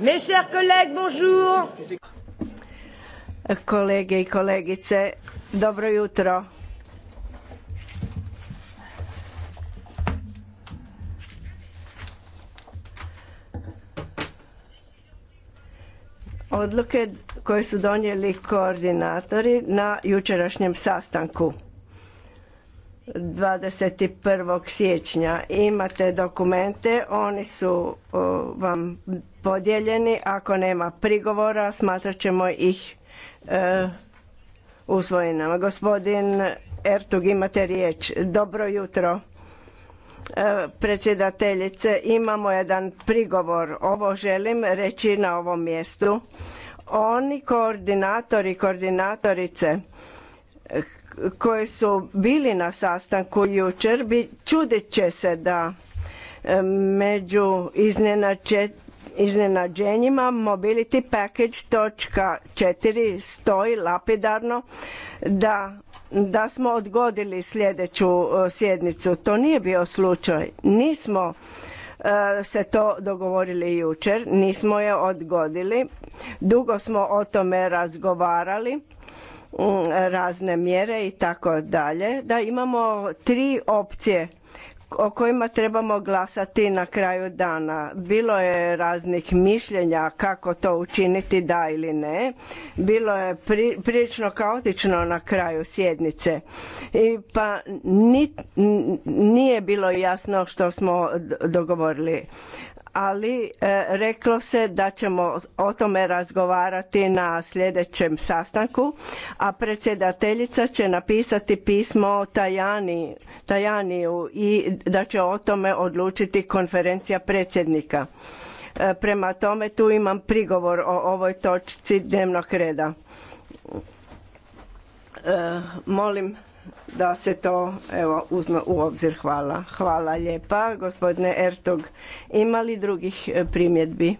Mes chers collègues, bonjour. Kolege i kolegice, dobro jutro. Odluke koje su donijeli koordinatori na jučerašnjem sastanku. 21. siječnja. Imate dokumente, oni su vam podijeljeni. Ako nema prigovora, smatrat ćemo ih usvojima e, usvojenama. Gospodin Ertug, imate riječ. Dobro jutro. E, predsjedateljice, imamo jedan prigovor. Ovo želim reći na ovom mjestu. Oni koordinatori, koordinatorice koji su bili na sastanku jučer bi čudit će se da e, među iznenađenjima mobility package točka 4 stoji lapidarno da, da smo odgodili sljedeću e, sjednicu. To nije bio slučaj. Nismo e, se to dogovorili jučer, nismo je odgodili, dugo smo o tome razgovarali Mm, razne mjere i tako dalje, da imamo tri opcije o kojima trebamo glasati na kraju dana. Bilo je raznih mišljenja kako to učiniti da ili ne. Bilo je pri, prilično kaotično na kraju sjednice. I pa ni, nije bilo jasno što smo dogovorili ali e, reklo se da ćemo o tome razgovarati na sljedećem sastanku, a predsjedateljica će napisati pismo Tajani, Tajaniju i da će o tome odlučiti konferencija predsjednika. E, prema tome tu imam prigovor o ovoj točci dnevnog reda. E, molim da se to evo, uzme u obzir. Hvala. Hvala lijepa, gospodine Ertog. Ima li drugih e, primjedbi?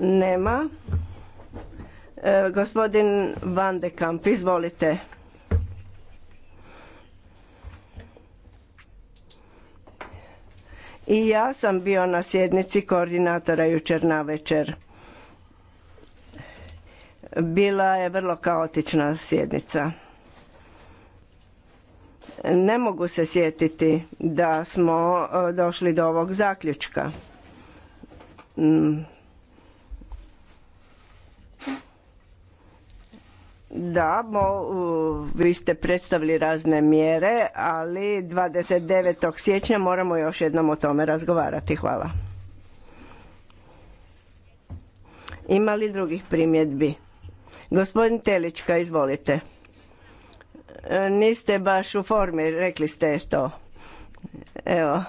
Nema. E, gospodin Van de izvolite. I ja sam bio na sjednici koordinatora jučer na večer. Bila je vrlo kaotična sjednica. Ne mogu se sjetiti da smo e, došli do ovog zaključka. Mm. Da, vi ste predstavili razne mjere, ali 29. siječnja moramo još jednom o tome razgovarati. Hvala. Ima li drugih primjedbi? Gospodin Telička, izvolite. E, niste baš u formi, rekli ste to. Evo.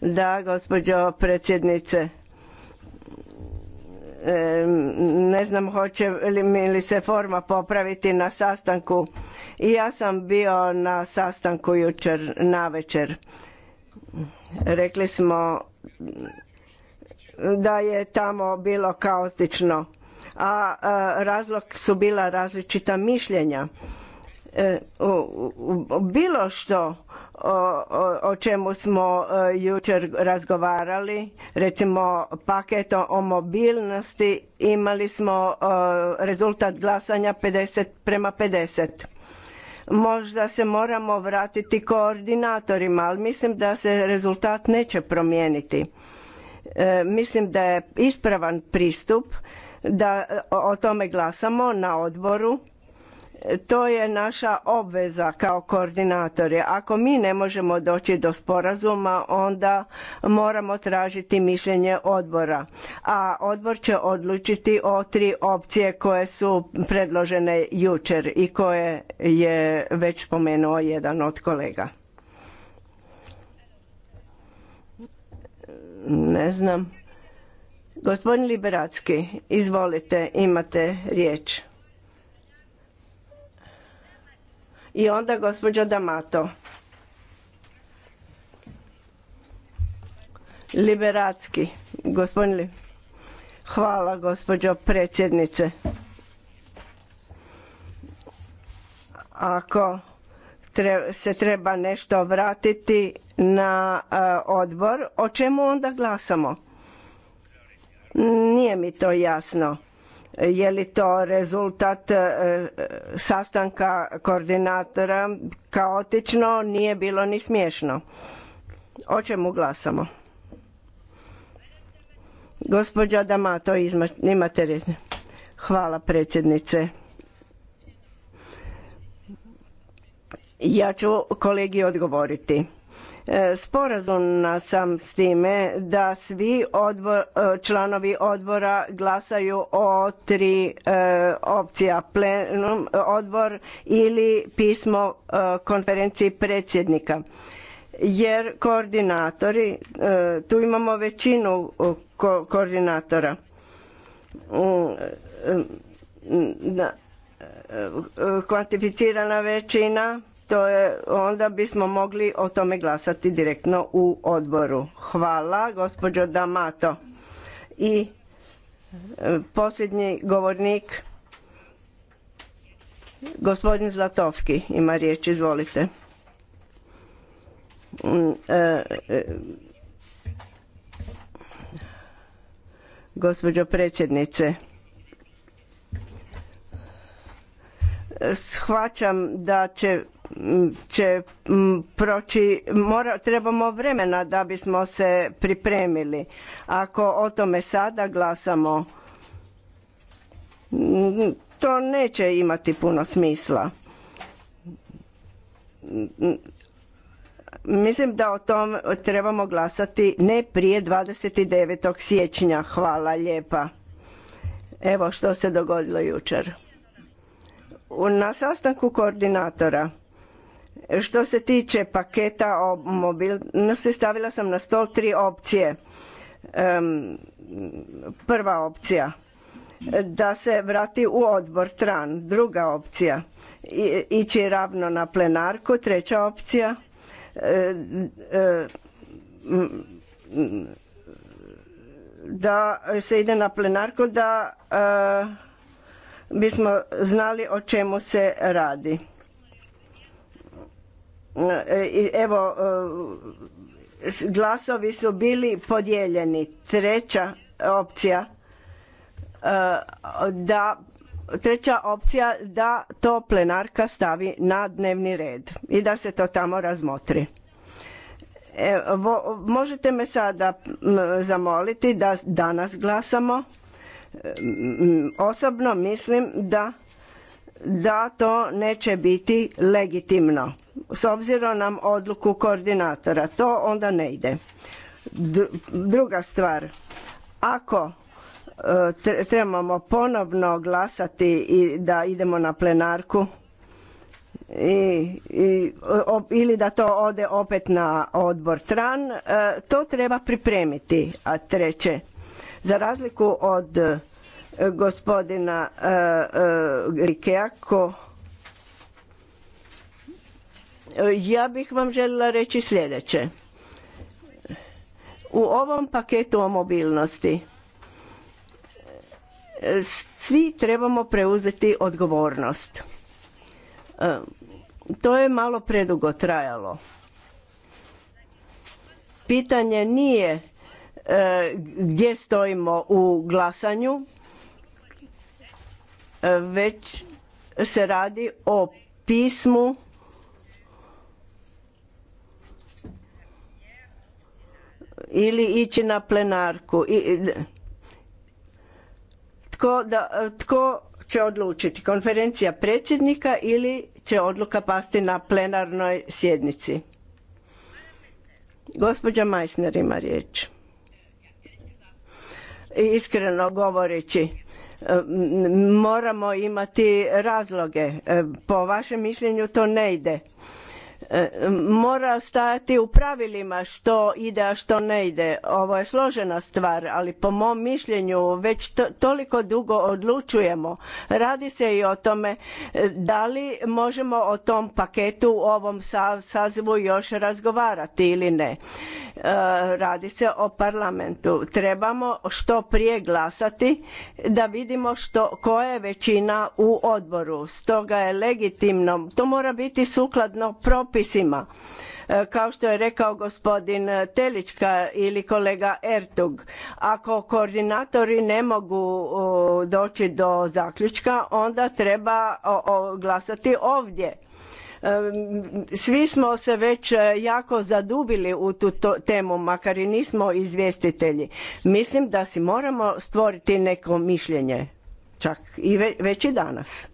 Da, gospođo predsjednice. E, ne znam hoće li, mi se forma popraviti na sastanku. I ja sam bio na sastanku jučer večer. Rekli smo da je tamo bilo kaotično a razlog su bila različita mišljenja. E, bilo što o, čemu smo e, jučer razgovarali, recimo paket o mobilnosti, imali smo e, rezultat glasanja 50 prema 50. Možda se moramo vratiti koordinatorima, ali mislim da se rezultat neće promijeniti. Mislim da je ispravan pristup da e, o tome glasamo na odboru. E, to je naša obveza kao koordinatori. Ako mi ne možemo doći do sporazuma, onda moramo tražiti mišljenje odbora. A odbor će odlučiti o tri opcije koje su predložene jučer i koje je već spomenuo jedan od kolega. Ne znam. Gospodin Liberacki, izvolite, imate riječ. I onda gospođa Damato. Liberacki, gospodin Hvala gospođo predsjednice. Ako se treba nešto vratiti na e, odbor, o čemu onda glasamo? Nije mi to jasno. Je li to rezultat e, sastanka koordinatora kaotično, nije bilo ni smiješno. O čemu glasamo? Gospođa Damato, imate riječ. Hvala predsjednice. Ja ću kolegi odgovoriti. E, sporazumna sam s time da svi e, članovi odbora glasaju o tri e, opcija plenum, odbor ili pismo konferenciji predsjednika jer koordinatori tu imamo većinu koordinatora kvantificirana većina to je, onda bismo mogli o tome glasati direktno u odboru. Hvala, gospođo Damato. I e, posljednji govornik, gospodin Zlatovski, ima riječ, izvolite. Mm, e, e, gospođo predsjednice, shvaćam da će, proći, trebamo vremena da bismo se pripremili. Ako o tome sada glasamo, to neće imati puno smisla. Mislim da o tom trebamo glasati ne prije 29. siječnja. Hvala lijepa. Evo što se dogodilo jučer na sastanku koordinatora što se tiče paketa o mobilnosti stavila sam na stol tri opcije prva opcija da se vrati u odbor tran druga opcija ići ravno na plenarku treća opcija e, e, da se ide na plenarku da e, bismo znali o čemu se radi. E, evo, e, glasovi su bili podijeljeni. Treća opcija e, da treća opcija da to plenarka stavi na dnevni red i da se to tamo razmotri. Evo, možete me sada zamoliti da danas glasamo Mm, osobno mislim da da to neće biti legitimno s obzirom na odluku koordinatora. To onda ne ide. Druga stvar, ako e, trebamo ponovno glasati i da idemo na plenarku i, ili da to ode opet na odbor tran, e, to treba pripremiti. A treće, za razliku od e, gospodina e, e, Rikea, ja bih vam željela reći sljedeće. U ovom paketu o mobilnosti svi trebamo preuzeti odgovornost. To je malo predugo trajalo. Pitanje nije E, gdje stojimo u glasanju e, već se radi o pismu ili ići na plenarku. Tko, da, će odlučiti? Konferencija predsjednika ili će odluka pasti na plenarnoj sjednici? Gospođa Majsner ima riječ iskreno govoreći moramo imati razloge e, po vašem mišljenju to ne ide mora stajati u pravilima što ide a što ne ide. Ovo je složena stvar, ali po mom mišljenju već toliko dugo odlučujemo. Radi se i o tome e, da li možemo o tom paketu u ovom sazivu još razgovarati ili ne. E, radi se o parlamentu. Trebamo što prije glasati da vidimo što, koja je većina u odboru. Stoga je legitimno, to mora biti sukladno propisu propisima e, kao što je rekao gospodin Telička ili kolega Ertug, ako koordinatori ne mogu doći do zaključka, onda treba glasati ovdje. E, svi smo se već jako zadubili u tu temu, makar i nismo izvjestitelji. Mislim da si moramo stvoriti neko mišljenje, čak i već i danas.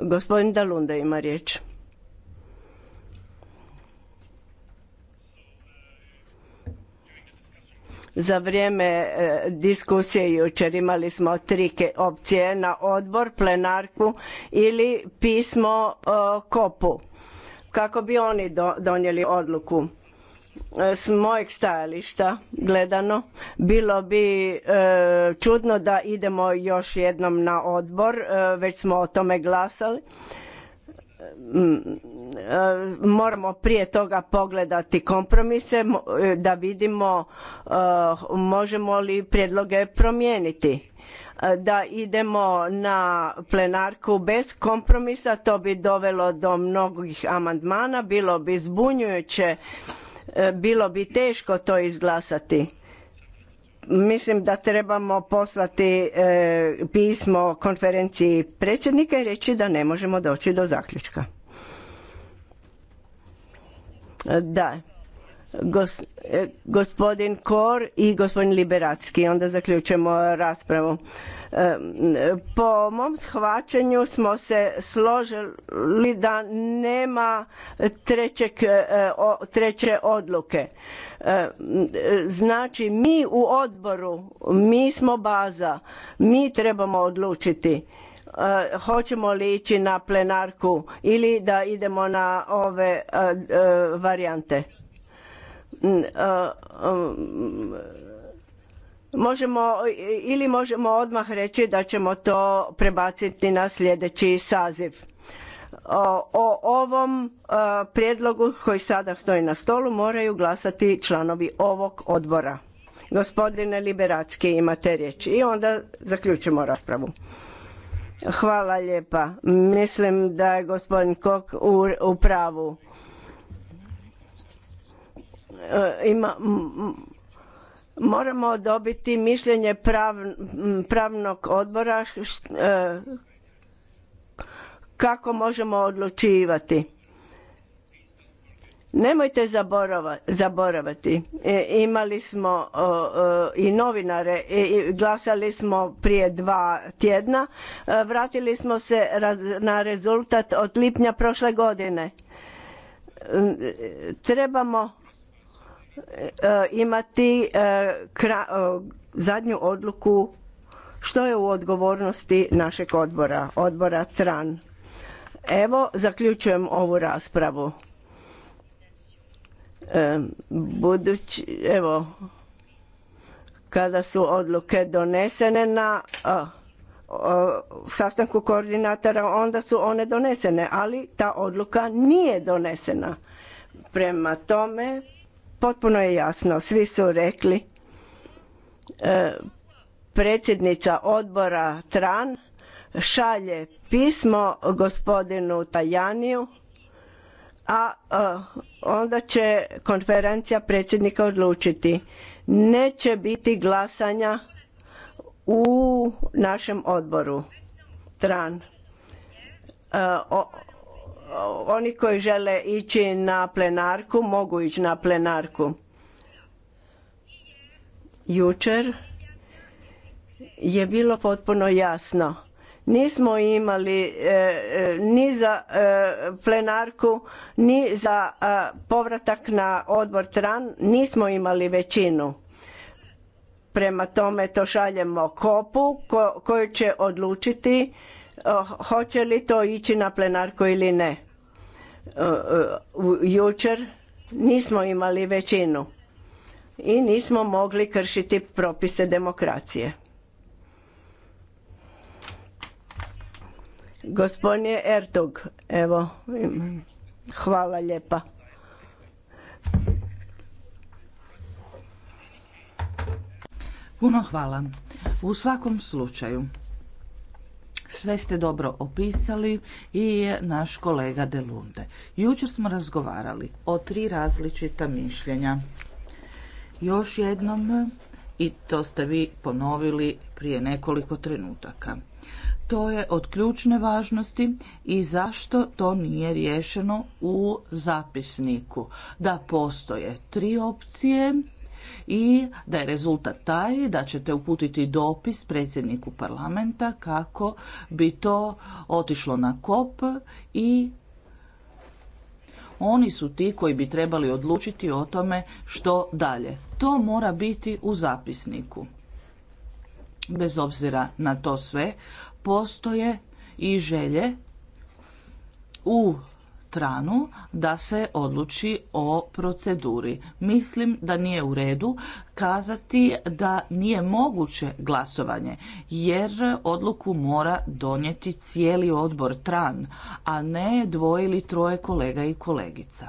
Gospodin Dalunda ima riječ. Za vrijeme e, diskusije jučer imali smo tri opcije na odbor, plenarku ili pismo e, kopu kako bi oni donijeli odluku s mojeg stajališta gledano bilo bi e, čudno da idemo još jednom na odbor e, već smo o tome glasali mm, e, moramo prije toga pogledati kompromise da vidimo možemo li prijedloge promijeniti da idemo na plenarku bez kompromisa to bi dovelo do mnogih amandmana bilo bi zbunjujuće E, bilo bi teško to izglasati. Mislim da trebamo poslati e, pismo konferenciji predsjednika i reći da ne možemo doći do zaključka. E, da, E, gospodin Kor i gospodin Liberacki. Onda zaključujemo raspravu. E, po mom shvaćanju smo se složili da nema trećeg, e, treće odluke. Znači mi u odboru, mi smo baza, mi trebamo odlučiti hoćemo li ići na plenarku ili da idemo na ove varijante možemo ili možemo odmah reći da ćemo to prebaciti na sljedeći saziv. O ovom prijedlogu koji sada stoji na stolu moraju glasati članovi ovog odbora. Gospodine Liberacki imate riječ i onda zaključimo raspravu. Hvala lijepa. Mislim da je gospodin Kok u pravu E, moramo dobiti mišljenje pravnog odbora e, kako možemo odlučivati. Nemojte zaboravati, e, imali smo i novinare, i glasali smo prije dva tjedna, vratili smo se na rezultat od lipnja prošle godine. Trebamo E, imati e, e, zadnju odluku što je u odgovornosti našeg odbora, odbora TRAN. Evo, zaključujem ovu raspravu. Budući, evo, kada su odluke donesene na u sastanku koordinatora, onda su one donesene, ali ta odluka nije donesena. Prema tome, potpuno je jasno, svi su rekli, e, predsjednica odbora Tran šalje pismo gospodinu Tajaniju, a e, onda će konferencija predsjednika odlučiti. Neće biti glasanja u našem odboru Tran. E, o, oni koji žele ići na plenarku mogu ići na plenarku. Jučer je bilo potpuno jasno. Nismo imali e, e, ni za e, plenarku, ni za povratak na odbor TRAN, nismo imali većinu. Prema tome to šaljemo kopu ko, koju će odlučiti Eh, hoće li to ići na plenarku ili ne. Eh, eh, jučer nismo imali većinu i nismo mogli kršiti propise demokracije. Gospodine Ertug, evo, hvala lijepa. Puno hvala. U svakom slučaju, sve ste dobro opisali i je naš kolega Delunde. Jučer smo razgovarali o tri različita mišljenja. Još jednom, i to ste vi ponovili prije nekoliko trenutaka. To je od ključne važnosti i zašto to nije riješeno u zapisniku. Da postoje tri opcije i da je rezultat taj da ćete uputiti dopis predsjedniku parlamenta kako bi to otišlo na kop i oni su ti koji bi trebali odlučiti o tome što dalje. To mora biti u zapisniku. Bez obzira na to sve, postoje i želje u tranu da se odluči o proceduri. Mislim da nije u redu kazati da nije moguće glasovanje jer odluku mora donijeti cijeli odbor tran, a ne dvoje ili troje kolega i kolegica.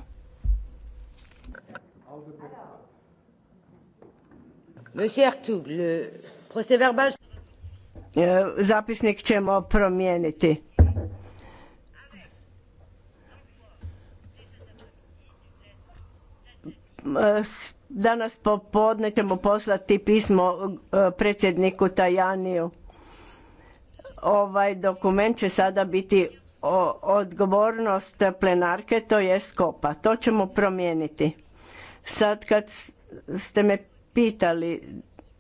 E, zapisnik ćemo promijeniti. Danas popodne ćemo poslati pismo e, predsjedniku Tajaniju. Ovaj dokument će sada biti odgovornost plenarke, to jest kopa. To ćemo promijeniti. Sad kad ste me pitali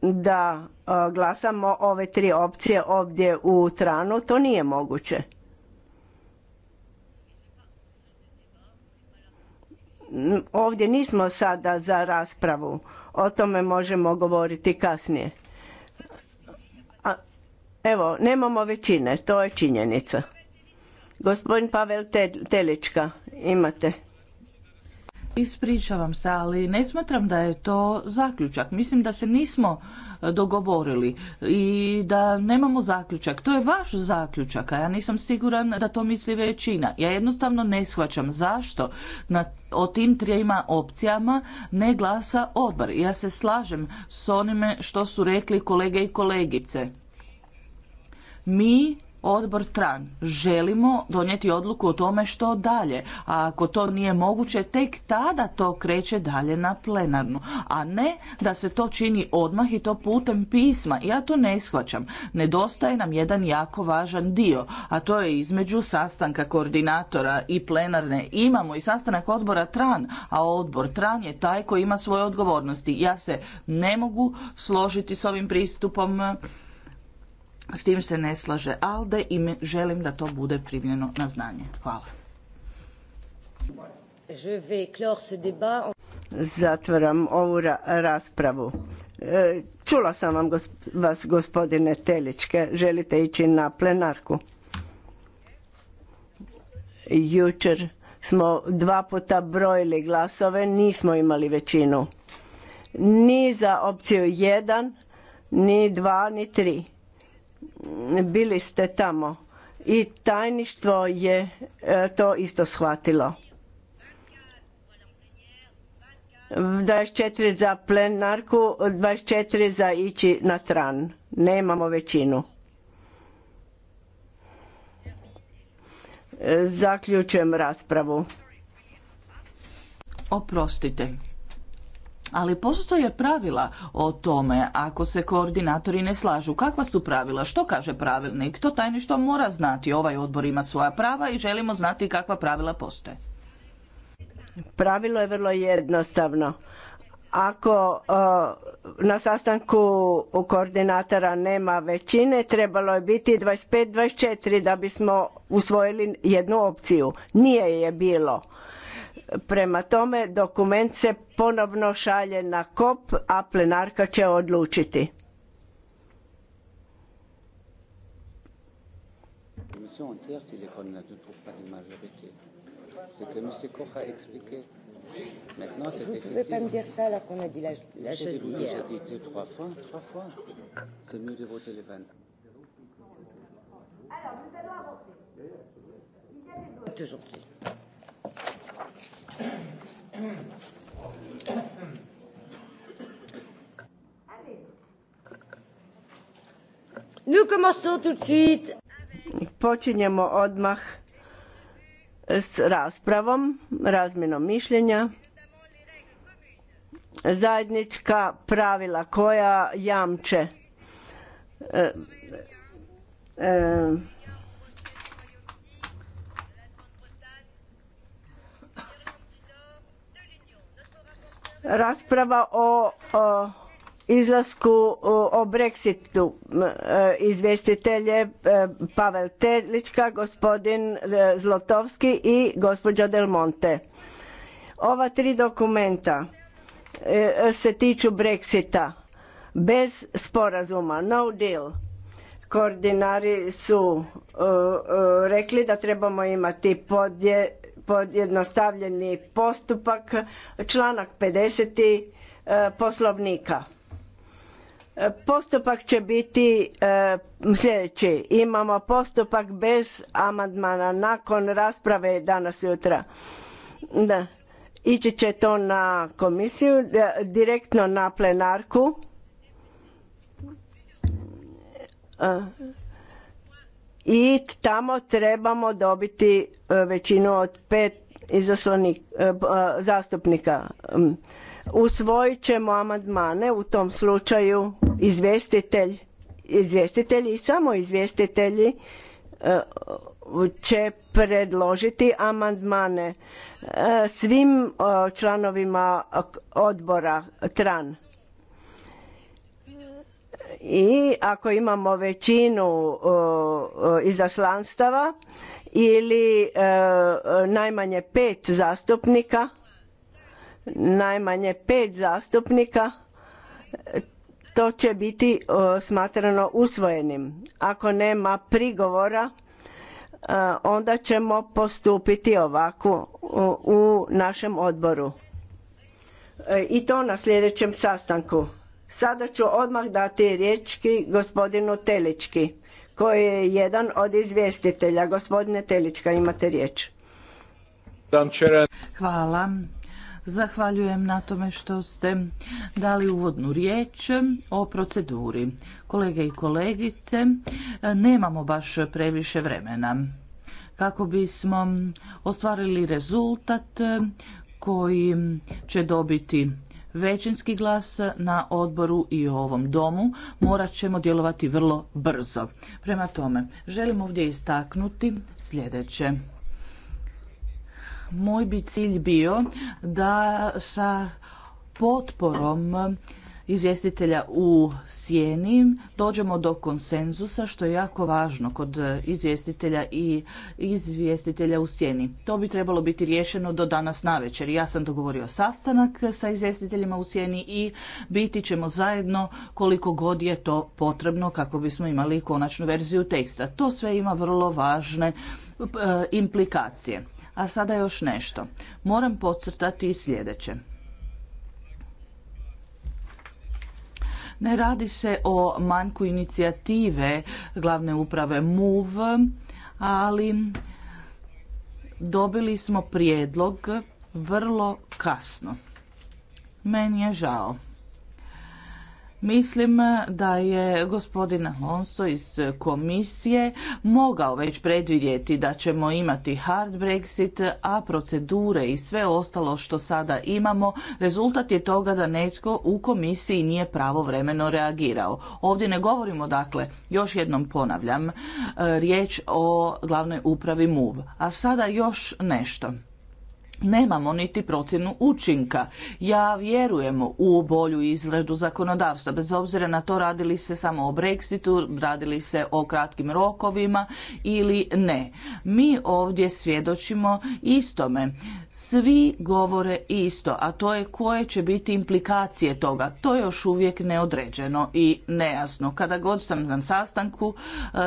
da e, glasamo ove tri opcije ovdje u tranu, to nije moguće. ovdje nismo sada za raspravu. O tome možemo govoriti kasnije. A, evo, nemamo većine, to je činjenica. Gospodin Pavel Telička, imate Ispričavam se, ali ne smatram da je to zaključak. Mislim da se nismo e, dogovorili i da nemamo zaključak. To je vaš zaključak, a ja nisam siguran da to misli većina. Ja jednostavno ne shvaćam zašto na, o tim trijema opcijama ne glasa odbor. Ja se slažem s onime što su rekli kolege i kolegice. Mi odbor TRAN želimo donijeti odluku o tome što dalje, a ako to nije moguće tek tada to kreće dalje na plenarnu, a ne da se to čini odmah i to putem pisma. Ja to ne shvaćam. Nedostaje nam jedan jako važan dio, a to je između sastanka koordinatora i plenarne imamo i sastanak odbora TRAN, a odbor TRAN je taj koji ima svoje odgovornosti. Ja se ne mogu složiti s ovim pristupom s tim se ne slaže ALDE i želim da to bude primljeno na znanje. Hvala. Zatvaram ovu raspravu. E, čula sam vam vas gospodine Teličke, želite ići na plenarku. Jučer smo dva puta brojili glasove, nismo imali većinu. Ni za opciju jedan, ni dva, ni tri bili ste tamo i tajništvo je e, to isto shvatilo. 24 za plenarku, 24 za ići na tran. Nemamo većinu. E, zaključujem raspravu. Oprostite ali postoje pravila o tome ako se koordinatori ne slažu. Kakva su pravila? Što kaže pravilnik? To tajništvo mora znati. Ovaj odbor ima svoja prava i želimo znati kakva pravila postoje. Pravilo je vrlo jednostavno. Ako e, na sastanku u koordinatora nema većine, trebalo je biti 25-24 da bismo usvojili jednu opciju. Nije je bilo. Prema tome, dokument se ponovno šalje na kop, a plenarka će odlučiti. Počinjemo odmah s raspravom, razmjenom mišljenja. Zajednička pravila koja jamče e, e, Rasprava o, izlasku o Brexitu e, Izvjestitelje e, Pavel Telička, gospodin e, Zlotovski i gospođa Del Monte. Ova tri dokumenta se tiču Brexita bez sporazuma, no deal. Koordinari su rekli da trebamo imati podje, pojednostavljeni postupak, članak 50. E, poslovnika. E, postupak će biti e, sljedeći. Imamo postupak bez amandmana nakon rasprave danas jutra. Da. Ići će to na komisiju, direktno na plenarku. I tamo trebamo dobiti većinu od pet izaslanih e, e, zastupnika. Mm, usvojit ćemo amandmane u tom slučaju izvjestitelj, izvjestitelji i samo izvjestitelji e, će predložiti amandmane svim članovima odbora TRAN. I ako imamo većinu izaslanstava, ili e, najmanje pet zastupnika najmanje pet zastupnika to će biti e, smatrano usvojenim. Ako nema prigovora e, onda ćemo postupiti ovako u našem odboru. I to na sljedećem sastanku. Sada ću odmah dati riječki gospodinu Telički koji je jedan od izvjestitelja. Gospodine Telička, imate riječ. Hvala. Zahvaljujem na tome što ste dali uvodnu riječ o proceduri. Kolege i kolegice, nemamo baš previše vremena kako bismo ostvarili rezultat koji će dobiti većinski glas na odboru i u ovom domu, morat ćemo djelovati vrlo brzo. Prema tome, želim ovdje istaknuti sljedeće moj bi cilj bio da sa potporom izvjestitelja u sjeni dođemo do konsenzusa što je jako važno kod izvjestitelja i izvjestitelja u sjeni. To bi trebalo biti riješeno do danas večer. Ja sam dogovorio sastanak sa izvjestiteljima u sjeni i biti ćemo zajedno koliko god je to potrebno kako bismo imali konačnu verziju teksta. To sve ima vrlo važne e, implikacije. A sada još nešto. Moram podcrtati i sljedeće. Ne radi se o manjku inicijative glavne uprave MUV, ali dobili smo prijedlog vrlo kasno. Meni je žao. Mislim da je gospodin Alonso iz komisije mogao već predvidjeti da ćemo imati hard Brexit, a procedure i sve ostalo što sada imamo rezultat je toga da netko u komisiji nije pravovremeno reagirao. Ovdje ne govorimo dakle, još jednom ponavljam, e, riječ o glavnoj upravi MUV. A sada još nešto nemamo niti procjenu učinka. Ja vjerujemo u bolju izradu zakonodavstva, bez obzira na to radili se samo o Brexitu, radili se o kratkim rokovima ili ne. Mi ovdje svjedočimo istome. Svi govore isto, a to je koje će biti implikacije toga. To je još uvijek neodređeno i nejasno. Kada god sam na sastanku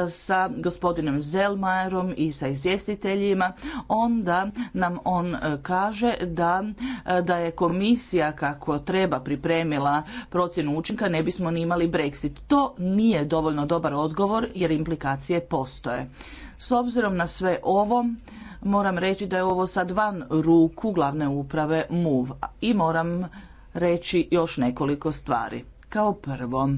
e, sa gospodinom Zelmajerom i sa izvjestiteljima, onda nam on e, kaže da, e, da je komisija kako treba pripremila procjenu učinka ne bismo ni imali Brexit. To nije dovoljno dobar odgovor jer implikacije postoje. S obzirom na sve ovo, moram reći da je ovo sad van ruku glavne uprave MUV i moram reći još nekoliko stvari. Kao prvo,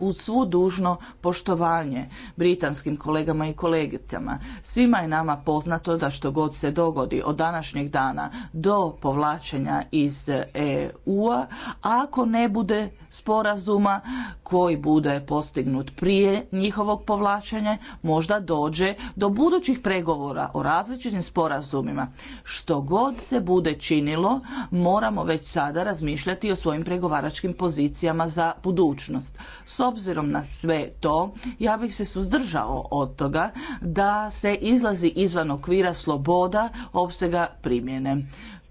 uz svu dužno poštovanje britanskim kolegama i kolegicama. Svima je nama poznato da što god se dogodi od današnjeg dana do povlačenja iz EU-a, ako ne bude sporazuma koji bude postignut prije njihovog povlačenja, možda dođe do budućih pregovora o različitim sporazumima. Što god se bude činilo, moramo već sada razmišljati o svojim pregovaračkim pozicijama za budućnost. S obzirom na sve to, ja bih se suzdržao od toga da se izlazi izvan okvira sloboda opsega primjene.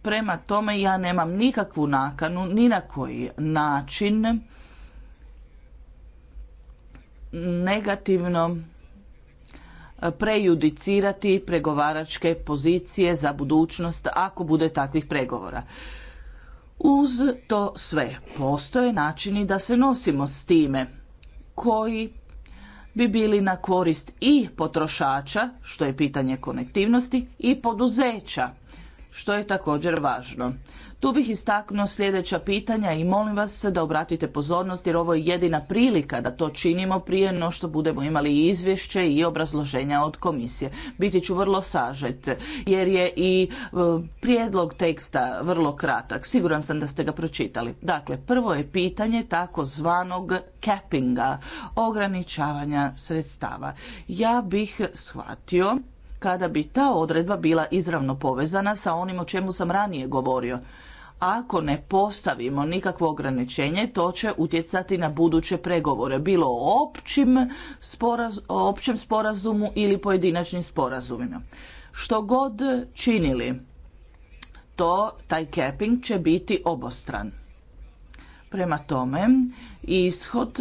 Prema tome ja nemam nikakvu nakanu ni na koji način negativno prejudicirati pregovaračke pozicije za budućnost ako bude takvih pregovora. Uz to sve postoje načini da se nosimo s time koji bi bili na korist i potrošača, što je pitanje konektivnosti, i poduzeća što je također važno. Tu bih istaknuo sljedeća pitanja i molim vas da obratite pozornost jer ovo je jedina prilika da to činimo prije no što budemo imali i izvješće i obrazloženja od komisije. Biti ću vrlo sažet jer je i e, prijedlog teksta vrlo kratak. Siguran sam da ste ga pročitali. Dakle, prvo je pitanje takozvanog cappinga, ograničavanja sredstava. Ja bih shvatio kada bi ta odredba bila izravno povezana sa onim o čemu sam ranije govorio. Ako ne postavimo nikakvo ograničenje, to će utjecati na buduće pregovore, bilo o općim općem sporazumu ili pojedinačnim sporazumima. Što god činili, to taj capping će biti obostran. Prema tome, ishod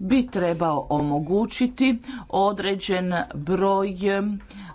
bi trebao omogućiti određen broj e,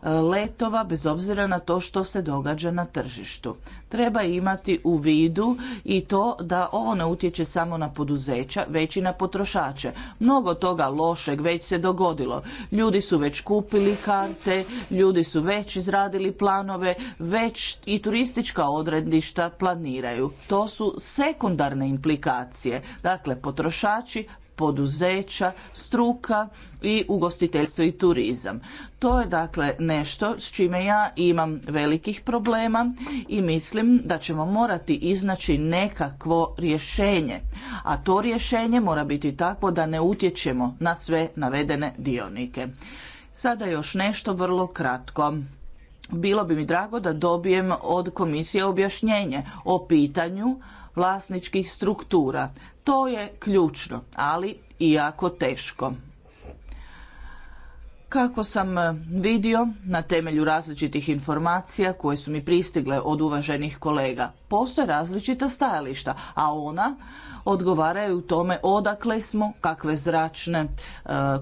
letova bez obzira na to što se događa na tržištu. Treba imati u vidu i to da ovo ne utječe samo na poduzeća, već i na potrošače. Mnogo toga lošeg već se dogodilo. Ljudi su već kupili karte, ljudi su već izradili planove, već i turistička odredišta planiraju. To su sekundarne implikacije. Dakle, potrošači poduzeća, struka i ugostiteljstvo i turizam. To je dakle nešto s čime ja imam velikih problema i mislim da ćemo morati iznaći nekakvo rješenje. A to rješenje mora biti takvo da ne utječemo na sve navedene dionike. Sada još nešto vrlo kratko. Bilo bi mi drago da dobijem od komisije objašnjenje o pitanju vlasničkih struktura. To je ključno, ali i jako teško. Kako sam e, vidio na temelju različitih informacija koje su mi pristigle od uvaženih kolega, postoje različita stajališta, a ona odgovaraju tome odakle smo, kakve zračne e,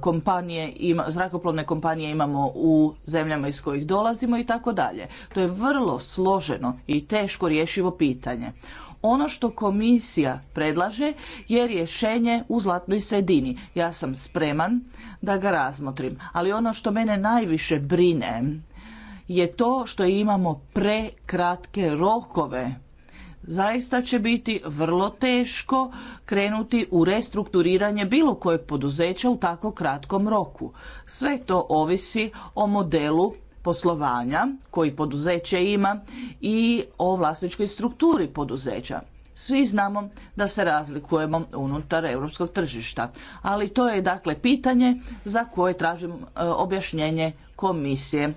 kompanije, zrakoplovne kompanije imamo u zemljama iz kojih dolazimo i tako dalje. To je vrlo složeno i teško rješivo pitanje. Ono što komisija predlaže je rješenje u zlatnoj sredini. Ja sam spreman da ga razmotrim, ali ono što mene najviše brine je to što imamo prekratke rokove zaista će biti vrlo teško krenuti u restrukturiranje bilo kojeg poduzeća u tako kratkom roku. Sve to ovisi o modelu poslovanja koji poduzeće ima i o vlasničkoj strukturi poduzeća. Svi znamo da se razlikujemo unutar europskog tržišta, ali to je dakle pitanje za koje tražim e, objašnjenje komisije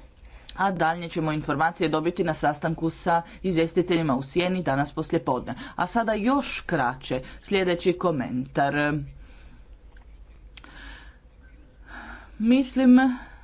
a daljnje ćemo informacije dobiti na sastanku sa izvjestiteljima u Sjeni danas poslijepodne. A sada još kraće sljedeći komentar. Mislim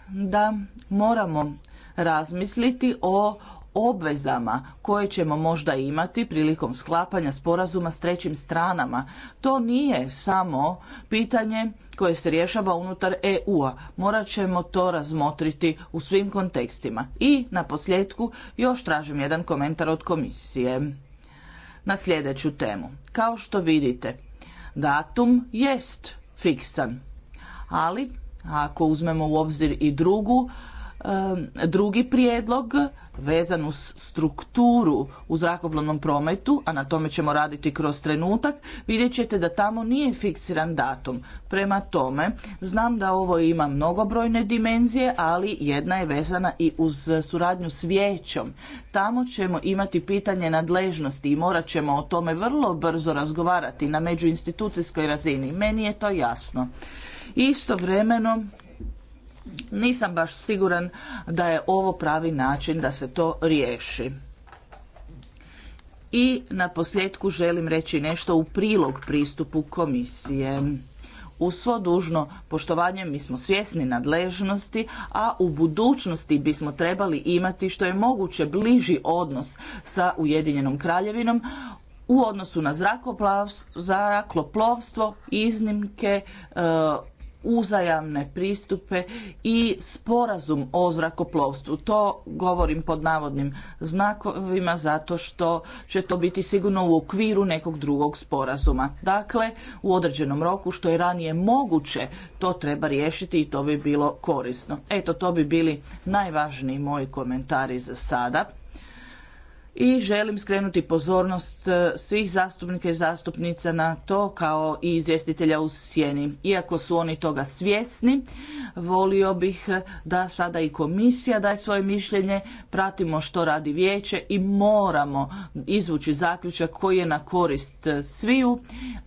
da moramo razmisliti o obvezama koje ćemo možda imati prilikom sklapanja sporazuma s trećim stranama. To nije samo pitanje koje se rješava unutar EU-a. Morat ćemo to razmotriti u svim kontekstima. I na posljedku još tražim jedan komentar od komisije na sljedeću temu. Kao što vidite, datum jest fiksan, ali ako uzmemo u obzir i drugu drugi prijedlog vezan uz strukturu u zrakoplovnom prometu, a na tome ćemo raditi kroz trenutak, vidjet ćete da tamo nije fiksiran datum. Prema tome, znam da ovo ima mnogobrojne dimenzije, ali jedna je vezana i uz suradnju s vijećom. Tamo ćemo imati pitanje nadležnosti i morat ćemo o tome vrlo brzo razgovarati na međuinstitucijskoj razini. Meni je to jasno. Istovremeno, nisam baš siguran da je ovo pravi način da se to riješi. I na posljedku želim reći nešto u prilog pristupu komisije. U svo dužno poštovanje mi smo svjesni nadležnosti, a u budućnosti bismo trebali imati što je moguće bliži odnos sa Ujedinjenom kraljevinom u odnosu na zrakoplovstvo, iznimke, e, uzajamne pristupe i sporazum o zrakoplovstvu. To govorim pod navodnim znakovima zato što će to biti sigurno u okviru nekog drugog sporazuma. Dakle, u određenom roku što je ranije moguće to treba riješiti i to bi bilo korisno. Eto, to bi bili najvažniji moji komentari za sada i želim skrenuti pozornost e, svih zastupnika i zastupnica na to kao i izvjestitelja u sjeni. Iako su oni toga svjesni, volio bih e, da sada i komisija daje svoje mišljenje, pratimo što radi vijeće i moramo izvući zaključak koji je na korist e, sviju,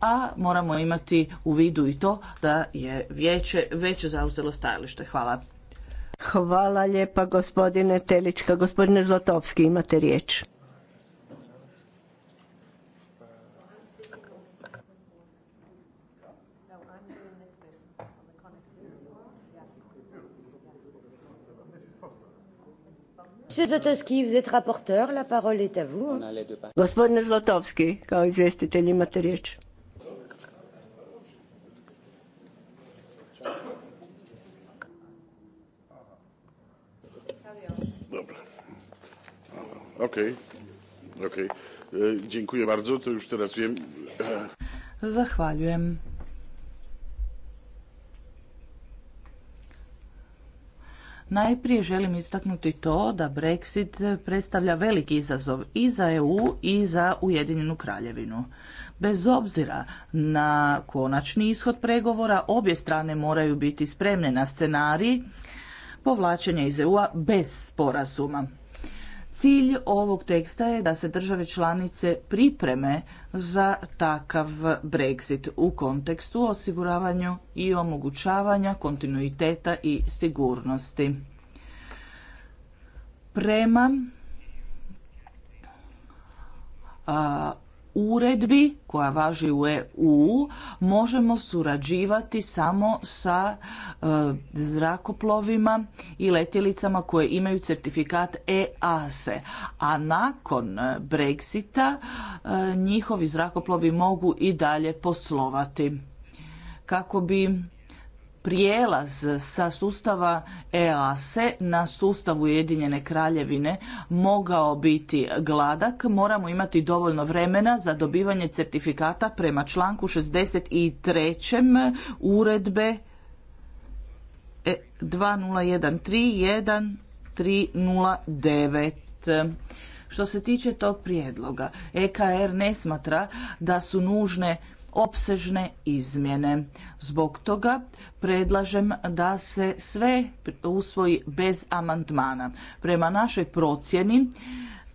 a moramo imati u vidu i to da je vijeće već zauzelo stajalište. Hvala. Hvala lijepa gospodine Telička. Gospodine Zlotovski imate riječ. Monsieur Zlotovski, vous êtes rapporteur, la parole est à vous. Gospodine Zlotovski, kao izvjestitelj imate riječ. Dobra. Okej, okay. okej. Okay. E, dziękuję bardzo, to już teraz wiem. Zahvaljujem. Najprije želim istaknuti to da Brexit predstavlja veliki izazov i za EU i za Ujedinjenu kraljevinu. Bez obzira na konačni ishod pregovora, obje strane moraju biti spremne na scenarij povlačenja iz EU-a bez sporazuma. Cilj ovog teksta je da se države članice pripreme za takav Brexit u kontekstu osiguravanju i omogućavanja kontinuiteta i sigurnosti. Prema uredbi koja važi u EU možemo surađivati samo sa e, zrakoplovima i letjelicama koje imaju certifikat EASE. E. A nakon e, Brexita njihovi zrakoplovi mogu i dalje poslovati. Kako bi prijelaz sa sustava EASE na sustav Ujedinjene kraljevine mogao biti gladak, moramo imati dovoljno vremena za dobivanje certifikata prema članku 63. uredbe 2013-1309. Što se tiče tog prijedloga, EKR er ne smatra da su nužne opsežne izmjene. Zbog toga predlažem da se sve usvoji bez amandmana. Prema našoj procjeni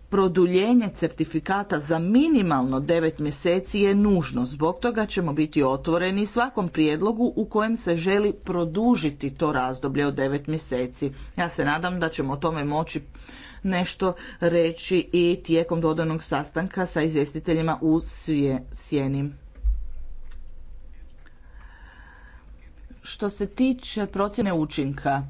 produljenje certifikata za minimalno 9 mjeseci je nužno. Zbog toga ćemo biti otvoreni svakom prijedlogu u kojem se želi produžiti to razdoblje od 9 mjeseci. Ja se nadam da ćemo o tome moći nešto reći i tijekom dodanog sastanka sa izvjestiteljima u Sjeni. Što se tiče procjene učinka,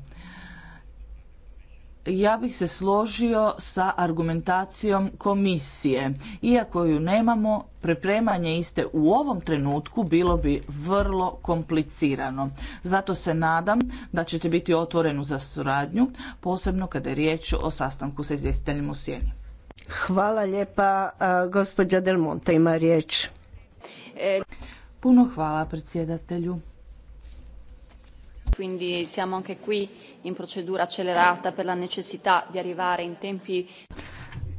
ja bih se složio sa argumentacijom komisije. Iako ju nemamo, prepremanje iste u ovom trenutku bilo bi vrlo komplicirano. Zato se nadam da ćete biti otvoreni za suradnju, posebno kada je riječ o sastanku sa izvjestiteljem u Sjeni. Hvala lijepa, e, gospođa Del ima riječ. Puno hvala predsjedatelju. Quindi siamo anche qui in procedura accelerata per la necessità di arrivare in tempi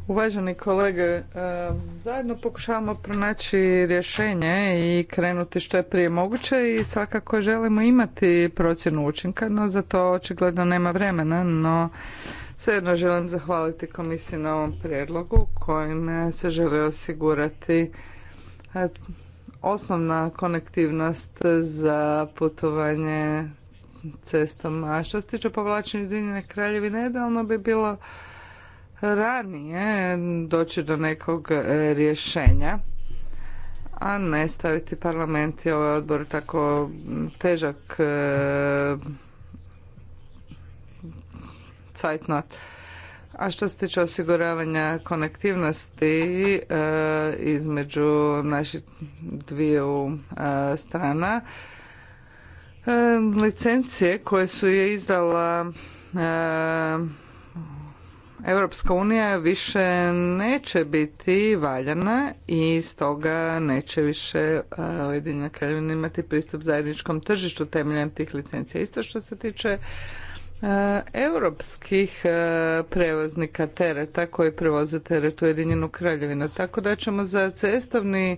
Uvaženi kolege, eh, zajedno pokušavamo pronaći rješenje i krenuti što je prije moguće i svakako želimo imati procjenu učinka, no za to očigledno nema vremena, no svejedno želim zahvaliti komisiji na ovom prijedlogu kojim se želi osigurati eh, osnovna konektivnost za putovanje cestom. A što se tiče povlačenja Ujedinjene kraljevine, idealno bi bilo ranije doći do nekog e, rješenja a ne staviti parlament i ovaj odbor tako težak cajtnot. E, a što se tiče osiguravanja konektivnosti e, između naših dviju strana, licencije koje su je izdala Europska unija više neće biti valjana i stoga neće više e, Ujedinjena kraljevina imati pristup zajedničkom tržištu temeljem tih licencija. Isto što se tiče e, europskih e, prevoznika tereta koji prevoze teret u Ujedinjenu kraljevinu. Tako da ćemo za cestovni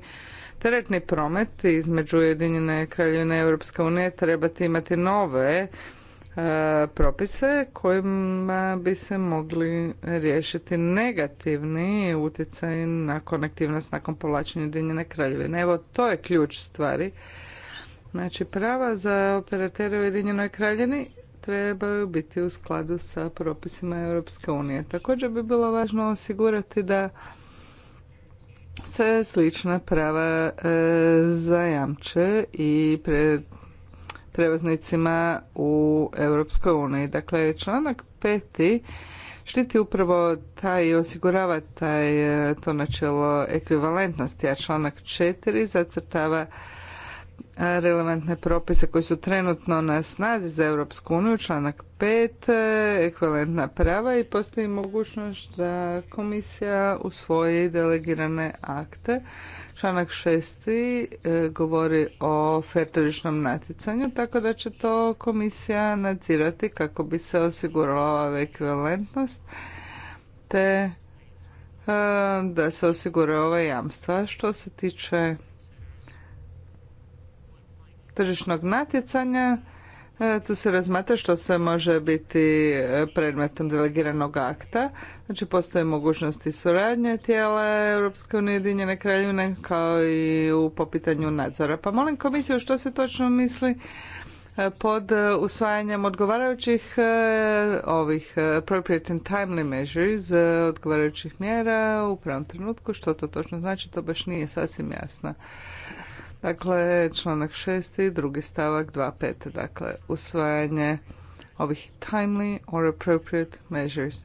Teretni promet između Ujedinjene kraljevine i Europske unije trebati imati nove e, propise kojima bi se mogli riješiti negativni utjecaj na konektivnost nakon povlačenja Ujedinjene kraljevine. Evo, to je ključ stvari. Znači, prava za operatere u Ujedinjenoj kraljevini trebaju biti u skladu sa propisima Europske unije. Također bi bilo važno osigurati da se slična prava e, zajamče i prevoznicima u Europskoj uniji. Dakle, članak peti štiti upravo taj i osigurava taj, e, to načelo ekvivalentnosti, a članak četiri zacrtava relevantne propise koji su trenutno na snazi za Europsku uniju, članak 5, ekvalentna prava i postoji mogućnost da komisija usvoji delegirane akte. Članak 6 e, govori o fertoričnom natjecanju, tako da će to komisija nadzirati kako bi se osigurala ekvivalentnost te e, da se osigura ova jamstva. Što se tiče tržišnog natjecanja. E, tu se razmatra što sve može biti e, predmetom delegiranog akta. Znači postoje mogućnosti suradnje tijela Europske unije i Ujedinjene kraljevine kao i u popitanju nadzora. Pa molim komisiju što se točno misli e, pod usvajanjem odgovarajućih ovih appropriate and timely measures, odgovarajućih mjera u pravom trenutku. Što to točno znači, to baš nije sasvim jasno. Dakle, članak 6. drugi stavak 2.5. Dakle, usvajanje ovih timely or appropriate measures.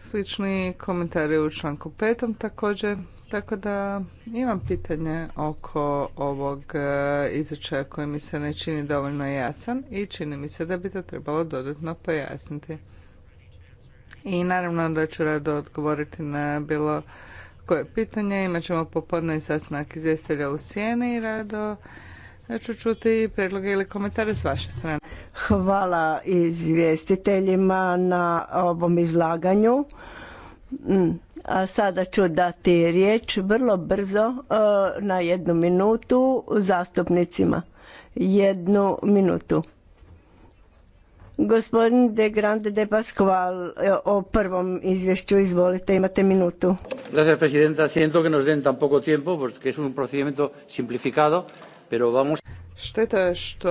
Slični komentari u članku 5. također. Tako da imam pitanje oko ovog e, izričaja koji mi se ne čini dovoljno jasan i čini mi se da bi to trebalo dodatno pojasniti. I naravno da ću rado odgovoriti na bilo koje pitanje. Imat ćemo popodne sastanak izvjestelja u sjeni i rado ja ću čuti predloge ili komentare s vaše strane. Hvala izvjestiteljima na ovom izlaganju. Mm, a sada ću dati riječ vrlo brzo e, na jednu minutu zastupnicima. Jednu minutu. Gospodin De Grande de Pascual e, o prvom izvješću, izvolite, imate minutu. Gracias, presidenta. Siento que nos den tan poco tiempo, porque es un procedimiento simplificado, pero vamos... Šteta je što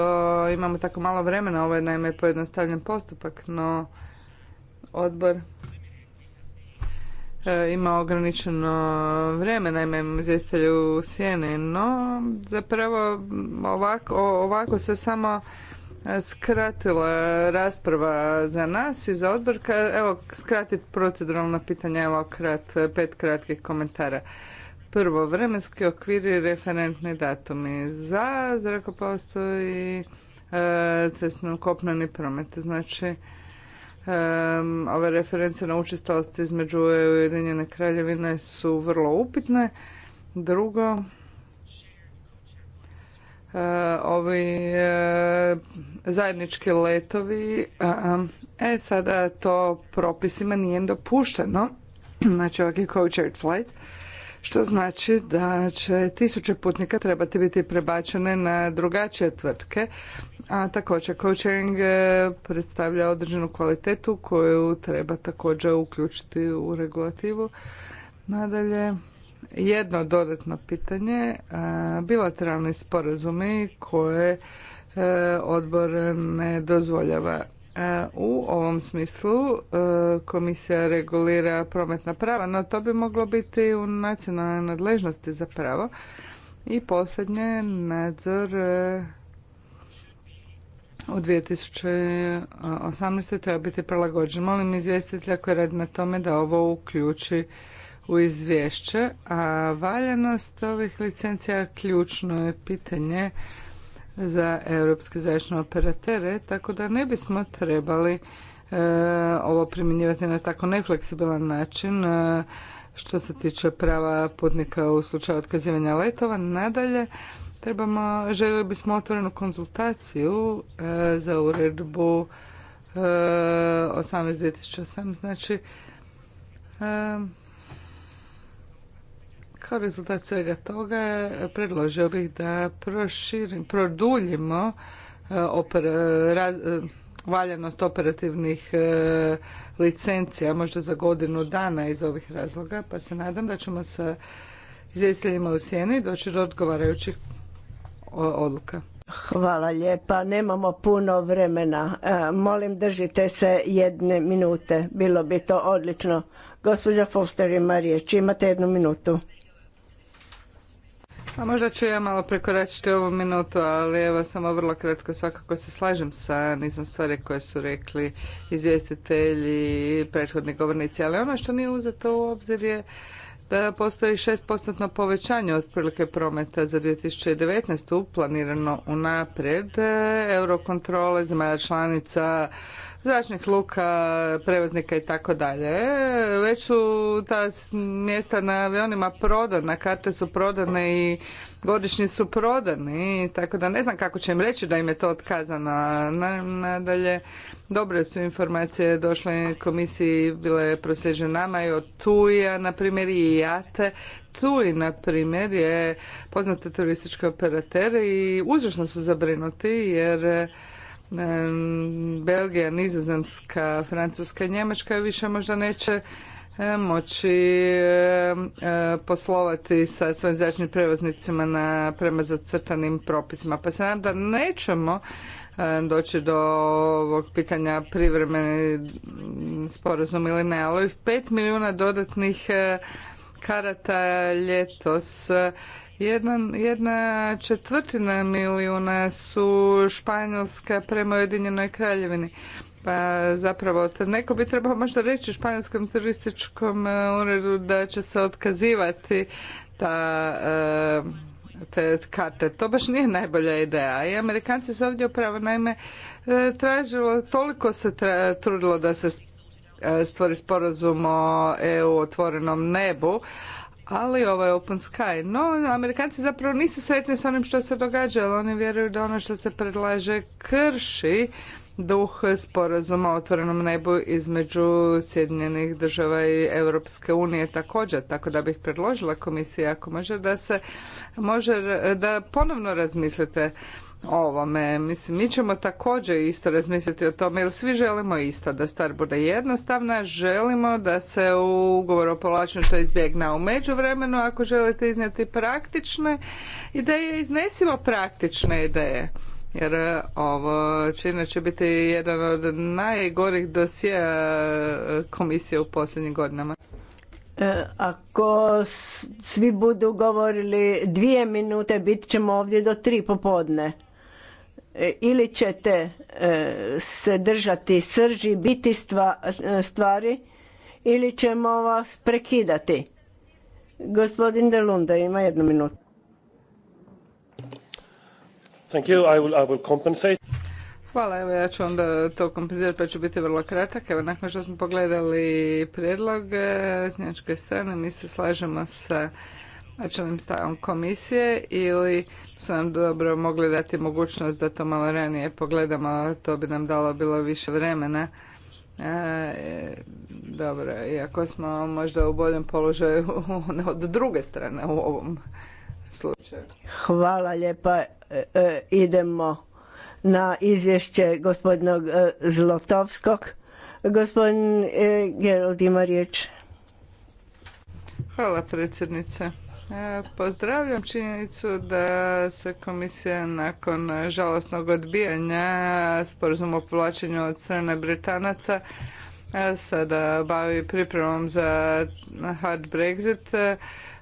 imamo tako malo vremena, ovo je naime pojednostavljen postupak, no odbor e, ima ograničeno vremena, naime izvjestelju sjene, no zapravo ovako, ovako se samo skratila rasprava za nas i za odbor. Evo, skratit proceduralna pitanja, evo krat, pet kratkih komentara. Prvo, vremenski okviri referentni datumi za zrakoplovstvo i e, cestno kopneni promet. Znači, ove reference na učestalost između Ujedinjene kraljevine su vrlo upitne. Drugo, E, ovi e, zajednički letovi. E, sada to propisima nije dopušteno, znači ovakvi co-chaired flights, što znači da će tisuće putnika trebati biti prebačene na drugačije tvrtke, a također coaching e, predstavlja određenu kvalitetu koju treba također uključiti u regulativu. Nadalje, jedno dodatno pitanje. E, bilateralni sporazumi koje e, odbor ne dozvoljava. E, u ovom smislu komisija regulira prometna prava, no to bi moglo biti u nacionalnoj nadležnosti za pravo. I posljednje, nadzor u 2018. treba biti prilagođen. Molim izvjestitelja koji radi na tome da ovo uključi u izvješće, a valjanost ovih licencija ključno je pitanje za europske zračne operatere, tako da ne bismo trebali e, ovo primjenjivati na tako nefleksibilan način e, što se tiče prava putnika u slučaju otkazivanja letova. Nadalje, trebamo, željeli bismo otvorenu konzultaciju e, za uredbu 18.2008, znači kao rezultat svega toga predložio bih da proširim, produljimo e, e, valjanost operativnih e, licencija možda za godinu dana iz ovih razloga, pa se nadam da ćemo sa izvjestiteljima u sjeni doći do odgovarajućih odluka. Hvala lijepa. Nemamo puno vremena. molim držite se jedne minute. Bilo bi to odlično. Gospođa Foster ima riječ. Imate jednu minutu. A možda ću ja malo prekoračiti ovu minutu, ali evo samo vrlo kratko svakako se slažem sa nizom stvari koje su rekli izvjestitelji i prethodni govornici, ali ono što nije uzeto u obzir je da postoji 6% povećanje otprilike prometa za 2019. planirano naprijed Eurokontrole zemalja članica zračnih luka, prevoznika i tako dalje. Već su ta mjesta na avionima prodana, karte su prodane i godišnji su prodani, tako da ne znam kako će im reći da im je to otkazano. Nadalje, dobre su informacije došle komisiji, bile prosliježene nama i od Tuja, na primjer i Jate. Tuj, na primjer, je poznate turističke operater i uzročno su zabrinuti jer Belgija, Nizozemska, Francuska, Njemačka više možda neće E, moći e, e, poslovati sa svojim zračnim prevoznicima na, prema zacrtanim propisima. Pa se nadam da nećemo doći do ovog pitanja privremeni sporazum ili ne, ali 5 milijuna dodatnih karata ljetos jedna, jedna četvrtina milijuna su Španjolska prema Ujedinjenoj kraljevini. Pa zapravo neko bi trebao možda reći španjolskom turističkom e, uredu da će se otkazivati ta e, te karte. To baš nije najbolja ideja. I Amerikanci su ovdje upravo naime e, tražilo, toliko se tra, trudilo da se stvori sporazum o EU otvorenom nebu, ali ovo je open sky. No, Amerikanci zapravo nisu sretni s onim što se događa, ali oni vjeruju da ono što se predlaže krši duh sporazuma o otvorenom nebu između Sjedinjenih država i Europske unije također, tako da bih predložila komisiji ako može da se može da ponovno razmislite o ovome. Mislim, mi ćemo također isto razmisliti o tome, jer svi želimo isto da stvar bude jednostavna, želimo da se u ugovoru o povlačenju to izbjegne. U međuvremenu, ako želite iznijeti praktične ideje, iznesimo praktične ideje jer e, ovo čine će biti jedan od najgorih dosija e, komisije u posljednjim godinama. E, ako svi budu govorili dvije minute, bit ćemo ovdje do tri popodne. Ili ćete se držati srži, biti stvari, ili ćemo vas prekidati. Gospodin Delunda ima jednu minutu. Thank you. I will, I will compensate. Hvala, evo ja ću onda to kompenzirati pa ću biti vrlo kratak. Evo nakon što smo pogledali prijedlog s njemačke strane mi se slažemo sa načelnim stavom komisije ili su nam dobro mogli dati mogućnost da to malo ranije pogledamo, to bi nam dalo bilo više vremena. E, dobro, iako smo možda u boljem položaju od druge strane u ovom slučaju. Hvala lijepa. E, e, idemo na izvješće gospodinog e, Zlotovskog. Gospodin Gerald ima riječ. Hvala predsjednice. Pozdravljam činjenicu da se komisija nakon žalosnog odbijanja sporazuma o povlačenju od strane Britanaca sada bavi pripremom za hard Brexit.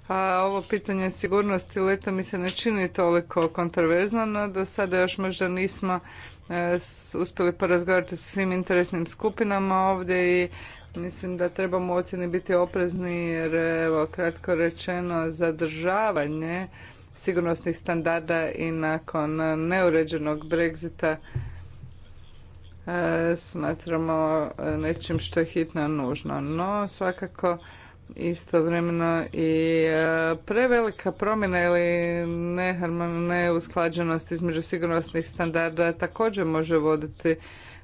A ovo pitanje sigurnosti leta mi se ne čini toliko kontroverzno, no do sada još možda nismo e, uspjeli porazgovarati sa svim interesnim skupinama ovdje i mislim da trebamo u ocjeni biti oprezni jer evo kratko rečeno zadržavanje sigurnosnih standarda i nakon neuređenog Brexita smatramo e, nečim što je hitno nužno. No, svakako istovremeno i e, prevelika promjena ili neusklađenost između sigurnosnih standarda također može voditi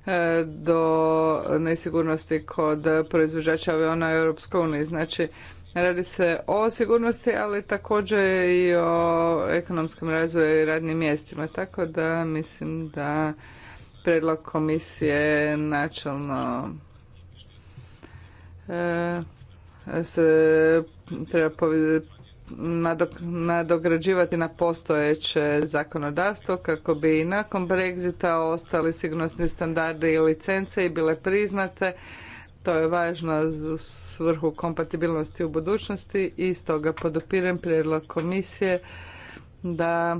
e, do nesigurnosti kod proizvođača aviona u EU. Znači, radi se o sigurnosti, ali također i o ekonomskom razvoju i radnim mjestima. Tako da mislim da predlog komisije načelno e, se treba nadograđivati na postojeće zakonodavstvo kako bi i nakon Brexita ostali sigurnosni standardi i licence i bile priznate. To je važno u svrhu kompatibilnosti u budućnosti i stoga podupirem prijedlog komisije da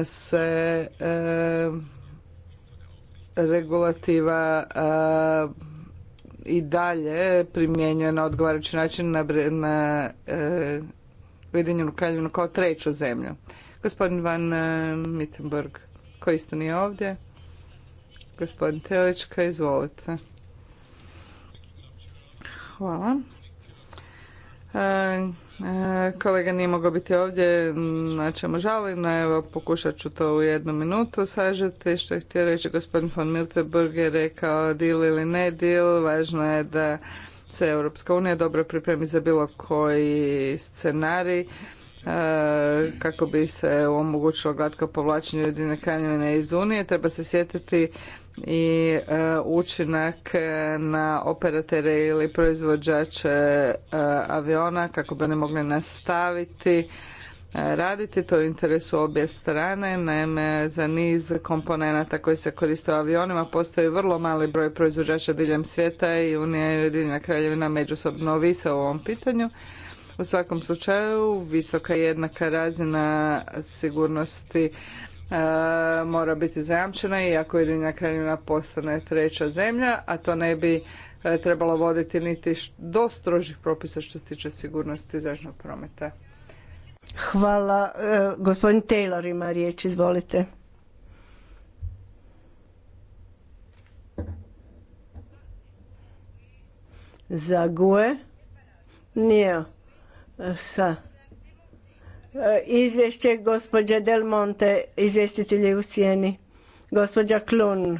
e, se e, regulativa i dalje primjenjuje na odgovarajući način na, na e, Ujedinjenu kraljevinu kao treću zemlju. Gospodin Van e, Mittenburg, koji isto nije ovdje. Gospodin Telečka, izvolite. Hvala. E, e, kolega nije mogao biti ovdje, na čemu žali, no evo pokušat ću to u jednu minutu sažeti. Što je htio reći gospodin von Milteburg je rekao deal ili ne deal, važno je da se Europska unija dobro pripremi za bilo koji scenarij e, kako bi se omogućilo glatko povlačenje Ujedinjene kraljevine iz Unije. Treba se sjetiti i e, učinak na operatere ili proizvođače e, aviona kako bi ne mogli nastaviti e, raditi to u interesu obje strane. Naime, za niz komponenata koji se koriste u avionima postoji vrlo mali broj proizvođača diljem svijeta i Unija i Ujedinjena kraljevina međusobno ovise u ovom pitanju. U svakom slučaju, visoka jednaka razina sigurnosti E, mora biti zajamčena i ako Ujedinjena kraljevina postane treća zemlja, a to ne bi e, trebalo voditi niti do strožih propisa što se tiče sigurnosti zračnog prometa. Hvala. E, gospodin Taylor ima riječ, izvolite. Za Nije. Sa. E, izvješće gospođe Del Monte, izvjestitelji u sjeni. Gospođa Klun,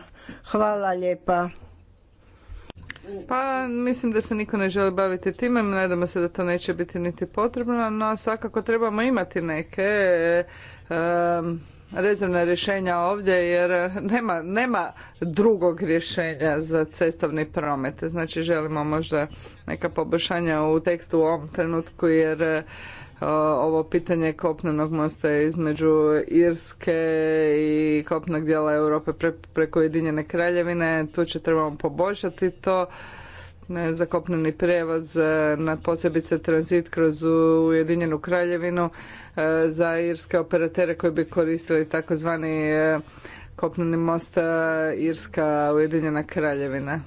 hvala lijepa. Pa mislim da se niko ne želi baviti time, nadamo se da to neće biti niti potrebno, no svakako trebamo imati neke um, rješenja ovdje jer nema, nema drugog rješenja za cestovni promet. Znači želimo možda neka poboljšanja u tekstu u ovom trenutku jer ovo pitanje kopnenog mosta između Irske i kopnog dijela Europe preko Ujedinjene kraljevine. Tu će trebamo poboljšati to e, za kopneni prijevoz, e, na posebice tranzit kroz Ujedinjenu kraljevinu e, za irske operatere koji bi koristili takozvani kopneni most Irska Ujedinjena kraljevina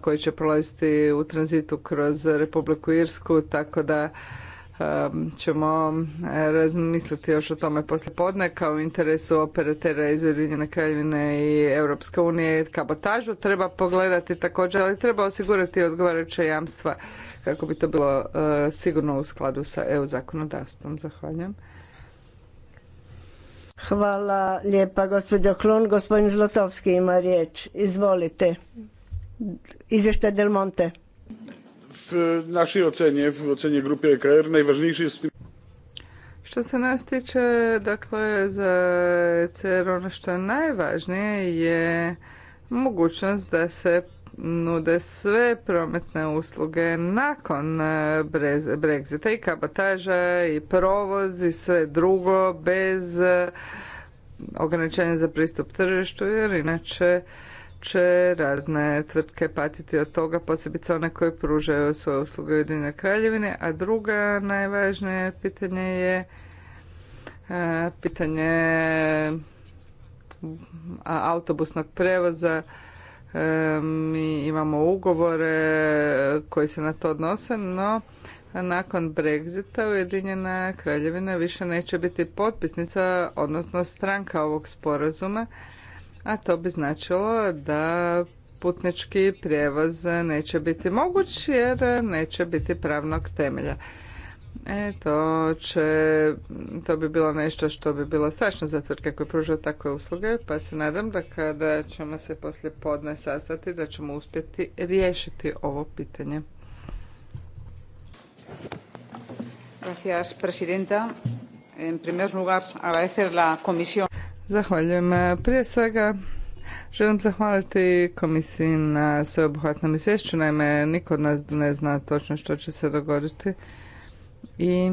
koji će prolaziti u tranzitu kroz Republiku Irsku, tako da ćemo eh, razmisliti još o tome poslije podne kao u interesu operatera iz Ujedinjene kraljevine i Europske unije kabotažu treba pogledati također ali treba osigurati odgovarajuća jamstva kako bi to bilo eh, sigurno u skladu sa EU zakonodavstvom. Zahvaljujem. Hvala lijepa gospođo Klun. Gospodin Zlotovski ima riječ. Izvolite. Izvještaj Del Monte. E, w naszej ocenie, w ocenie grupy EKR, najważniejszy jest Što se nas tiče, dakle, za ECR ono što je najvažnije je mogućnost da se nude sve prometne usluge nakon e, Brexita i kabotaža i provoz i sve drugo bez e, ograničenja za pristup tržištu jer inače će radne tvrtke patiti od toga, posebice one koje pružaju svoje usluge u kraljevine. a druga najvažnije pitanje je e, pitanje autobusnog prevoza e, mi imamo ugovore koji se na to odnose, no nakon Brexita Ujedinjena kraljevina više neće biti potpisnica, odnosno stranka ovog sporazuma a to bi značilo da putnički prijevoz neće biti moguć jer neće biti pravnog temelja. E, to, će, to bi bilo nešto što bi bilo strašno za tvrtke koje pružaju takve usluge, pa se nadam da kada ćemo se poslije podne sastati da ćemo uspjeti riješiti ovo pitanje. Gracias, presidenta. En primer lugar, agradecer la Zahvaljujem. Prije svega želim zahvaliti komisiji na sveobuhvatnom izvješću. Naime, niko od nas ne zna točno što će se dogoditi i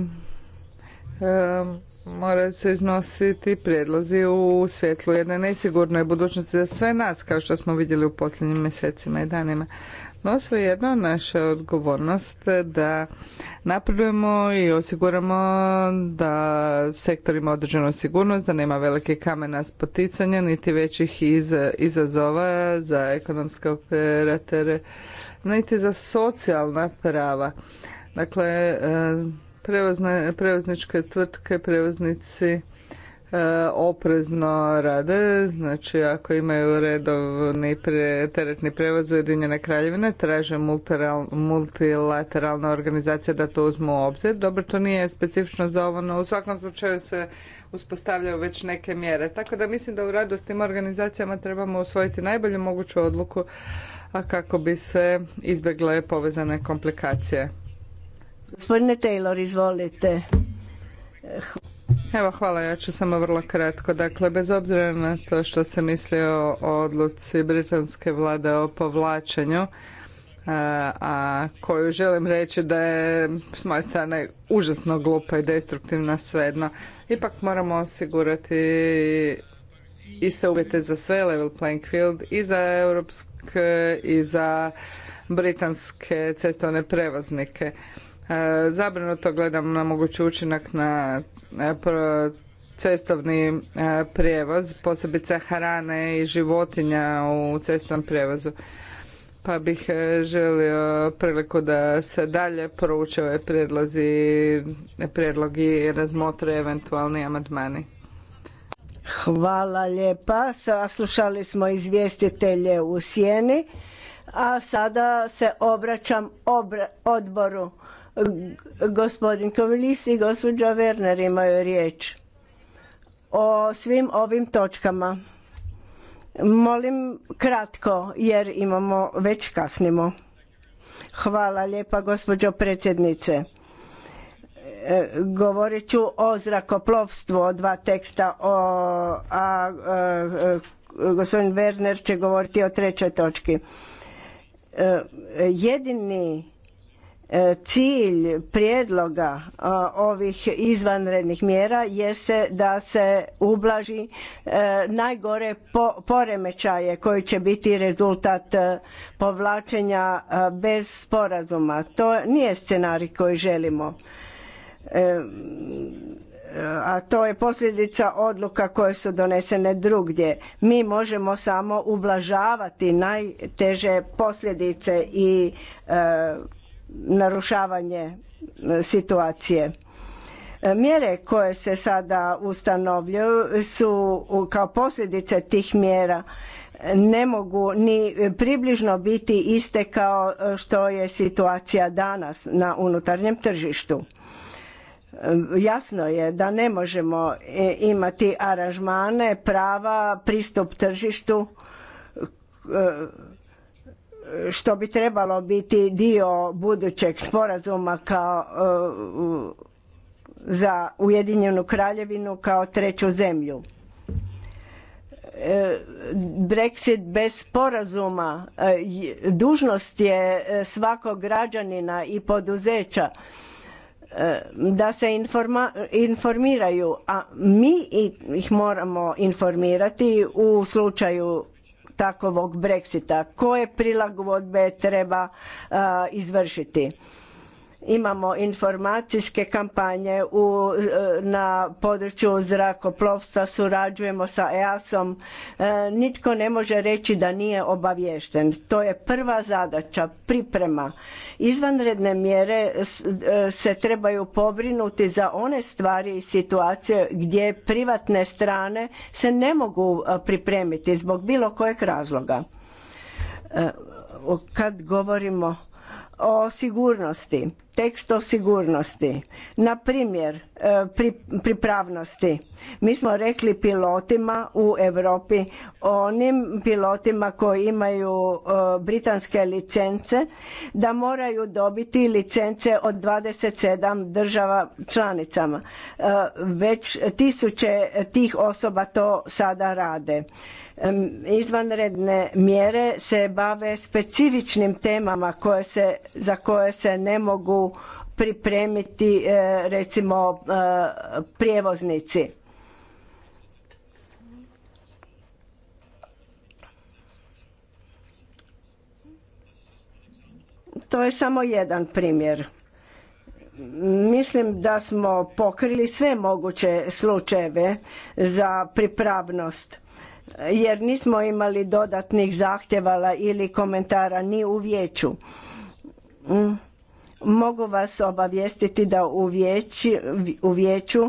moraju mora se iznositi prijedlozi u svjetlu jedne nesigurne budućnosti za sve nas, kao što smo vidjeli u posljednjim mjesecima i danima. No svejedno naša odgovornost da napravimo i osiguramo da sektor ima određenu sigurnost, da nema velike kamena spoticanja niti većih iz, izazova za ekonomske operatere, niti za socijalna prava. Dakle, eh, prevozne, prevozničke tvrtke, prevoznici E, oprezno rade, znači ako imaju redovni teretni prevoz Ujedinjene kraljevine, traže multilateralna organizacija da to uzmu u obzir. Dobro, to nije specifično za ovo, no u svakom slučaju se uspostavljaju već neke mjere. Tako da mislim da u radu s tim organizacijama trebamo usvojiti najbolju moguću odluku, a kako bi se izbjegle povezane komplikacije. Gospodine Taylor, izvolite. Evo, hvala, ja ću samo vrlo kratko. Dakle, bez obzira na to što se misli o odluci britanske vlade o povlačenju, a, koju želim reći da je s moje strane užasno glupa i destruktivna svejedno. Ipak moramo osigurati iste uvjete za sve level playing field i za europske i za britanske cestovne prevoznike. E, Zabrinuto gledam na mogući učinak na e, cestovni e, prijevoz, posebice hrane i životinja u cestovnom prijevozu. Pa bih želio priliku da se dalje prouče ove prijedlozi, prijedlogi i razmotre eventualni amandmani. Hvala lijepa. Saslušali smo izvjestitelje u sjeni, a sada se obraćam odboru. Gospodin Kovilis i gospođa Werner imaju riječ o svim ovim točkama. Molim kratko jer imamo već kasnimo. Hvala lijepa gospođo predsjednice. E, govorit ću o zrakoplovstvu, o dva teksta, a, a e, e, gospodin Werner će govoriti o trećoj točki. Jedini E, cilj prijedloga e, ovih izvanrednih mjera jeste da se ublaži e, najgore poremećaje koji će biti rezultat povlačenja bez sporazuma. To nije scenarij koji želimo a to je posljedica odluka koje su donesene drugdje. Mi možemo samo ublažavati najteže posljedice i narušavanje e, situacije. E, mjere koje se sada ustanovljuju su kao posljedice tih mjera ne mogu ni približno biti iste kao e, što je situacija danas na unutarnjem tržištu. Jasno je da ne možemo imati aranžmane, prava, pristup tržištu što bi trebalo biti dio budućeg sporazuma kao e, za Ujedinjenu kraljevinu kao treću zemlju. E, Brexit bez sporazuma e, dužnost je svakog građanina i poduzeća da se informiraju, a mi ih moramo informirati u slučaju takovog Brexita, koje prilagodbe treba eh, izvršiti imamo informacijske kampanje u, e, na području zrakoplovstva, surađujemo sa EASom. E, nitko ne može reći da nije obaviješten. To je prva zadaća, priprema. Izvanredne mjere e, se trebaju pobrinuti za one stvari i situacije gdje privatne strane se ne mogu pripremiti zbog bilo kojeg razloga. Kad govorimo o sigurnosti, tekst o sigurnosti. Na primjer, e, pripravnosti. Mi smo rekli pilotima u Europi, onim pilotima koji imaju e, britanske licence, da moraju dobiti licence od 27 država članicama. E, već tisuće tih osoba to sada rade. Izvanredne mjere se bave specifičnim temama za koje se ne mogu pripremiti e, recimo e, prijevoznici. To je samo jedan primjer. Mislim da smo pokrili sve moguće slučajeve za pripravnost jer nismo imali dodatnih zahtjevala ili komentara ni u vijeću. Mm. Mogu vas obavijestiti da u, vijeći, u vijeću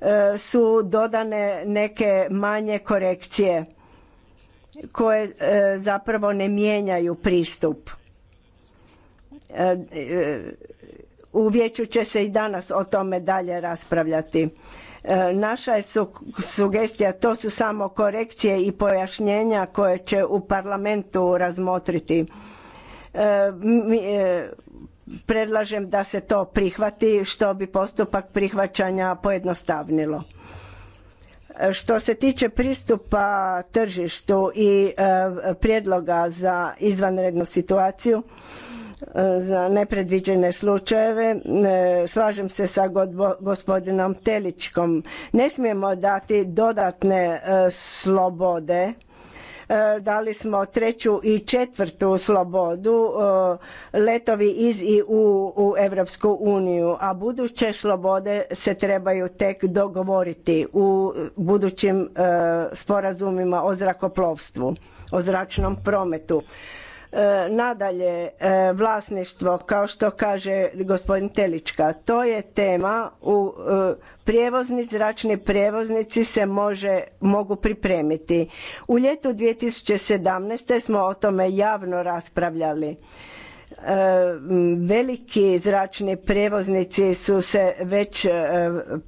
e, su dodane neke manje korekcije koje e, zapravo ne mijenjaju pristup. E, u vijeću će se i danas o tome dalje raspravljati. E, naša je sugestija, to su samo korekcije i pojašnjenja koje će u parlamentu razmotriti. E, e, predlažem da se to prihvati što bi postupak prihvaćanja pojednostavnilo. Što se tiče pristupa tržištu i prijedloga za izvanrednu situaciju, E, za nepredviđene slučajeve. E, slažem se sa gospodinom Teličkom. Ne smijemo dati dodatne e, slobode. Dali smo treću i četvrtu slobodu letovi iz i u, u Europsku uniju, a buduće slobode se trebaju tek dogovoriti u budućim sporazumima o zrakoplovstvu, o zračnom prometu E, nadalje, e, vlasništvo, kao što kaže gospodin Telička, to je tema u e, prijevozni, zračni prijevoznici se može, mogu pripremiti. U ljetu 2017. smo o tome javno raspravljali. Veliki zračni prijevoznici su se već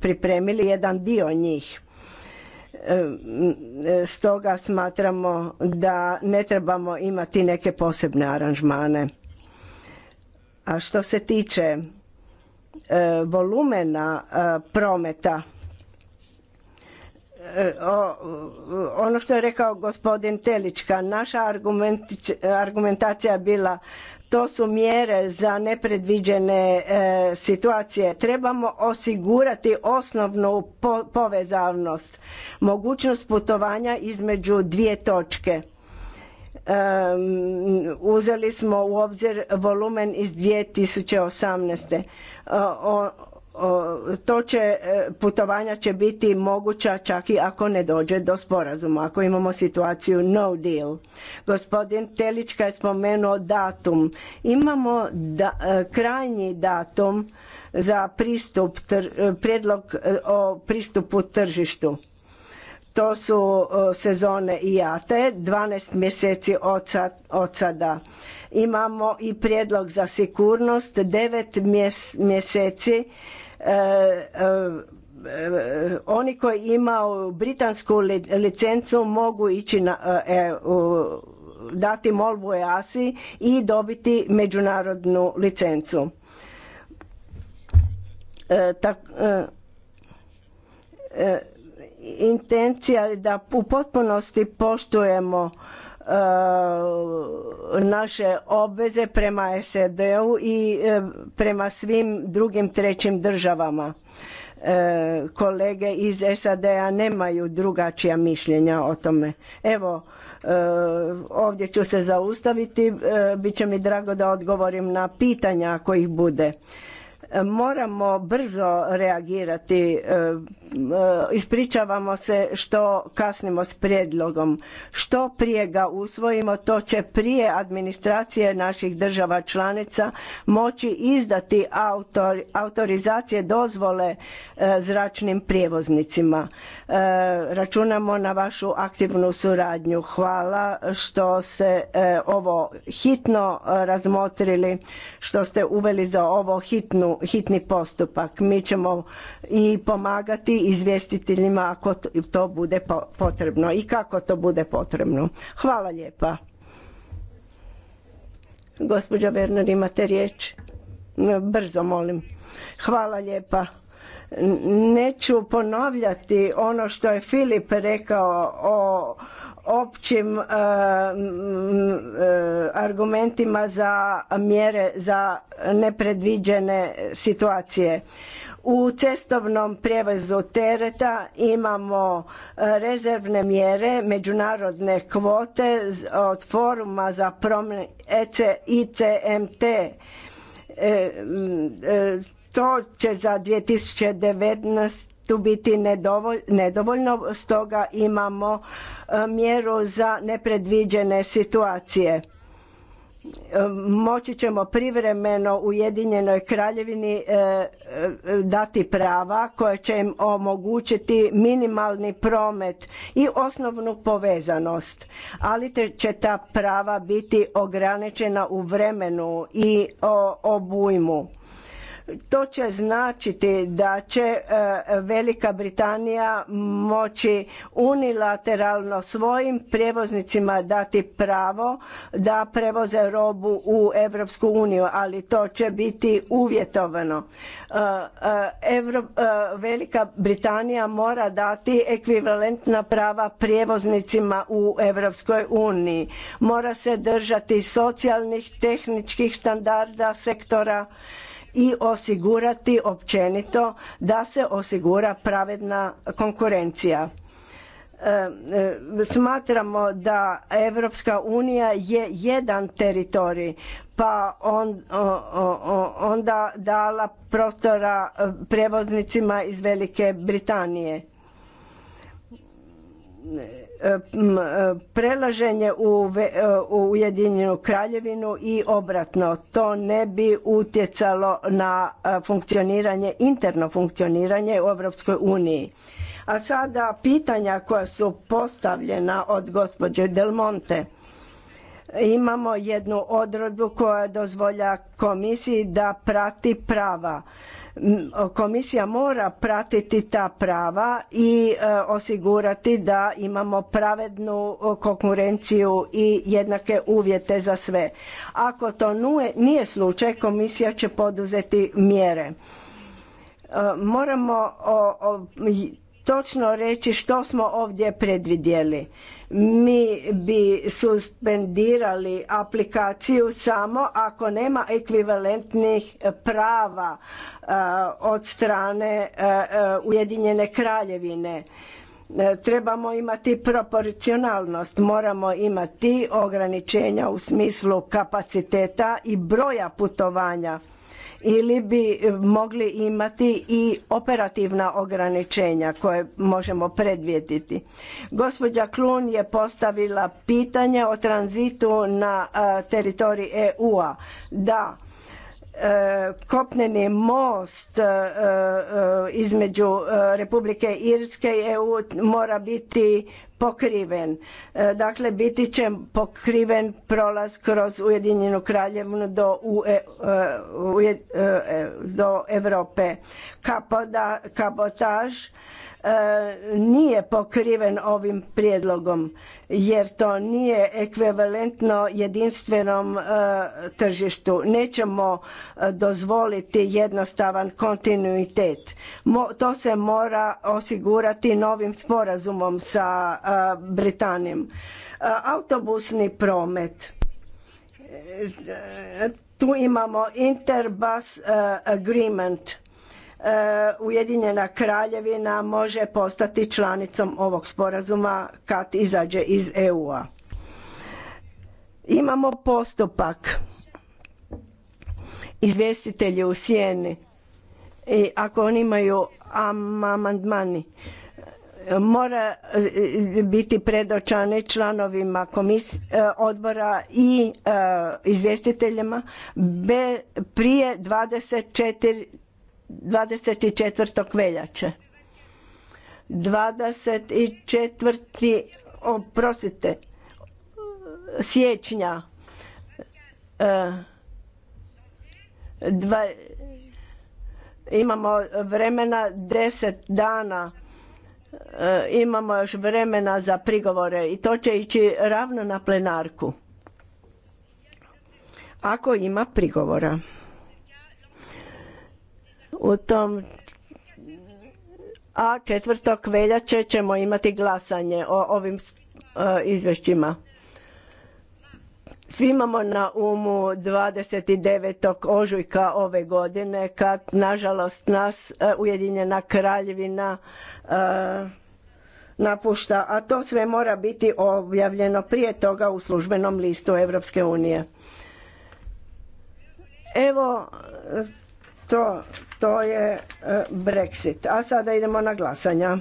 pripremili, jedan dio njih E, stoga smatramo da ne trebamo imati neke posebne aranžmane. A što se tiče e, volumena e, prometa, ono što je rekao gospodin Telička, naša argumentacija je bila to su mjere za nepredviđene e, situacije. Trebamo osigurati osnovnu povezanost, povezavnost, mogućnost putovanja između dvije točke. uzeli smo u obzir volumen iz 2018. E, o, to će, e, putovanja će biti moguća čak i ako ne dođe do sporazuma, ako imamo situaciju no deal. Gospodin Telička je spomenuo datum. Imamo da, e, krajnji datum za pristup, e, prijedlog o pristupu tržištu. To su sezone i jate, 12 mjeseci od sada. Imamo i prijedlog za sigurnost, 9 mjeseci E, e, e, oni koji imaju britansku licencu mogu ići na, dati molbu EASI i dobiti međunarodnu licencu. intencija je da u potpunosti poštujemo E, naše obveze prema SAD-u e i e, prema svim drugim trećim državama. Kolege iz SAD-a nemaju drugačija mišljenja o tome. Evo, ovdje ću se zaustaviti. Biće mi drago da odgovorim na pitanja ako ih bude moramo brzo reagirati e, e, ispričavamo se što kasnimo s prijedlogom što prije ga usvojimo to će prije administracije naših država članica moći izdati autorizacije dozvole e, zračnim prijevoznicima računamo na vašu aktivnu suradnju hvala što ste ovo hitno razmotrili što ste uveli za ovo hitnu hitni postupak. Mi ćemo i pomagati izvjestiteljima ako to bude potrebno i kako to bude potrebno. Hvala lijepa. Gospođa Werner, imate riječ? Brzo, molim. Hvala lijepa. Neću ponavljati ono što je Filip rekao o općim e, e, argumentima za mjere za nepredviđene situacije. U cestovnom prijevozu tereta imamo e, rezervne mjere, međunarodne kvote od foruma za promjenu ICMT. to će za 2019 biti nedovoljno, stoga imamo mjeru za nepredviđene situacije e, moći ćemo privremeno Ujedinjenoj kraljevini e, e, dati prava koja će im omogućiti minimalni promet i osnovnu povezanost, ali će ta prava biti ograničena u vremenu i obujmu to će značiti da će e, Velika Britanija moći unilateralno svojim prijevoznicima dati pravo da prevoze robu u Europsku uniju, ali to će biti uvjetovano. E, e, Velika Britanija mora dati ekvivalentna prava prijevoznicima u Europskoj uniji. Mora se držati socijalnih, tehničkih standarda sektora i osigurati općenito da se osigura pravedna konkurencija. E, e, smatramo da Europska unija je jedan teritorij pa onda dala prostora e, prevoznicima iz Velike Britanije E, prelaženje e, u Ujedinjenu kraljevinu i obratno. To ne bi utjecalo na e, funkcioniranje, interno funkcioniranje u Europskoj uniji. A sada pitanja koja su postavljena od gospođe Del Monte. Imamo jednu odredbu koja dozvolja komisiji da prati prava Komisija mora pratiti ta prava i e, osigurati da imamo pravednu konkurenciju i jednake uvjete za sve. Ako to nije slučaj, komisija će poduzeti mjere. E, moramo točno reći što smo ovdje predvidjeli mi bi suspendirali aplikaciju samo ako nema ekvivalentnih prava e, od strane e, e, Ujedinjene kraljevine. Trebamo imati proporcionalnost, moramo imati ograničenja u smislu kapaciteta i broja putovanja ili bi mogli imati i operativna ograničenja koje možemo predvidjeti. Gospođa Klun je postavila pitanje o tranzitu na e, teritoriji EU-a. Da, e, kopneni most e, između Republike Irske i EU mora biti pokriven. E, dakle, biti će pokriven prolaz kroz Ujedinjenu kraljevnu do, UE, e, e, do Europe. Kapoda, kabotaž E, nije pokriven ovim prijedlogom jer to nije ekvivalentno jedinstvenom e, tržištu. Nećemo e, dozvoliti jednostavan kontinuitet. To se mora osigurati novim sporazumom sa Britanijom. Autobusni promet tu imamo Interbus Agreement E, Ujedinjena kraljevina može postati članicom ovog sporazuma kad izađe iz EU-a. Imamo postupak izvjestitelji u sjeni i ako oni imaju amandmani mora e, biti predočani članovima e, odbora i izvjestiteljima be, prije 24 24. veljače. 24. oprostite, siječnja. E, imamo vremena deset dana e, imamo još vremena za prigovore i to će ići ravno na plenarku ako ima prigovora u tom a 4. veljače ćemo imati glasanje o ovim e, izvješćima. Svi imamo na umu 29. ožujka ove godine kad nažalost nas e, Ujedinjena kraljevina e, napušta, a to sve mora biti objavljeno prije toga u službenom listu Europske unije. Evo to, to je e, Brexit. A sada idemo na glasanja.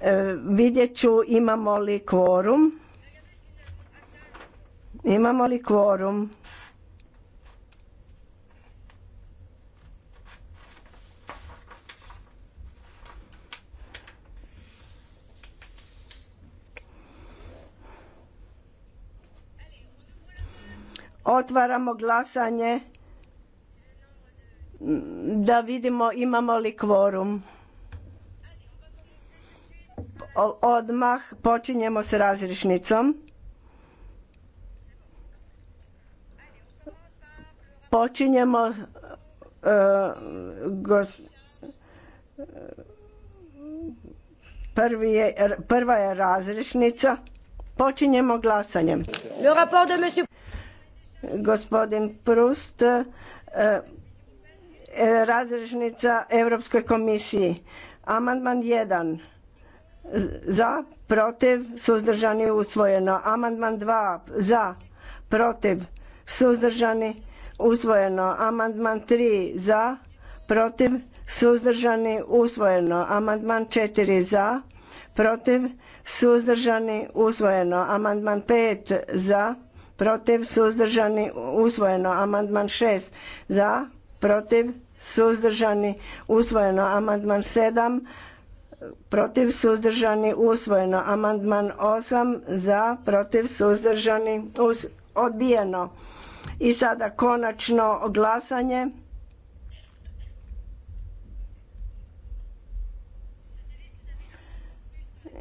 E, vidjet ću imamo li kvorum. Imamo li kvorum? Otvaramo glasanje da vidimo imamo li kvorum. Odmah počinjemo s razrišnicom. Počinjemo e, prva je razrišnica. Počinjemo glasanjem. Le rapport de monsieur... Gospodin Prust, e, e, razrežnica Europskoj komisiji. Amandman 1. Za, protiv, suzdržani, usvojeno. Amandman 2. Za, protiv, suzdržani, usvojeno. Amandman 3. Za, protiv, suzdržani, usvojeno. Amandman 4. Za, protiv, suzdržani, usvojeno. Amandman 5. Za, protiv, suzdržani, usvojeno. Amandman 6 za, protiv, suzdržani, usvojeno. Amandman 7 protiv, suzdržani, usvojeno. Amandman 8 za, protiv, suzdržani, odbijeno. I sada konačno glasanje.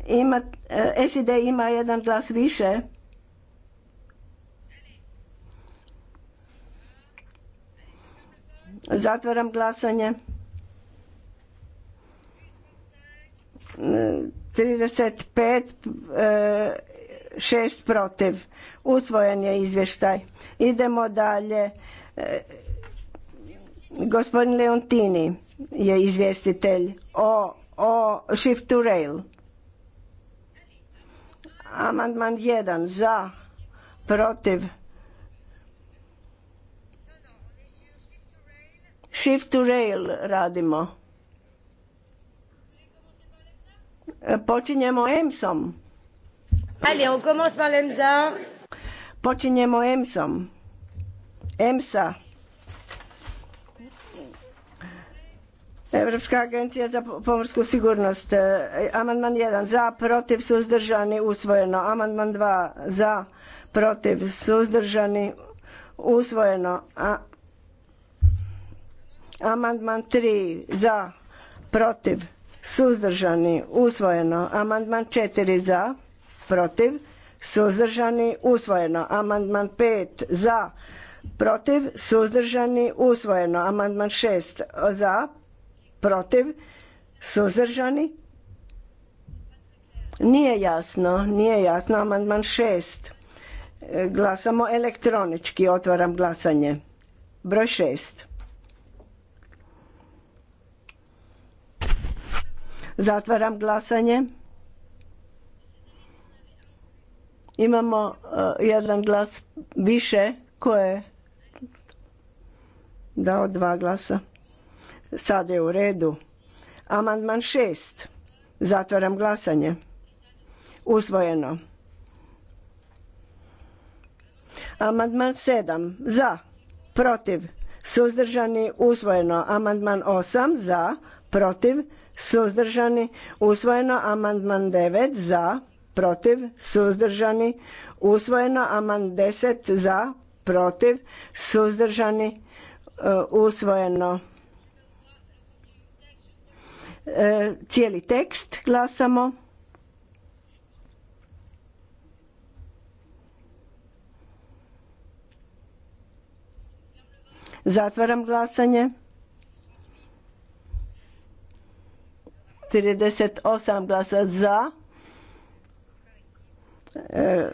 Ima, e, SID ima jedan glas više. Zatvaram glasanje. 35, 6 e, protiv. Usvojen je izvještaj. Idemo dalje. E, gospodin Leontini je izvjestitelj o, o Shift to Rail. Amandman 1 za, protiv, Shift to rail radimo. E, počinjemo EMS-om. Allez, on commence par l'EMSA. Počinjemo EMS-om. EMSA. Europska agencija za pomorsku sigurnost. E, amandman 1 za, protiv, suzdržani, usvojeno. Amandman 2 za, protiv, suzdržani, usvojeno. A Amandman 3 za, protiv, suzdržani, usvojeno. Amandman 4 za, protiv, suzdržani, usvojeno. Amandman 5 za, protiv, suzdržani, usvojeno. Amandman 6 za, protiv, suzdržani. Nije jasno, nije jasno. Amandman 6. E, glasamo elektronički, otvaram glasanje. Broj 6. Zatvaram glasanje. Imamo eh, jedan glas više koje je dao dva glasa. Sad je u redu. Amandman šest. Zatvaram glasanje. Usvojeno. Amandman sedam Za. Protiv. Suzdržani. Usvojeno. Amandman osam Za. Protiv suzdržani, usvojeno amandman 9 za, protiv, suzdržani, usvojeno amandman 10 za, protiv, suzdržani, e, usvojeno. E, cijeli tekst glasamo. Zatvaram glasanje. 38 glasa za. E,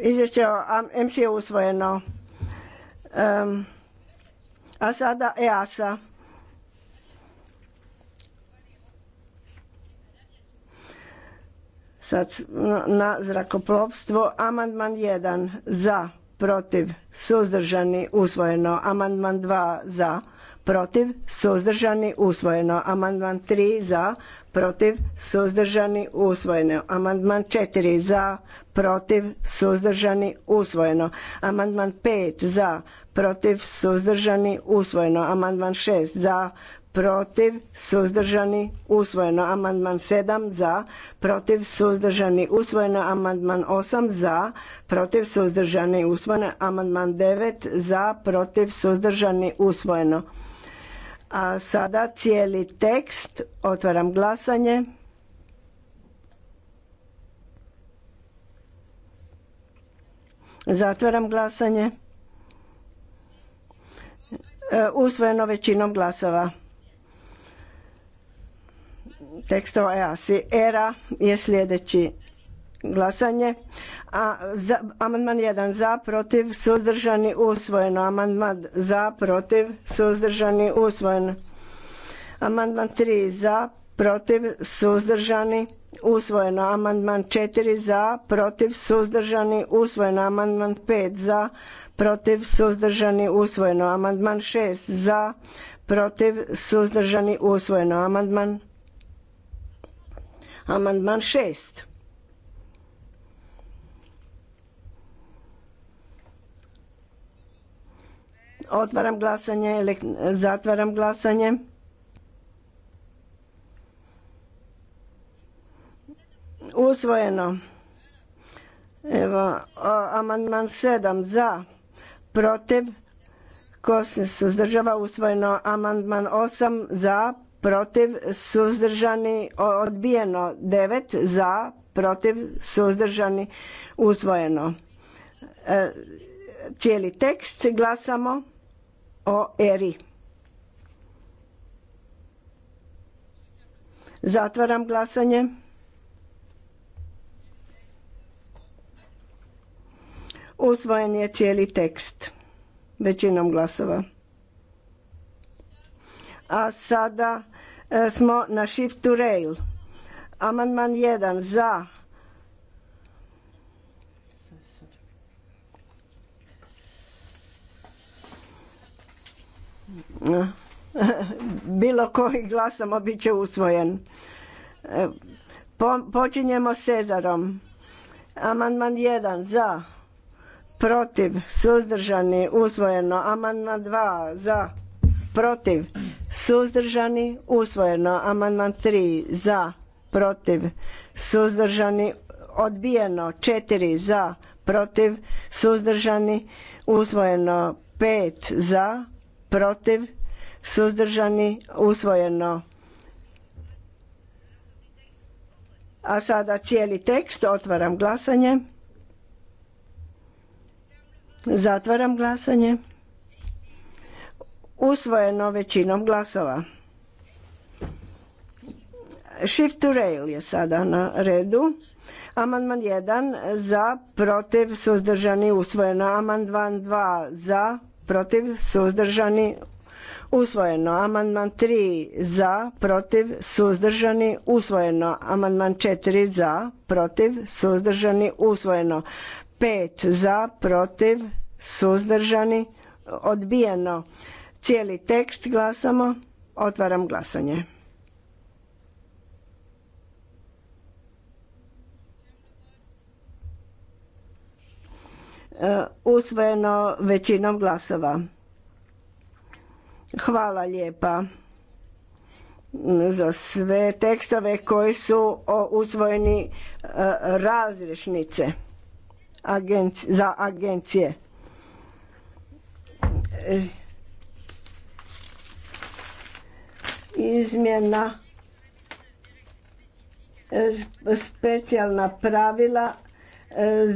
izvješće o MC je usvojeno. a sada EASA. Sad na zrakoplovstvo. Amandman 1 za, protiv, suzdržani, usvojeno. Amandman 2 za, protiv, suzdržani, usvojeno. Amandman 3 za, protiv, suzdržani, usvojeno. Amandman 4 za, protiv, suzdržani, usvojeno. Amandman 5 za, protiv, suzdržani, usvojeno. Amandman 6 za, protiv, suzdržani, usvojeno. Amandman 7 za, protiv, suzdržani, usvojeno. Amandman 8 za, protiv, suzdržani, usvojeno. Amandman 9 za, protiv, suzdržani, usvojeno. A sada cijeli tekst, otvaram glasanje. Zatvaram glasanje. E, usvojeno većinom glasova. Tekstova EASI. ERA je sljedeći glasanje. A, za, amandman 1 za, protiv, suzdržani, usvojeno. Amandman za, protiv, suzdržani, usvojeno. Amandman 3 za, protiv, suzdržani, usvojeno. Amandman 4 za, protiv, suzdržani, usvojeno. Amandman 5 za, protiv, suzdržani, usvojeno. Amandman 6 za, protiv, suzdržani, usvojeno. Amandman Amandman 6. Otvaram glasanje, zatvaram glasanje. Usvojeno. Evo, amandman 7 za, protiv, ko se suzdržava, usvojeno. Amandman 8 za, protiv, suzdržani, odbijeno. 9 za, protiv, suzdržani, usvojeno. E, cijeli tekst glasamo o ERI. Zatvaram glasanje. Usvojen je cijeli tekst većinom glasova. A sada e, smo na shift to rail. Amandman 1 za, bilo koji glasamo bit će usvojen. E, počinjemo počinjemo Cezarom. Amandman 1 za, protiv, suzdržani, usvojeno. Amandman 2 za, protiv, suzdržani, usvojeno. Amandman 3 za, protiv, suzdržani, odbijeno. 4 za, protiv, suzdržani, usvojeno. 5 za, protiv, suzdržani, usvojeno. A sada cijeli tekst, otvaram glasanje. Zatvaram glasanje. Usvojeno većinom glasova. Shift to rail je sada na redu. Amandman 1 za, protiv, suzdržani, usvojeno. Amandman 2 za, protiv, suzdržani, usvojeno. Amandman 3 za, protiv, suzdržani, usvojeno. Amandman 4 za, protiv, suzdržani, usvojeno. 5 za, protiv, suzdržani, odbijeno. Cijeli tekst glasamo. Otvaram glasanje. E, usvojeno većinom glasova. Hvala lijepa za sve tekstove koji su usvojeni e, razrešnice za agencije. E, izmjena specijalna pravila E,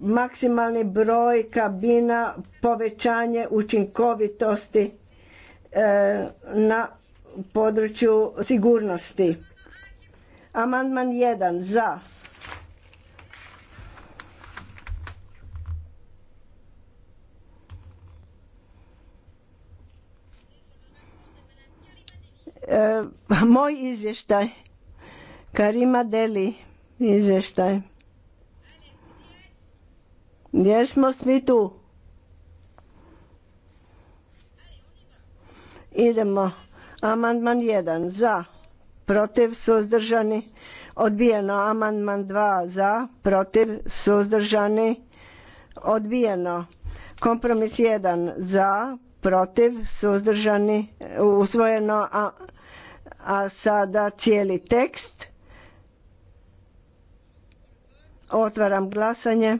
maksimalni broj kabina, povećanje učinkovitosti e, na području sigurnosti. Amandman 1 za. E, moj izvještaj. Karima Deli izvještaj. Gdje smo svi tu. Idemo. Amandman 1 za, protiv, suzdržani, odbijeno. Amandman 2 za, protiv, suzdržani, odbijeno. Kompromis 1 za, protiv, suzdržani, usvojeno. A, a sada cijeli tekst. Otvaram glasanje.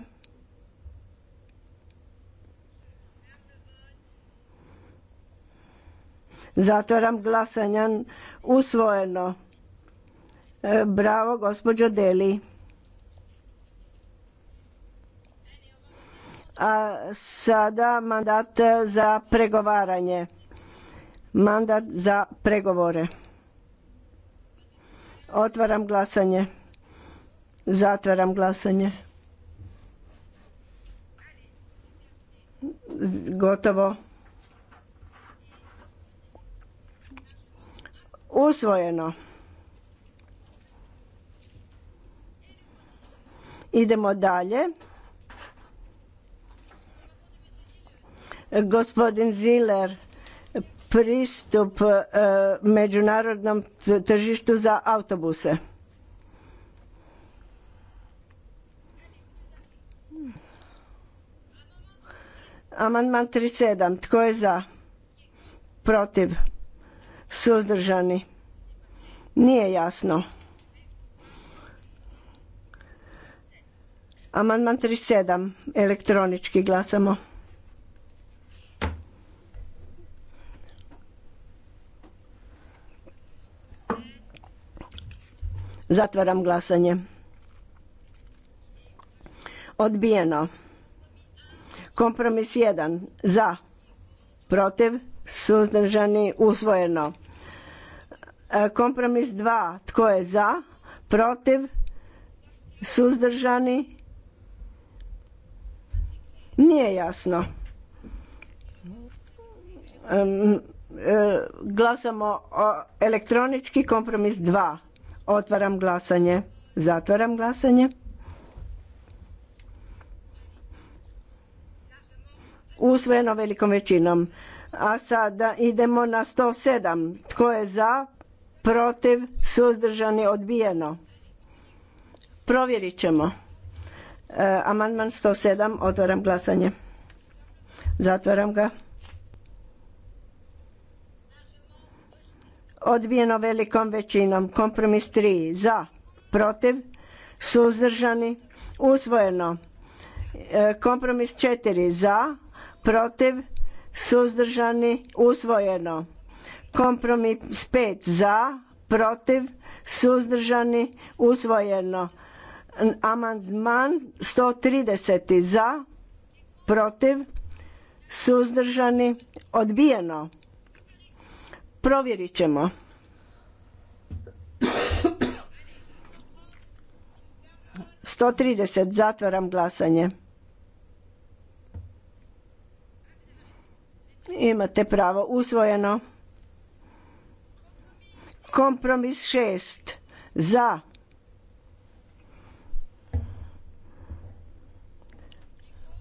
Zatvaram glasanje Usvojeno. E, bravo, gospođo Deli. A sada mandat za pregovaranje. Mandat za pregovore. Otvaram glasanje. Zatvaram glasanje. Gotovo. Usvojeno. Idemo dalje. Gospodin Ziller, pristup e, međunarodnom tržištu za autobuse. Amandman 37. Tko je za? Protiv? suzdržani nije jasno amandman 37 elektronički glasamo zatvaram glasanje odbijeno kompromis 1 za protiv suzdržani usvojeno E, kompromis 2. Tko je za? Protiv? Suzdržani? Nije jasno. E, glasamo elektronički kompromis 2. Otvaram glasanje. Zatvaram glasanje. Usvojeno velikom većinom. A sada idemo na 107. Tko je za? protiv, suzdržani, odbijeno. Provjerit ćemo. E, amandman 107, otvaram glasanje. Zatvaram ga. Odbijeno velikom većinom. Kompromis 3. Za, protiv, suzdržani, usvojeno. E, kompromis 4. Za, protiv, suzdržani, usvojeno. Kompromis 5 za, protiv, suzdržani, usvojeno. Amandman 130 za, protiv, suzdržani, odbijeno. Provjerit ćemo. Sto zatvaram glasanje. Imate pravo usvojeno. Kompromis šest za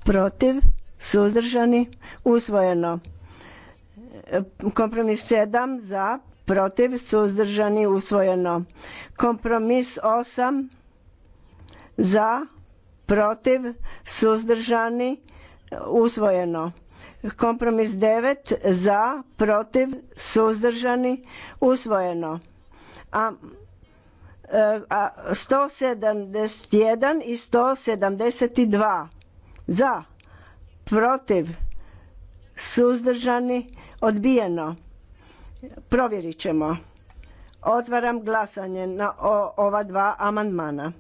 protiv suzdržani usvojeno. Kompromis sedam za protiv suzdržani usvojeno. Kompromis osam za protiv suzdržani usvojeno. Kompromis 9 za, protiv, suzdržani, usvojeno. A, e, a 171 i 172 za, protiv, suzdržani, odbijeno. Provjerit ćemo. Otvaram glasanje na ova dva amandmana.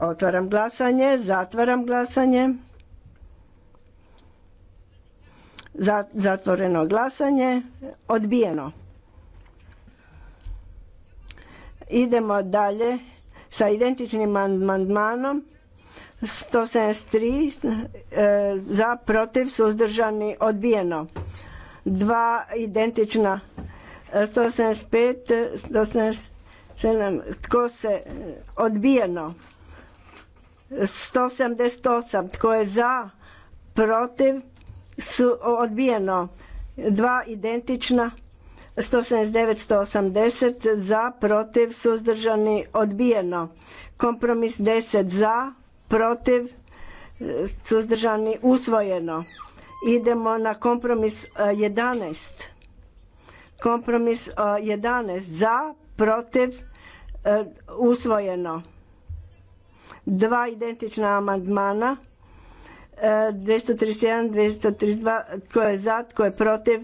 Otvaram glasanje, zatvaram glasanje. Zatvoreno glasanje. Odbijeno. Idemo dalje sa identičnim amandmanom 173 e, za protiv suzdržani odbijeno. Dva identična 175, e, 177, tko se odbijeno. 178, tko je za, protiv, su odbijeno dva identična 179 180 za protiv suzdržani odbijeno kompromis 10 za protiv suzdržani usvojeno idemo na kompromis 11 e, kompromis 11 e, za protiv e, usvojeno dva identična amandmana 231, 232, tko je za, tko je protiv,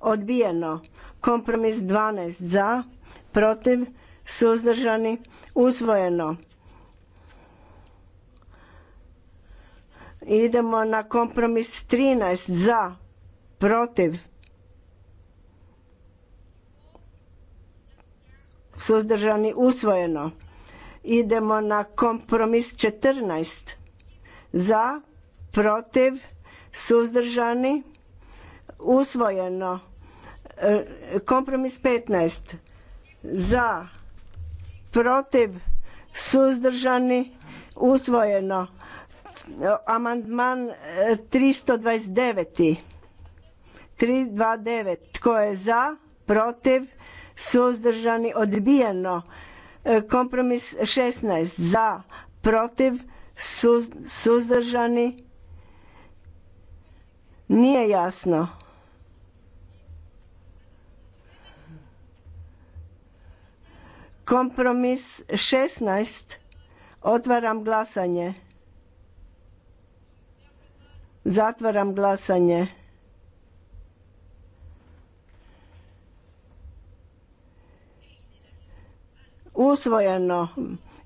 odbijeno. Kompromis 12 za, protiv, suzdržani, usvojeno. Idemo na kompromis 13 za, protiv, suzdržani, usvojeno. Idemo na kompromis 14 za, protiv, suzdržani, usvojeno. E, kompromis 15 za, protiv, suzdržani, usvojeno. Amandman 329. E, 329. Tko je za, protiv, suzdržani, odbijeno. E, kompromis 16. Za, protiv, suzdržani, nije jasno. Kompromis 16. Otvaram glasanje. Zatvaram glasanje. Usvojeno.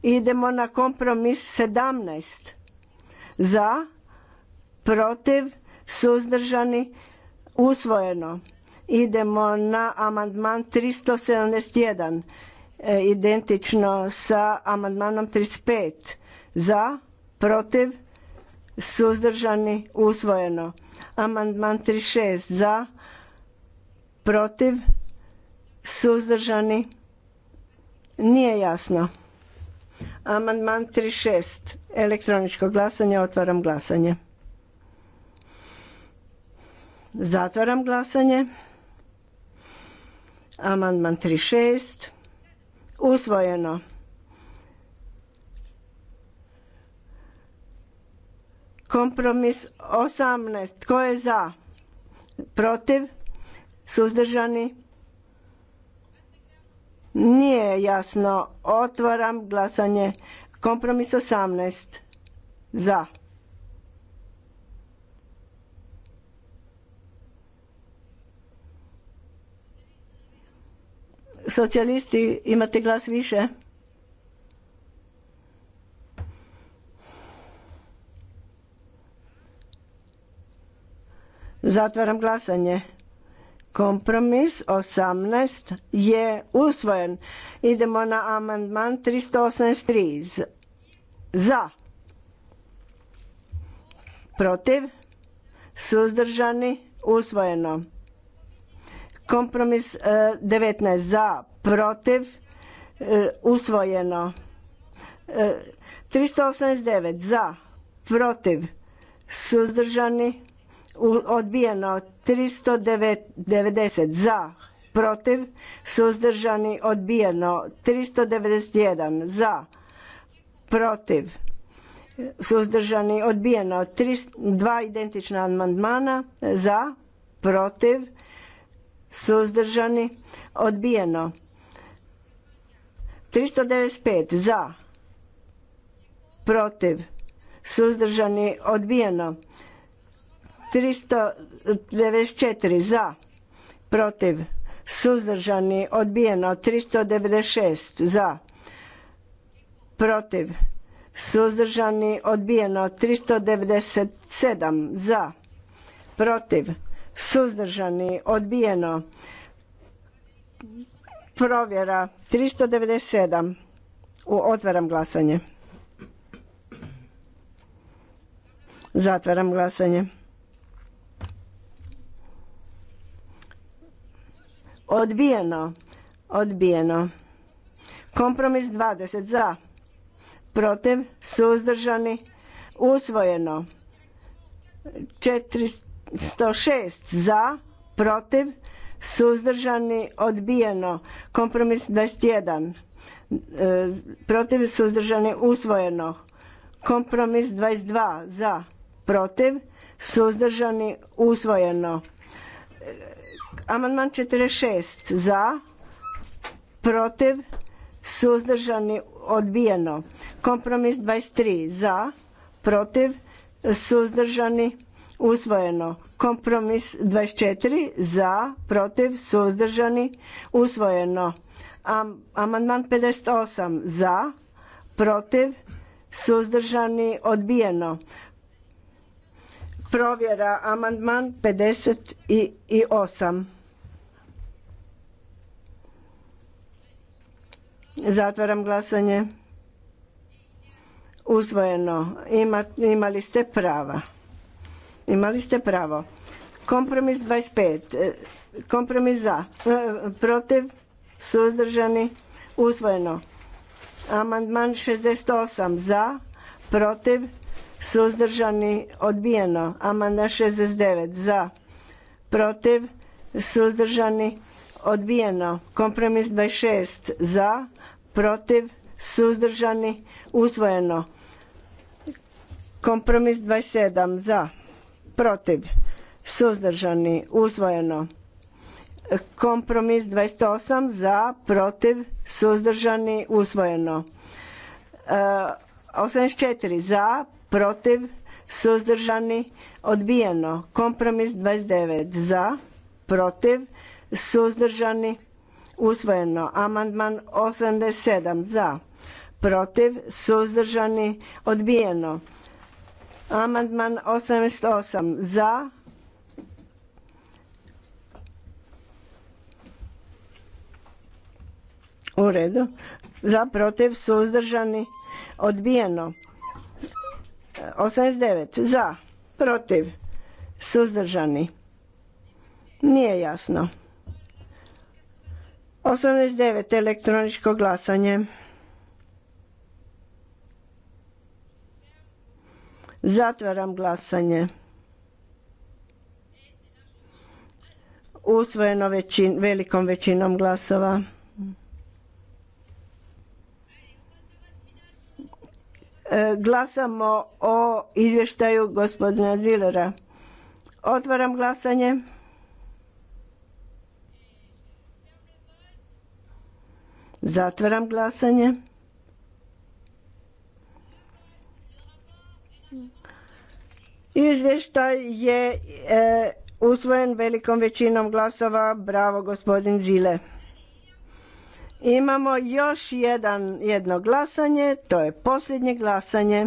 Idemo na kompromis 17. Za, protiv, suzdržani, usvojeno. Idemo na amandman 371, e, identično sa amandmanom 35. Za, protiv, suzdržani, usvojeno. Amandman 36 za, protiv, suzdržani, nije jasno. Amandman 36, elektroničko glasanje, otvaram glasanje. Zatvaram glasanje. Amandman 36. Usvojeno. Kompromis 18. Tko je za? Protiv? Suzdržani? Nije jasno. Otvaram glasanje. Kompromis 18. Za. Socijalisti, imate glas više? Zatvaram glasanje. Kompromis 18 je usvojen. Idemo na amandman 383. Za. Protiv. Suzdržani. Usvojeno. Kompromis 19 e, za, protiv, e, usvojeno. 389 e, za, protiv, suzdržani, odbijeno. 390 za, protiv, suzdržani, odbijeno. 391 za, protiv, suzdržani, odbijeno. Dva identična amandmana za, protiv, suzdržani, odbijeno. 395 za, protiv, suzdržani, odbijeno. 394 za, protiv, suzdržani, odbijeno. 396 za, protiv, suzdržani, odbijeno. 397 za, protiv, suzdržani, odbijeno. Provjera 397. U, otvaram glasanje. Zatvaram glasanje. Odbijeno. Odbijeno. Kompromis 20 za. Protiv, suzdržani, usvojeno. 400 106 za, protiv, suzdržani, odbijeno. Kompromis 21 e, protiv, suzdržani, usvojeno. Kompromis 22 za, protiv, suzdržani, usvojeno. E, amandman 46 za, protiv, suzdržani, odbijeno. Kompromis 23 za, protiv, suzdržani, usvojeno. Kompromis 24 za, protiv, suzdržani, usvojeno. amandman amandman 58 za, protiv, suzdržani, odbijeno. Provjera amandman 58. Zatvaram glasanje. Usvojeno. Ima, imali ste prava. Imali ste pravo. Kompromis 25. E, kompromis za. E, protiv. Suzdržani. Usvojeno. Amandman 68. Za. Protiv. Suzdržani. Odbijeno. Amandman 69. Za. Protiv. Suzdržani. Odbijeno. Kompromis 26. Za. Protiv. Suzdržani. Usvojeno. Kompromis 27. Za protiv, suzdržani, usvojeno. Kompromis 28 za, protiv, suzdržani, usvojeno. 84 e, za, protiv, suzdržani, odbijeno. Kompromis 29 za, protiv, suzdržani, usvojeno. Amandman 87 za, protiv, suzdržani, odbijeno. Amandman 88 za, u redu, za, protiv, suzdržani, odbijeno. 89 za, protiv, suzdržani, nije jasno. 89 elektroničko glasanje. Zatvaram glasanje. Usvojeno većin, velikom većinom glasova. E, glasamo o izvještaju gospodina Zilera. Otvaram glasanje. Zatvaram glasanje. Izvještaj je e, usvojen velikom većinom glasova. Bravo gospodin Zile. Imamo još jedan, jedno glasanje, to je posljednje glasanje.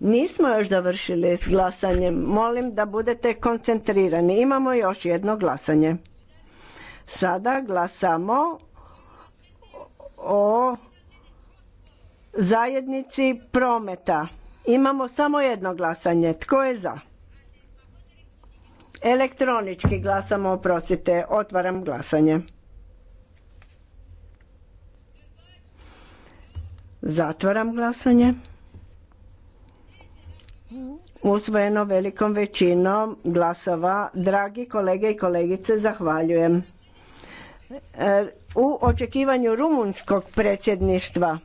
Nismo još završili s glasanjem. Molim da budete koncentrirani. Imamo još jedno glasanje. Sada glasamo o zajednici prometa. Imamo samo jedno glasanje. Tko je za? Elektronički glasamo, oprostite. Otvaram glasanje. Zatvaram glasanje. Usvojeno velikom većinom glasova. Dragi kolege i kolegice, zahvaljujem u očekivanju rumunskog predsjedništva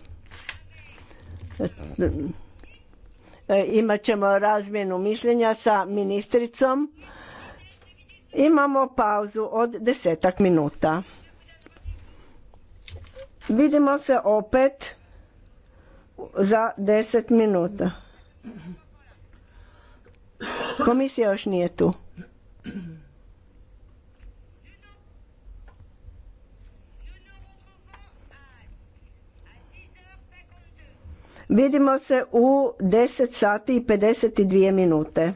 e, imat ćemo razmjenu mišljenja sa ministricom. Imamo pauzu od desetak minuta. Vidimo se opet za deset minuta. Komisija još nije tu. Vidimo se u 10 sati i 52 minute.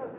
Hvala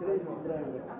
Thank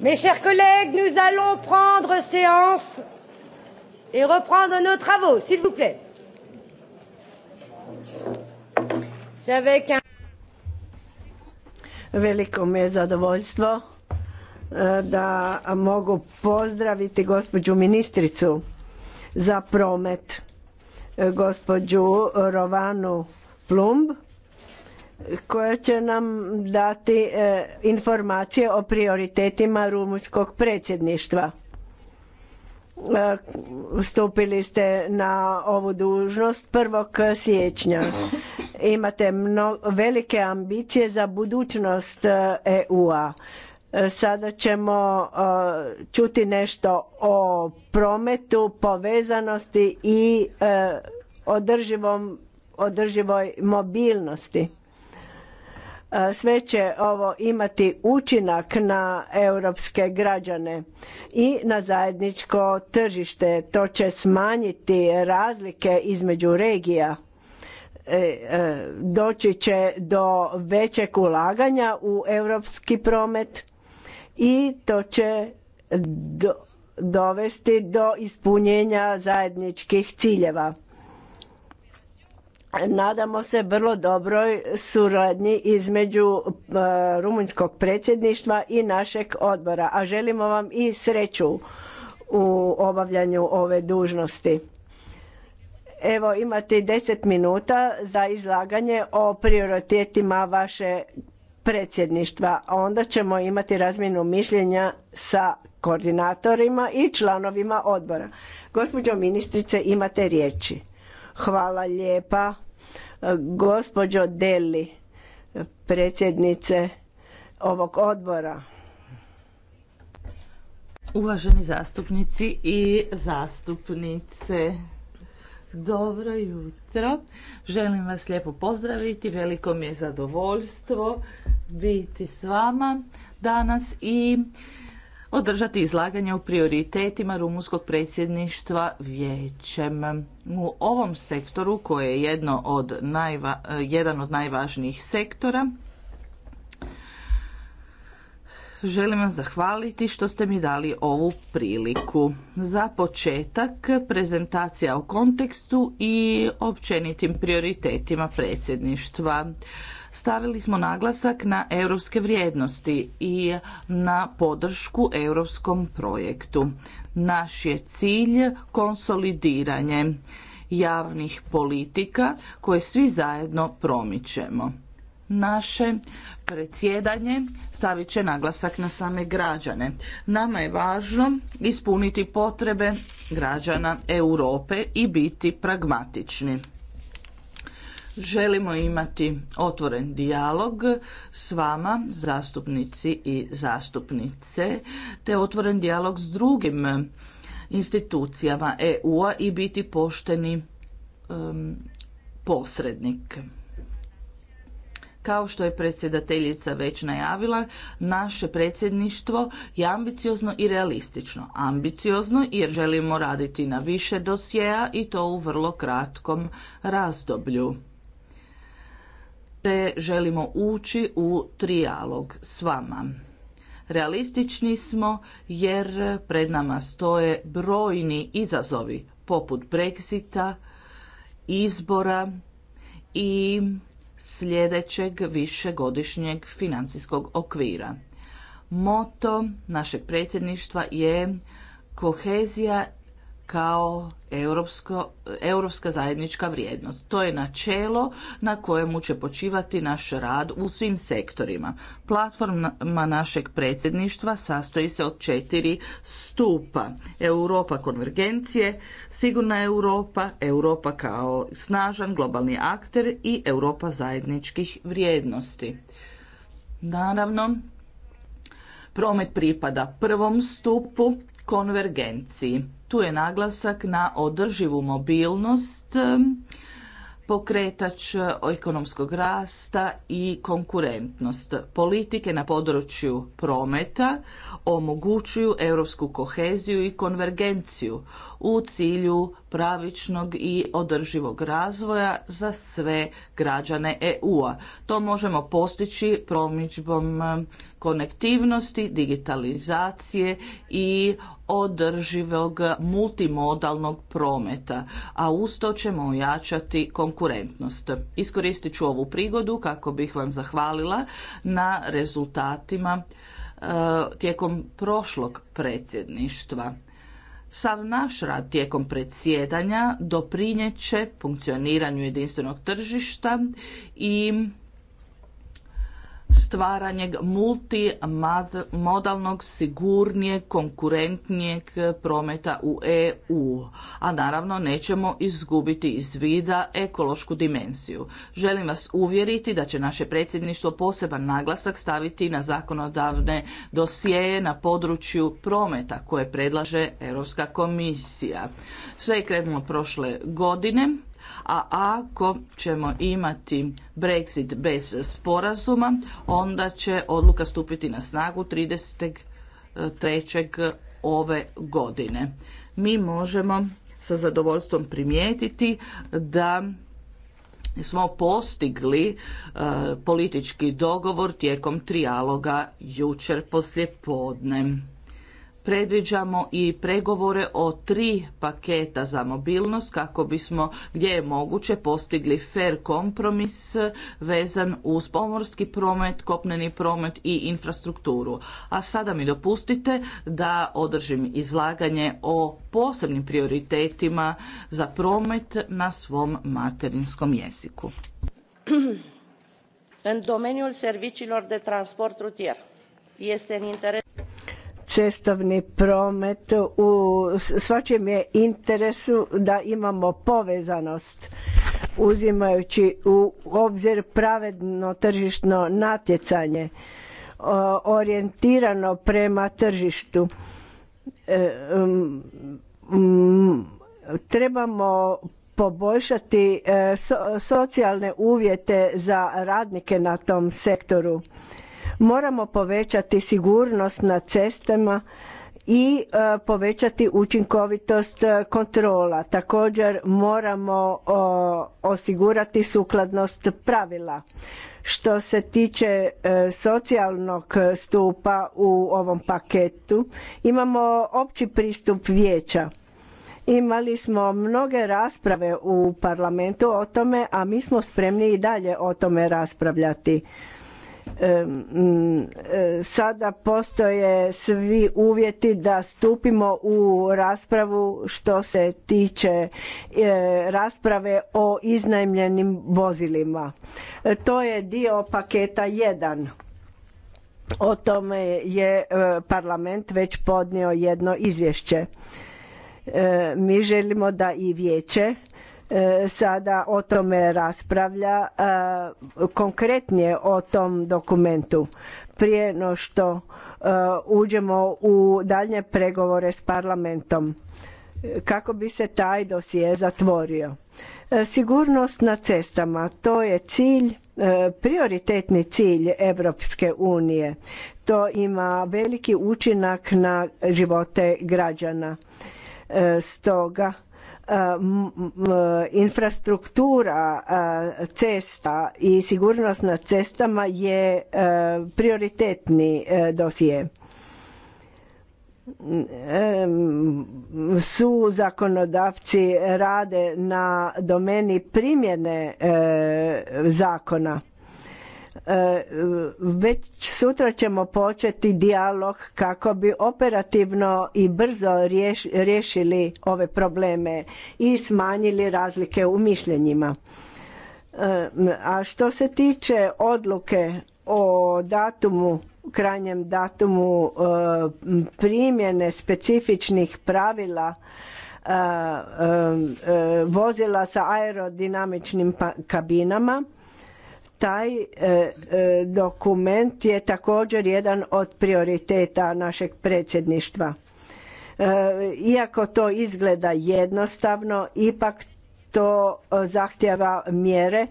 Mes chers collègues, nous allons prendre séance et reprendre nos travaux, s'il vous plaît. C'est Veliko mi je zadovoljstvo e, da mogu pozdraviti gospođu ministricu za promet, e, gospođu Rovanu Plumb koja će nam dati e, informacije o prioritetima rumunjskog predsjedništva. E, stupili ste na ovu dužnost 1. siječnja. Imate velike ambicije za budućnost EU-a. E sada ćemo čuti nešto o prometu, povezanosti i održivoj mobilnosti. E, sve će ovo imati učinak na europske građane i na zajedničko tržište. To će smanjiti razlike između regija. E, e, doći će do većeg ulaganja u europski promet i to će dovesti do ispunjenja zajedničkih ciljeva. Nadamo se vrlo dobroj suradnji između e, rumunjskog predsjedništva i našeg odbora, a želimo vam i sreću u obavljanju ove dužnosti. Evo imate deset minuta za izlaganje o prioritetima vaše predsjedništva, a onda ćemo imati razmjenu mišljenja sa koordinatorima i članovima odbora. Gospođo ministrice, imate riječi. Hvala lijepa. Gospođo Deli, predsjednice ovog odbora. Uvaženi zastupnici i zastupnice, dobro jutro. Želim vas lijepo pozdraviti. Veliko mi je zadovoljstvo biti s vama danas i održati izlaganje o prioritetima rumunskog predsjedništva vijećem. U ovom sektoru, koji je jedno od jedan od najvažnijih sektora, želim vam zahvaliti što ste mi dali ovu priliku. Za početak prezentacija o kontekstu i općenitim prioritetima predsjedništva stavili smo naglasak na europske vrijednosti i na podršku europskom projektu. Naš je cilj konsolidiranje javnih politika koje svi zajedno promičemo. Naše predsjedanje stavit će naglasak na same građane. Nama je važno ispuniti potrebe građana Europe i biti pragmatični. Želimo imati otvoren dijalog s vama, zastupnici i zastupnice, te otvoren dijalog s drugim um, institucijama EU-a i biti pošteni um, posrednik. Kao što je predsjedateljica već najavila, naše predsjedništvo je ambiciozno i realistično. Ambiciozno jer želimo raditi na više dosjeja i to u vrlo kratkom razdoblju te želimo ući u trijalog s vama. Realistični smo jer pred nama stoje brojni izazovi poput Brexita, izbora i sljedećeg višegodišnjeg financijskog okvira. Moto našeg predsjedništva je kohezija kao europsko, europska zajednička vrijednost. To je načelo na kojemu će počivati naš rad u svim sektorima. Platforma našeg predsjedništva sastoji se od četiri stupa. Europa konvergencije, sigurna Europa, Europa kao snažan globalni akter i Europa zajedničkih vrijednosti. Naravno, promet pripada prvom stupu konvergenciji tu je naglasak na održivu mobilnost, pokretač ekonomskog rasta i konkurentnost. Politike na području prometa omogućuju europsku koheziju i konvergenciju u cilju pravičnog i održivog razvoja za sve građane EU-a. To možemo postići promidžbom konektivnosti, digitalizacije i održivog multimodalnog prometa, a uz to ćemo ojačati konkurentnost. Iskoristit ću ovu prigodu kako bih vam zahvalila na rezultatima e, tijekom prošlog predsjedništva. Sav naš rad tijekom predsjedanja doprinjeće funkcioniranju jedinstvenog tržišta i stvaranje multimodalnog, sigurnijeg, konkurentnijeg prometa u EU. A naravno nećemo izgubiti iz vida ekološku dimenziju. Želim vas uvjeriti da će naše predsjedništvo poseban naglasak staviti na zakonodavne dosjeje na području prometa koje predlaže Europska komisija. Sve je krenulo prošle godine a ako ćemo imati Brexit bez sporazuma, onda će odluka stupiti na snagu 33. ove godine. Mi možemo sa zadovoljstvom primijetiti da smo postigli e, politički dogovor tijekom trijaloga jučer poslijepodne predviđamo i pregovore o tri paketa za mobilnost kako bismo gdje je moguće postigli fer kompromis vezan uz pomorski promet, kopneni promet i infrastrukturu. A sada mi dopustite da održim izlaganje o posebnim prioritetima za promet na svom materinskom jeziku. În domeniul serviciilor de transport rutier este în interes cestovni promet u svačem je interesu da imamo povezanost uzimajući u obzir pravedno tržišno natjecanje orijentirano prema tržištu e, trebamo poboljšati e, socijalne uvjete za radnike na tom sektoru Moramo povećati sigurnost na cestama i e, povećati učinkovitost e, kontrola. Također moramo osigurati sukladnost pravila. Što se tiče e, socijalnog stupa u ovom paketu, imamo opći pristup vijeća. Imali smo mnoge rasprave u parlamentu o tome, a mi smo spremni i dalje o tome raspravljati. Mm, e, sada postoje svi uvjeti da stupimo u raspravu što se tiče e, rasprave o iznajmljenim vozilima. E, to je dio paketa 1. O tome je parlament već podnio jedno izvješće. Mi želimo da i vijeće E, sada o tome raspravlja e, konkretnije o tom dokumentu prije no što e, uđemo u daljnje pregovore s parlamentom kako bi se taj dosije zatvorio. Sigurnost na cestama, to je cilj, prioritetni cilj Europske unije. To ima veliki učinak na živote građana. Stoga E, e, infrastruktura e, cesta i sigurnost na cestama je prioritetni dosje. su zakonodavci rade na domeni primjene zakona E, već sutra ćemo početi dijalog kako bi operativno i brzo riješili ove probleme i smanjili razlike u mišljenjima. E, a što se tiče odluke o datumu, krajnjem datumu e, primjene specifičnih pravila vozila sa aerodinamičnim pa-, kabinama, taj e, e, dokument je također jedan od prioriteta našeg predsjedništva. E, iako to izgleda jednostavno, ipak to zahtjeva mjere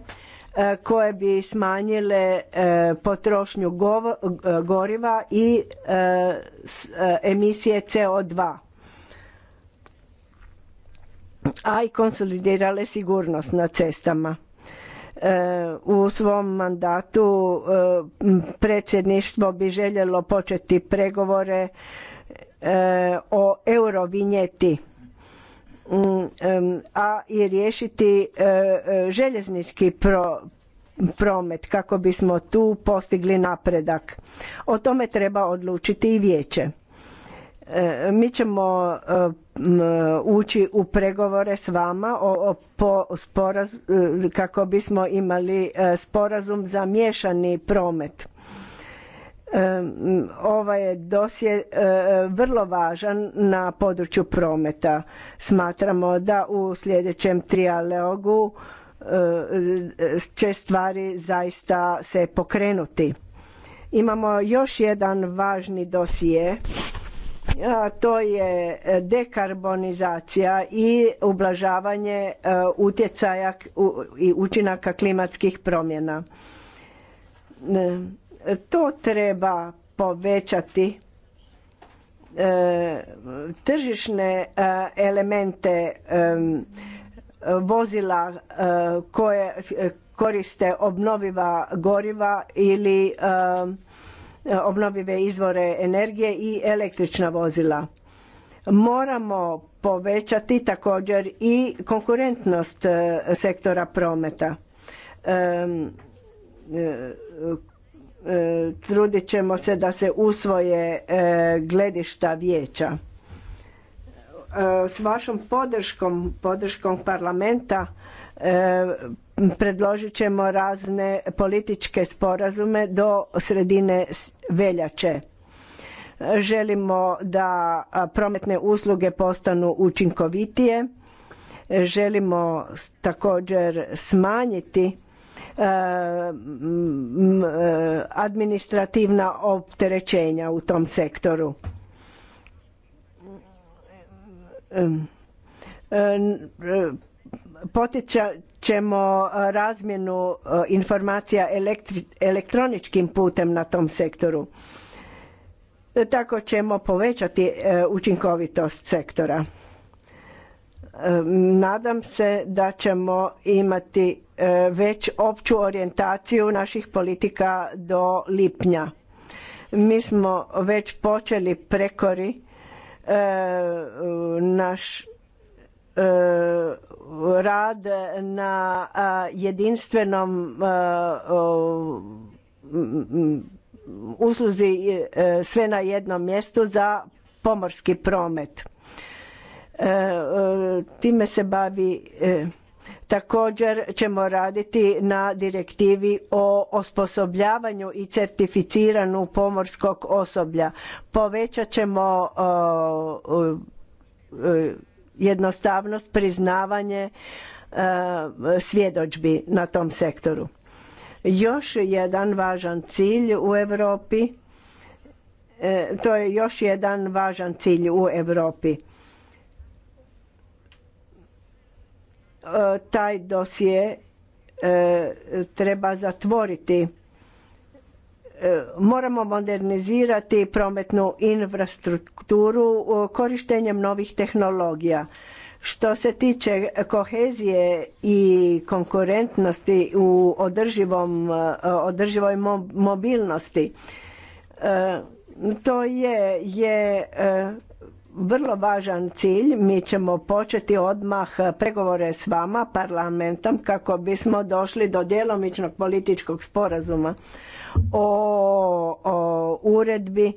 koje bi smanjile potrošnju goriva i emisije CO2 a i konsolidirale sigurnost na cestama. E, u svom mandatu e, predsjedništvo bi željelo početi pregovore e, o eurovinjeti a i riješiti željeznički promet kako bismo tu postigli napredak. O tome treba odlučiti i vijeće. E, mi ćemo e, ući u pregovore s vama o, e, kako bismo imali sporazum za miješani promet. Ovaj je dosje vrlo važan na području prometa. Smatramo da u sljedećem trialogu će stvari zaista se pokrenuti. Imamo još jedan važni dosije to je e, dekarbonizacija i ublažavanje e, utjecaja i učinaka klimatskih promjena. E, to treba povećati tržišne elemente vozila koje koriste obnoviva goriva ili obnovive izvore energije i električna vozila. Moramo povećati također i konkurentnost e, sektora prometa. E, e, trudit ćemo se da se usvoje gledišta vijeća. S vašom podrškom, podrškom parlamenta Predložit ćemo razne političke sporazume do sredine veljače. Želimo da prometne usluge postanu učinkovitije. Želimo također smanjiti e, e, administrativna opterećenja u tom sektoru. E, potičat ćemo e, razmjenu e, informacija elektroničkim putem na tom sektoru. E, tako ćemo povećati učinkovitost sektora. Nadam se da ćemo imati već opću orijentaciju naših politika do lipnja. Mi smo već počeli prekori naš E, rad na e, jedinstvenom e, usluzi sve na jednom mjestu za pomorski promet. Time se bavi također ćemo raditi na direktivi o osposobljavanju i certificiranu pomorskog osoblja. Povećat ćemo jednostavnost, priznavanje e, svjedočbi na tom sektoru. Još jedan važan cilj u Europi, e, to je još jedan važan cilj u Europi. E, taj dosje treba zatvoriti E, moramo modernizirati prometnu infrastrukturu korištenjem novih tehnologija. Što se tiče kohezije i konkurentnosti u održivom, e, održivoj mobilnosti, e, to je, je vrlo važan cilj. Mi ćemo početi odmah pregovore s vama, parlamentom, kako bismo došli do djelomičnog političkog sporazuma o, o uredbi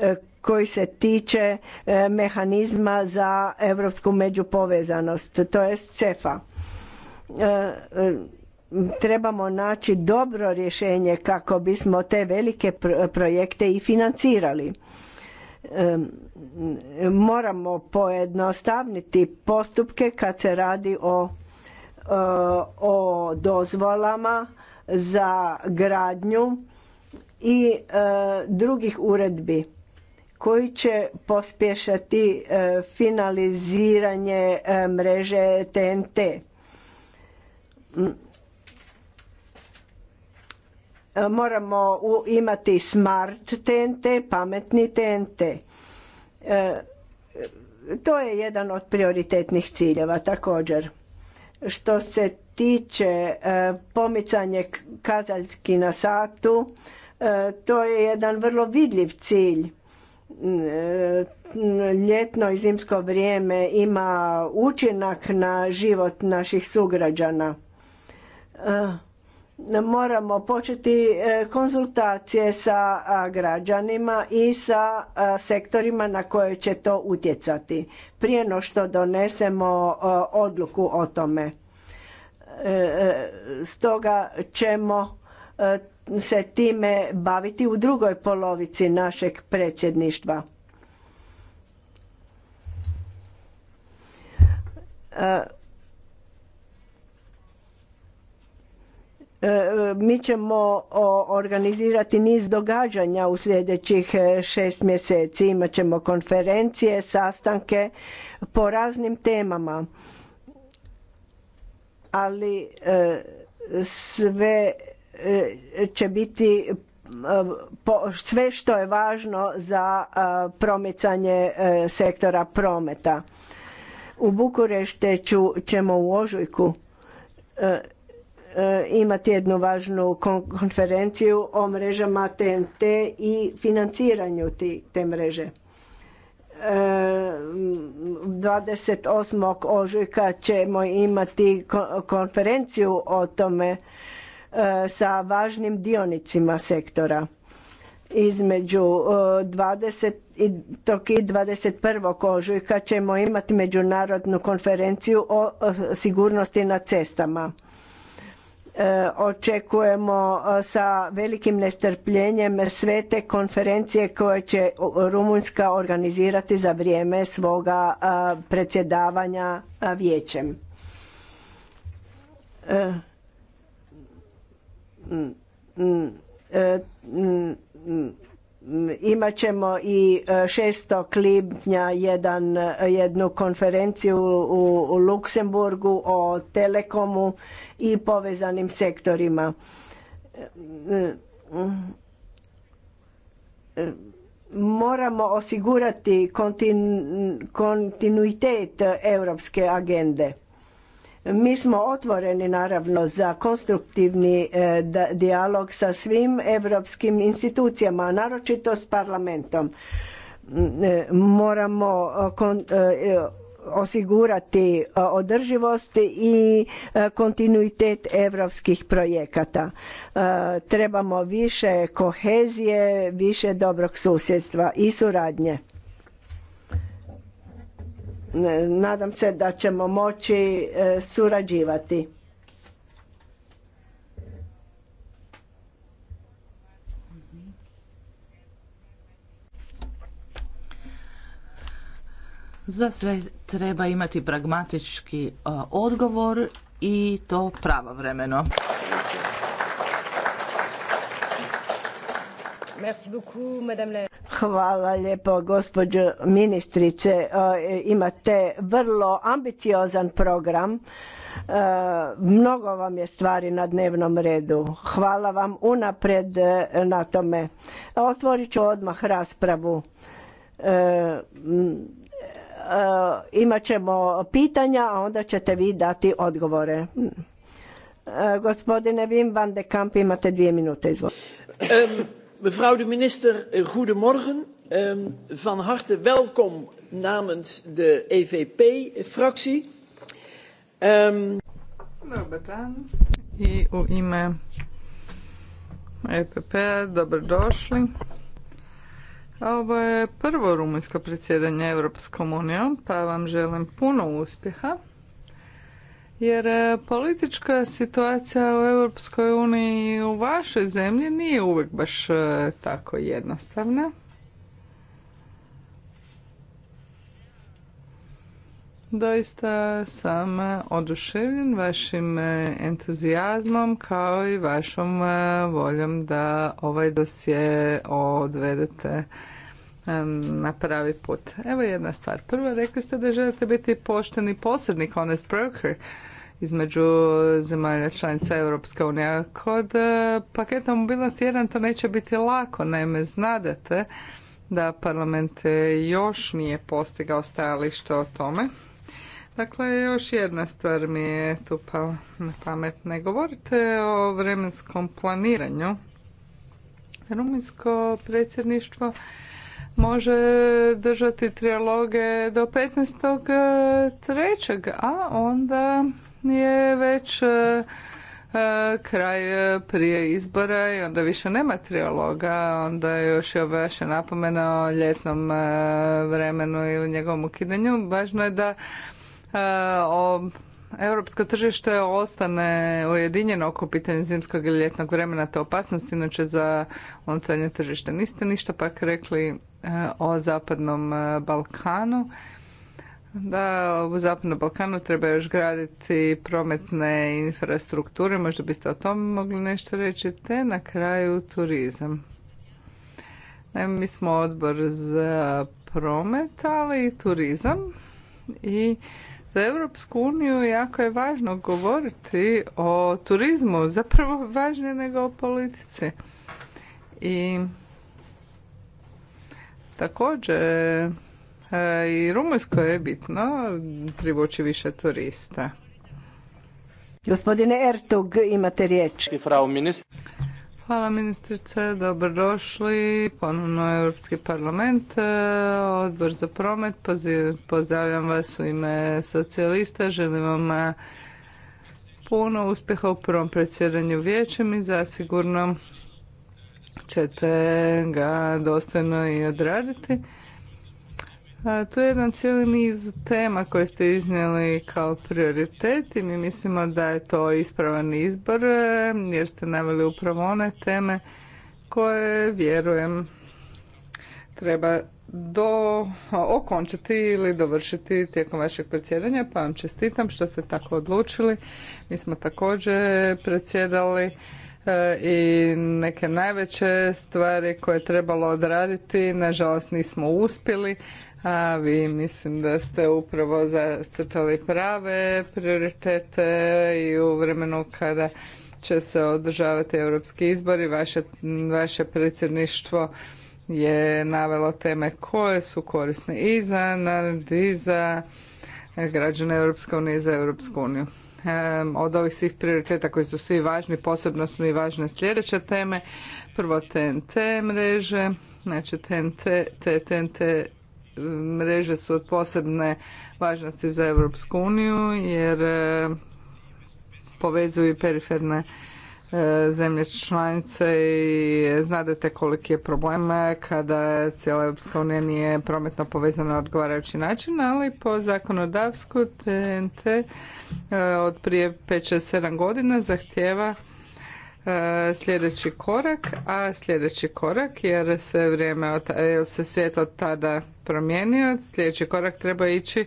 e, koji se tiče e, mehanizma za europsku međupovezanost, to je CEFA. E, trebamo naći dobro rješenje kako bismo te velike projekte i financirali. Moramo pojednostavniti postupke kad se radi o, o dozvolama za gradnju i e, drugih uredbi koji će pospješati e, finaliziranje e, mreže TNT. Moramo imati smart TNT, pametni TNT. To je jedan od prioritetnih ciljeva također. Što se tiče e, pomicanje kazaljski na satu, e, to je jedan vrlo vidljiv cilj. Mm, e, ljetno i zimsko vrijeme ima učinak na život naših sugrađana. Moramo početi konzultacije sa građanima i sa sektorima na koje će to utjecati prije no što donesemo odluku o tome E, e, stoga ćemo e, se time baviti u drugoj polovici našeg predsjedništva. Mi ćemo organizirati niz događanja u sljedećih šest mjeseci. Imaćemo konferencije, sastanke po raznim temama ali e, sve e, će biti e, sve što je važno za promicanje sektora prometa. U Bukurešteću ćemo u ožujku imati jednu važnu konferenciju o mrežama TNT i financiranju te mreže. 28. ožujka ćemo imati konferenciju o tome e, sa važnim dionicima sektora između 20. E, i 21. ožujka ćemo imati međunarodnu konferenciju o sigurnosti na cestama. E, očekujemo e, sa velikim nestrpljenjem sve te konferencije koje će Rumunjska organizirati za vrijeme svoga e, predsjedavanja vijećem. Imat ćemo i 6. lipnja jedan, jednu konferenciju u Luksemburgu o Telekomu i povezanim sektorima moramo osigurati kontinuitet europske agende mi smo otvoreni naravno za konstruktivni e, dijalog sa svim europskim institucijama naročito s parlamentom e, moramo e, osigurati e, održivost i e, kontinuitet europskih projekata. E, trebamo više kohezije, više dobrog susjedstva i suradnje. Nadam se da ćemo moći surađivati. Za sve treba imati pragmatički odgovor i to pravovremeno. Hvala lijepo gospođo ministrice. E, imate vrlo ambiciozan program. Mnogo vam je stvari na dnevnom redu. Hvala vam unaprijed e, na tome. Otvorit ću odmah raspravu. E, E, imat ćemo pitanja, a onda ćete vi dati odgovore. Mm. E, gospodine Wim van de Kamp, imate dvije minute, izvolite. Ehm, mevrouw de minister, eh, goedemorgen. Um, van harte welkom namens de EVP-fractie. Um... Ehm, Dobar dan. I u ime EPP, dobrodošli. Ovo je prvo rumunjsko predsjedanje Europskom unijom, pa vam želim puno uspjeha. Jer e, politička situacija u Europskoj uniji i u vašoj zemlji nije uvijek baš e, tako jednostavna. Doista sam e, oduševljen vašim e, entuzijazmom kao i vašom e, voljom da ovaj dosje odvedete na pravi put. Evo jedna stvar. Prvo, rekli ste da želite biti pošteni posrednik, honest broker, između zemalja članica Europske unije. Kod paketa mobilnosti jedan to neće biti lako, naime znadete da parlament još nije postigao stajalište o tome Dakle, još jedna stvar mi je tu pala na pamet. Ne govorite o vremenskom planiranju. Rumunjsko predsjedništvo može držati triologe do 15.3. a onda je već e, e, kraj e, prije izbora i onda više nema trialoga, onda je još je vaša napomena o ljetnom vremenu ili njegovom ukidanju. Važno je da E, o Europsko tržište ostane ujedinjeno oko pitanja zimskog ili ljetnog vremena te opasnosti, inače za unutarnje tržište. Niste ništa pak rekli e, o Zapadnom e, Balkanu. Da, u Zapadnom Balkanu treba još graditi prometne infrastrukture, možda biste o tom mogli nešto reći, te na kraju turizam. mi smo odbor za promet, ali i turizam i za Europsku uniju jako je važno govoriti o turizmu, zapravo važnije nego o politici. I također eh, i Rumunjsko je bitno privući više turista. Gospodine Ertug, imate riječ. Frau ministar Hvala ministrice, dobrodošli ponovno Europski parlament, e, odbor za promet, pozdravljam vas u ime socijalista, želim vam e, puno uspjeha u prvom predsjedanju vijećem i zasigurno ćete ga dostojno i odraditi. Pa to je jedan cijeli niz tema koje ste iznijeli kao prioritet i mi mislimo da je to ispravan izbor e, jer ste naveli upravo one teme koje vjerujem treba do okončati ili dovršiti tijekom vašeg predsjedanja, pa vam čestitam što ste tako odlučili. Mi smo također predsjedali e, i neke najveće stvari koje je trebalo odraditi, nažalost nismo uspjeli, a vi mislim da ste upravo zacrtali prave prioritete i u vremenu kada će se održavati europski izbori. Vaše, vaše predsjedništvo je navelo teme koje su korisne i za narod i za građane Europske unije i za Europsku uniju. Od ovih svih prioriteta koji su svi važni, posebno su i važne sljedeće teme. Prvo TNT mreže, znači TNT, TNT mreže su od posebne važnosti za Europsku uniju jer e, povezuju periferne e, zemlje članice i znadete koliki je problem kada cijela Europska unija nije prometno povezana na odgovarajući način, ali po zakonodavsku TNT e, od prije 5-6-7 godina zahtjeva E, sljedeći korak, a sljedeći korak jer se vrijeme jer se svijet od tada promijenio, sljedeći korak treba ići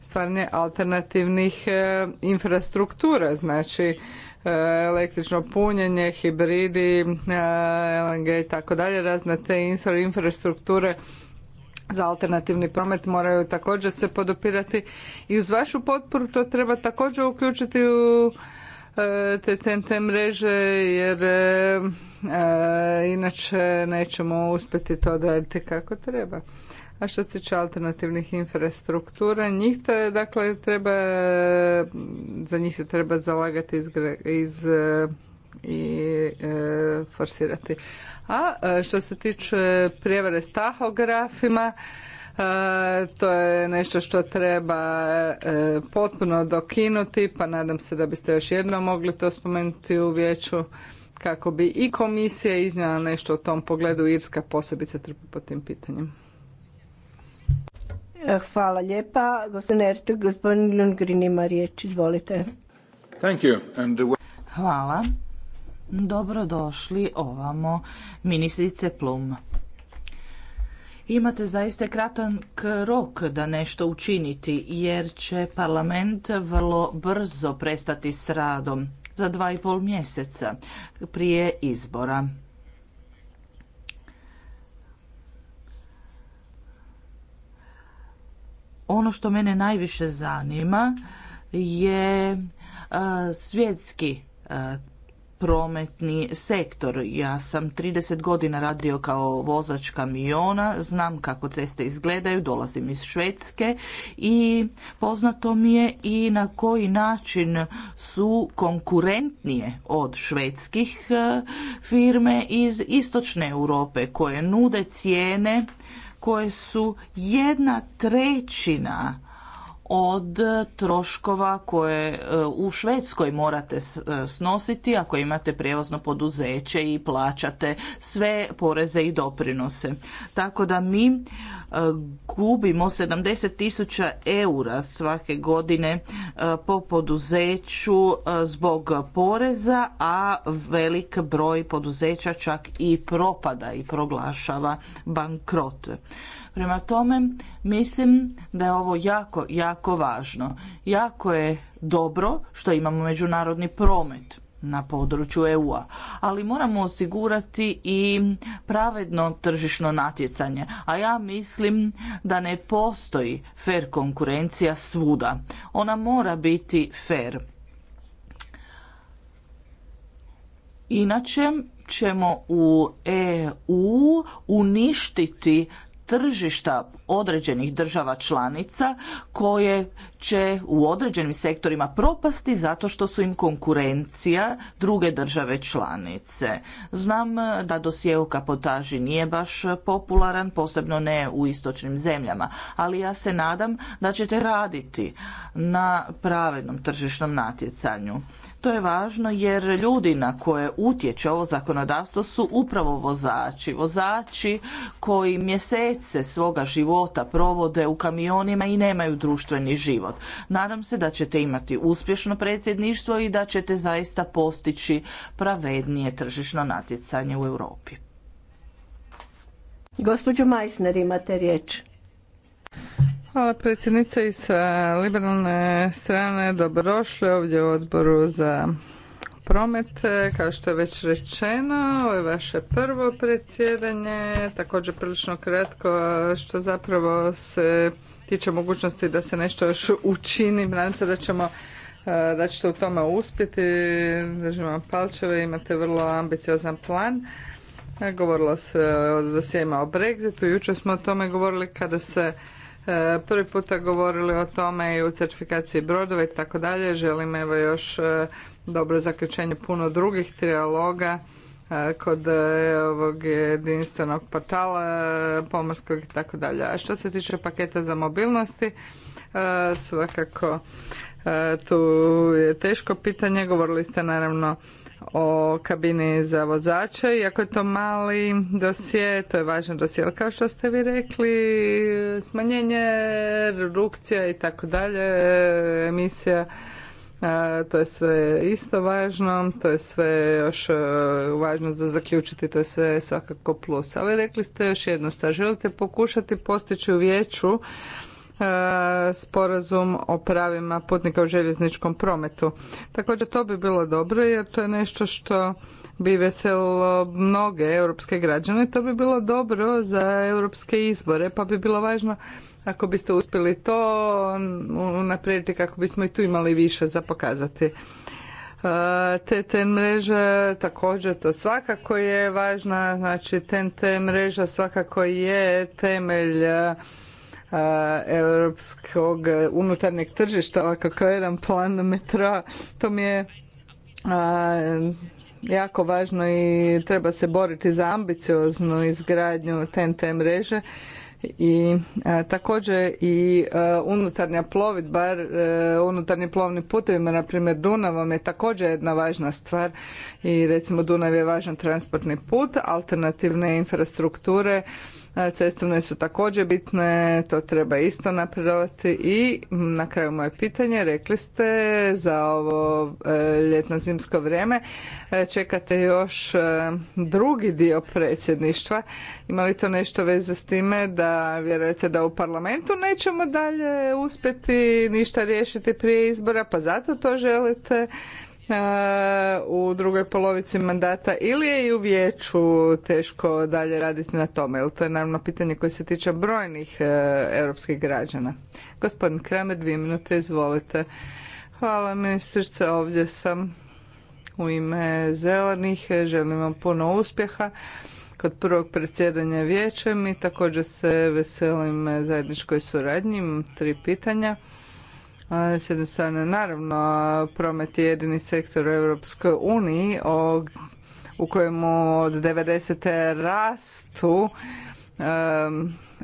stvaranje alternativnih e, infrastruktura, znači e, električno punjenje, hibridi, LNG i tako dalje, razne te infrastrukture za alternativni promet moraju također se podopirati i uz vašu potporu to treba također uključiti u te TNT mreže jer e, e, inače nećemo uspjeti to odraditi kako treba. A što se tiče alternativnih infrastruktura, njih dakle, treba, za njih se treba zalagati iz, iz i e, forsirati. A što se tiče prijevare stahografima, E, to je nešto što treba e, potpuno dokinuti, pa nadam se da biste još jednom mogli to spomenuti u vijeću kako bi i komisija iznijela nešto u tom pogledu. Irska posebice trpi po tim pitanjem. Hvala lijepa. Gospodin Ertug, gospodin riječ. Hvala. Dobrodošli ovamo, ministrice Plum imate zaista kratan rok da nešto učiniti jer će parlament vrlo brzo prestati s radom za dva i pol mjeseca prije izbora. Ono što mene najviše zanima je svjetski prometni sektor. Ja sam 30 godina radio kao vozač kamiona, znam kako ceste izgledaju, dolazim iz Švedske i poznato mi je i na koji način su konkurentnije od švedskih e, firme iz istočne Europe koje nude cijene koje su jedna trećina od troškova koje e, u Švedskoj morate e, snositi ako imate prijevozno poduzeće i plaćate sve poreze i doprinose. Tako da mi e, gubimo 70 tisuća eura svake godine po poduzeću zbog poreza, a velik broj poduzeća čak i propada i proglašava bankrot. Prema tome, mislim da je ovo jako, jako važno. Jako je dobro što imamo međunarodni promet na području EU-a, ali moramo osigurati i pravedno tržišno natjecanje, a ja mislim da ne postoji fer konkurencija svuda. Ona mora biti fer. Inače ćemo u EU uništiti tržišta određenih država članica koje će u određenim sektorima propasti zato što su im konkurencija druge države članice. Znam da dosije u kapotaži nije baš popularan, posebno ne u istočnim zemljama, ali ja se nadam da ćete raditi na pravednom tržišnom natjecanju. To je važno jer ljudi na koje utječe ovo zakonodavstvo su upravo vozači. Vozači koji mjesece svoga života života provode u kamionima i nemaju društveni život. Nadam se da ćete imati uspješno predsjedništvo i da ćete zaista postići pravednije tržišno natjecanje u Europi. Gospođo Majsner, imate riječ. Hvala predsjednice i sa eh, liberalne strane dobrodošli ovdje u odboru za promet, e, kao što je već rečeno, ovo je vaše prvo predsjedanje, također prilično kratko, što zapravo se tiče mogućnosti da se nešto još učini. Nadam se da ćemo e, da ćete u tome uspjeti. Držim vam palčeve, imate vrlo ambiciozan plan. E, govorilo se o dosijema o Brexitu. Jučer smo o tome govorili kada se prvi puta govorili o tome i u certifikaciji brodova i tako dalje. Želim evo još dobro zaključenje puno drugih trialoga e, kod e, ovog jedinstvenog portala e, pomorskog i tako dalje. A što se tiče paketa za mobilnosti, svakako tu je teško pitanje. Govorili ste naravno o kabini za vozače. Iako je to mali dosje, to je važan dosje, ali kao što ste vi rekli, smanjenje, redukcija i tako dalje, emisija to je sve isto važno, to je sve još e, važno za zaključiti, to je sve svakako plus. Ali rekli ste još jednu stvar, želite pokušati postići u vijeću e, sporazum o pravima putnika u željezničkom prometu. Također to bi bilo dobro jer to je nešto što bi veselo mnoge europske građane. To bi bilo dobro za europske izbore pa bi bilo važno ako biste uspjeli to naprijediti kako bismo i tu imali više za pokazati. te mreža također to svakako je važna, znači TNT mreža svakako je temelj e, europskog unutarnjeg tržišta, ovako kao jedan plan metra, to mi je jako važno i treba se boriti za ambicioznu izgradnju TNT mreže i e, također i e, unutarnja plovidba, e, unutarnji plovni putevima, na primjer Dunavom je također jedna važna stvar i recimo Dunav je važan transportni put, alternativne infrastrukture E, cestovne su također bitne, to treba isto napredovati. i na kraju moje pitanje, rekli ste za ovo e, ljetno-zimsko vrijeme e, čekate još drugi dio predsjedništva. Ima li to nešto veze s time da vjerujete da u parlamentu nećemo dalje uspjeti ništa riješiti prije izbora, pa zato to želite E, u drugoj polovici mandata ili je i u vijeću teško dalje raditi na tome? Jer to je naravno pitanje koje se tiče brojnih e, europskih građana. Gospodin Kramer, dvije minute, izvolite. Hvala ministrice, ovdje sam u ime zelenih. Želim vam puno uspjeha kod prvog predsjedanja vijećem i također se veselim zajedničkoj suradnji. Tri pitanja. S jedne strane, naravno, promet je jedini sektor u Europskoj uniji u kojemu od 90. rastu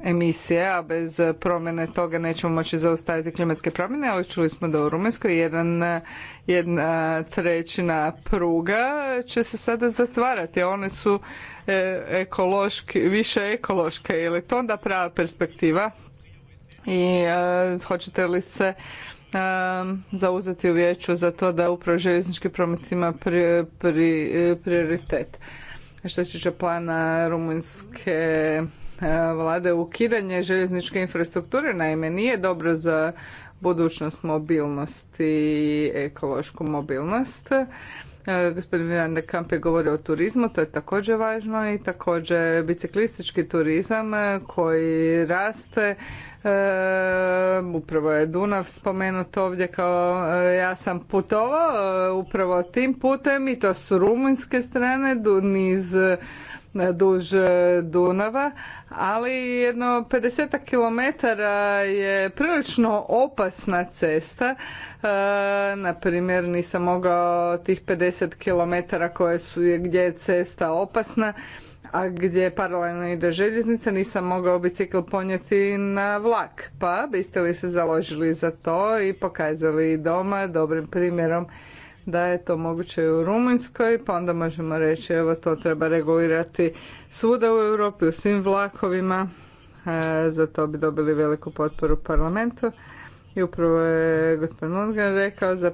emisije, a bez promjene toga nećemo moći zaustaviti klimatske promjene, ali čuli smo da u Rumunjskoj jedan, jedna trećina pruga će se sada zatvarati, a one su e, ekološki, više ekološke. Je to onda prava perspektiva? I e, hoćete li se zauzeti u vijeću za to da upravo željeznički promet ima pri, prioritet. Što se tiče plana rumunjske e, vlade, ukidanje željezničke infrastrukture naime nije dobro za budućnost mobilnosti i ekološku mobilnost. E, gospodin Miranda Kamp je govorio o turizmu, to je također važno i također biciklistički turizam e, koji raste. E, upravo je Dunav spomenut ovdje kao ja sam putovao upravo tim putem i to su rumunjske strane niz duž Dunava, ali jedno 50 km je prilično opasna cesta. E, na primjer, nisam mogao tih 50 km koje su, gdje je cesta opasna, a gdje paralelno ide željeznica, nisam mogao bicikl ponijeti na vlak. Pa biste li se založili za to i pokazali doma dobrim primjerom da je to moguće i u Rumunjskoj, pa onda možemo reći evo to treba regulirati svuda u Europi, u svim vlakovima, e, za to bi dobili veliku potporu parlamentu. I upravo je gospodin Lundgren rekao za e,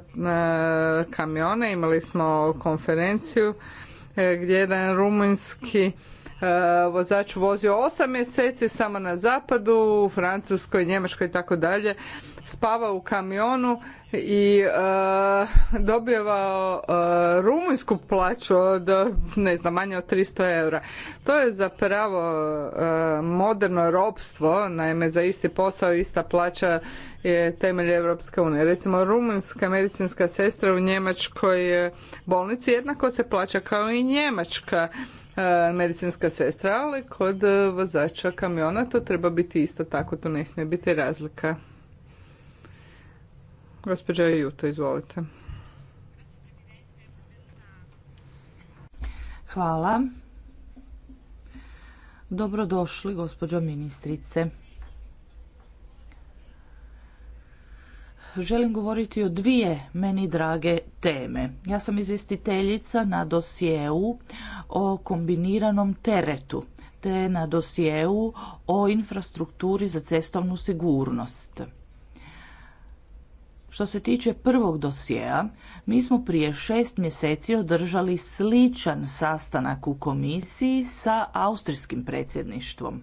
kamione, imali smo konferenciju e, gdje jedan rumunjski e, vozač vozio osam mjeseci samo na zapadu, u Francuskoj, Njemačkoj i tako dalje spavao u kamionu i e, dobivao e, rumunjsku plaću od ne znam manje od 300 eura. To je zapravo e, moderno ropstvo, naime za isti posao ista plaća je temelj Europske unije. Recimo rumunjska medicinska sestra u njemačkoj e, bolnici jednako se plaća kao i njemačka e, medicinska sestra, ali kod vozača kamiona to treba biti isto tako, to ne smije biti razlika. Gospođa Juta, izvolite. Hvala. Dobrodošli, gospođo ministrice. Želim govoriti o dvije meni drage teme. Ja sam izvjestiteljica na dosjeu o kombiniranom teretu, te na dosjeu o infrastrukturi za cestovnu sigurnost. Što se tiče prvog dosjea, mi smo prije šest mjeseci održali sličan sastanak u komisiji sa austrijskim predsjedništvom.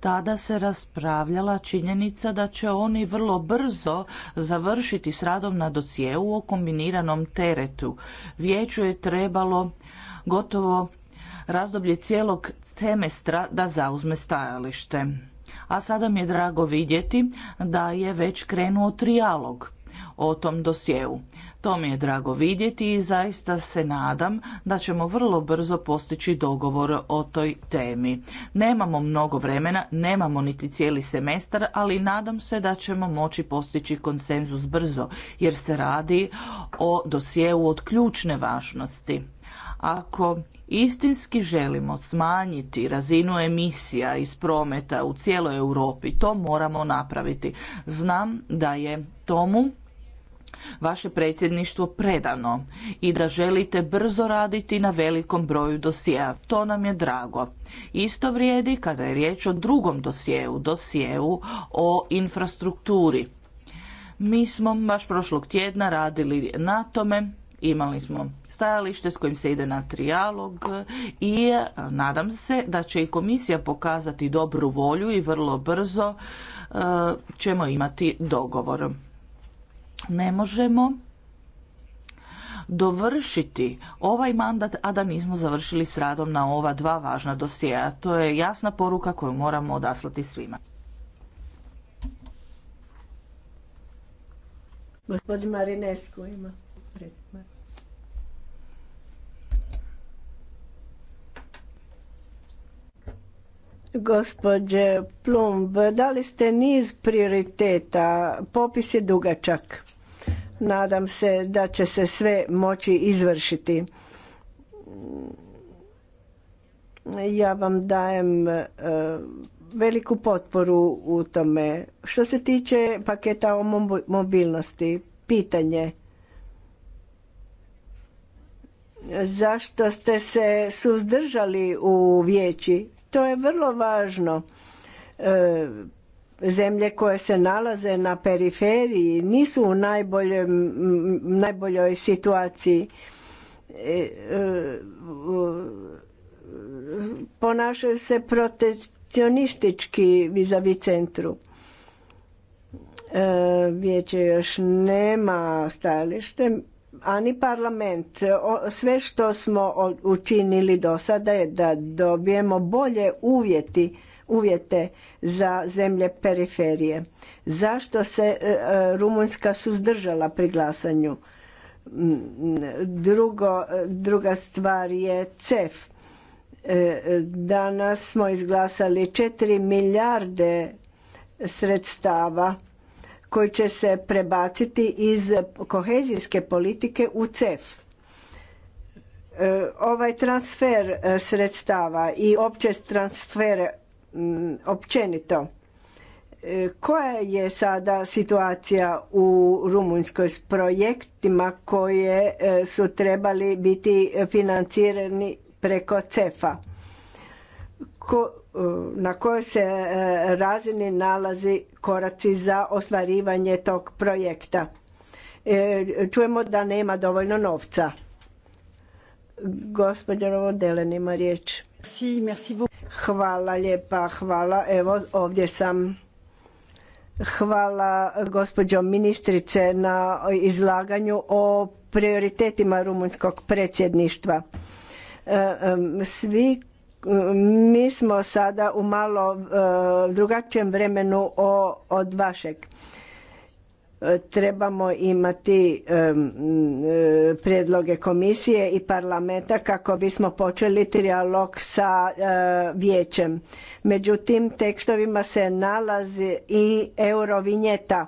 Tada se raspravljala činjenica da će oni vrlo brzo završiti s radom na dosjeu o kombiniranom teretu. Vijeću je trebalo gotovo razdoblje cijelog semestra da zauzme stajalište a sada mi je drago vidjeti da je već krenuo trijalog o tom dosjeu. To mi je drago vidjeti i zaista se nadam da ćemo vrlo brzo postići dogovor o toj temi. Nemamo mnogo vremena, nemamo niti cijeli semestar, ali nadam se da ćemo moći postići konsenzus brzo, jer se radi o dosjeu od ključne važnosti. Ako istinski želimo smanjiti razinu emisija iz prometa u cijeloj Europi, to moramo napraviti. Znam da je tomu vaše predsjedništvo predano i da želite brzo raditi na velikom broju dosjea. To nam je drago. Isto vrijedi kada je riječ o drugom dosjeu, dosjeu o infrastrukturi. Mi smo baš prošlog tjedna radili na tome Imali smo stajalište s kojim se ide na trijalog i e, nadam se da će i komisija pokazati dobru volju i vrlo brzo e, ćemo imati dogovor. Ne možemo dovršiti ovaj mandat, a da nismo završili s radom na ova dva važna dosjeja. To je jasna poruka koju moramo odaslati svima. Gospodin Marinescu ima. Gospodje Plumb, dali ste niz prioriteta, popis je dugačak. Nadam se da će se sve moći izvršiti. Ja vam dajem e, veliku potporu u tome. Što se tiče paketa o mobilnosti, pitanje zašto ste se suzdržali u vijeći to je vrlo važno. E, zemlje koje se nalaze na periferiji nisu u najboljoj situaciji e, e, ponašaju se protekcionistički vizavi centru. Vijeće još nema stajalište, ani parlament. Sve što smo učinili do sada je da dobijemo bolje uvjeti, uvjete za zemlje periferije. Zašto se e, e, Rumunjska suzdržala pri glasanju? Mm, druga stvar je CEF. E, danas smo izglasali 4 milijarde sredstava koji će se prebaciti iz kohezijske politike u CEF. E, ovaj transfer e, sredstava i opće transfer mm, općenito. E, koja je sada situacija u Rumunjskoj s projektima koje su trebali biti financirani preko CEF-a? na kojoj se e, razini nalazi koraci za ostvarivanje tog projekta. E, čujemo da nema dovoljno novca. Gospođa Rovodelen ima riječ. Hvala lijepa, hvala. Evo ovdje sam. Hvala gospođo ministrice na izlaganju o prioritetima rumunjskog predsjedništva. E, svi mi smo sada u malo eh, drugačijem vremenu od vašeg trebamo imati eh, prijedloge komisije i parlamenta kako bismo počeli trialog sa eh, vijećem. Međutim, tekstovima se nalazi i eurovinjeta.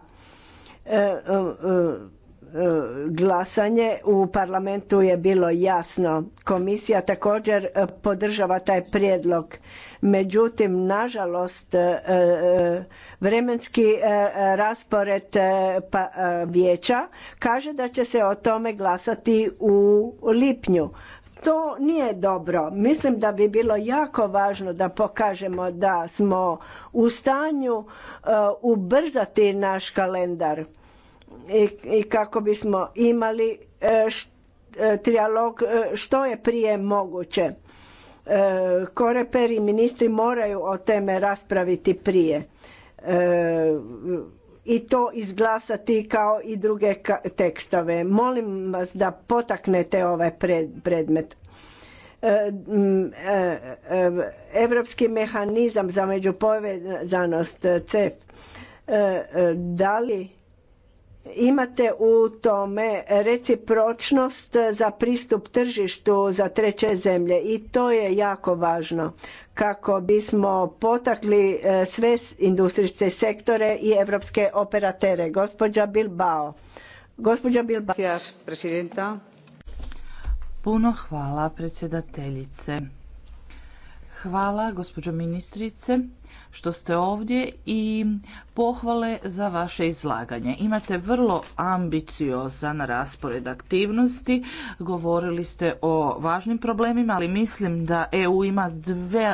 E, glasanje u parlamentu je bilo jasno. Komisija također e, podržava taj prijedlog. Međutim, nažalost, e, vremenski raspored pa, vijeća kaže da će se o tome glasati u lipnju. To nije dobro. Mislim da bi bilo jako važno da pokažemo da smo u stanju ubrzati naš kalendar i kako bismo imali e, e, trijalog e, što je prije moguće. Koreper i ministri moraju o teme raspraviti prije i to izglasati kao i druge tekstove. Molim vas da potaknete ovaj predmet. Europski mehanizam za međupovezanost CEF da li imate u tome recipročnost za pristup tržištu za treće zemlje i to je jako važno kako bismo potakli e, sve industrijske sektore i europske operatere. Gospođa Bilbao. Gospođa Bilbao. Puno hvala predsjedateljice. Hvala gospođo ministrice što ste ovdje i pohvale za vaše izlaganje. Imate vrlo ambiciozan raspored aktivnosti, govorili ste o važnim problemima, ali mislim da EU ima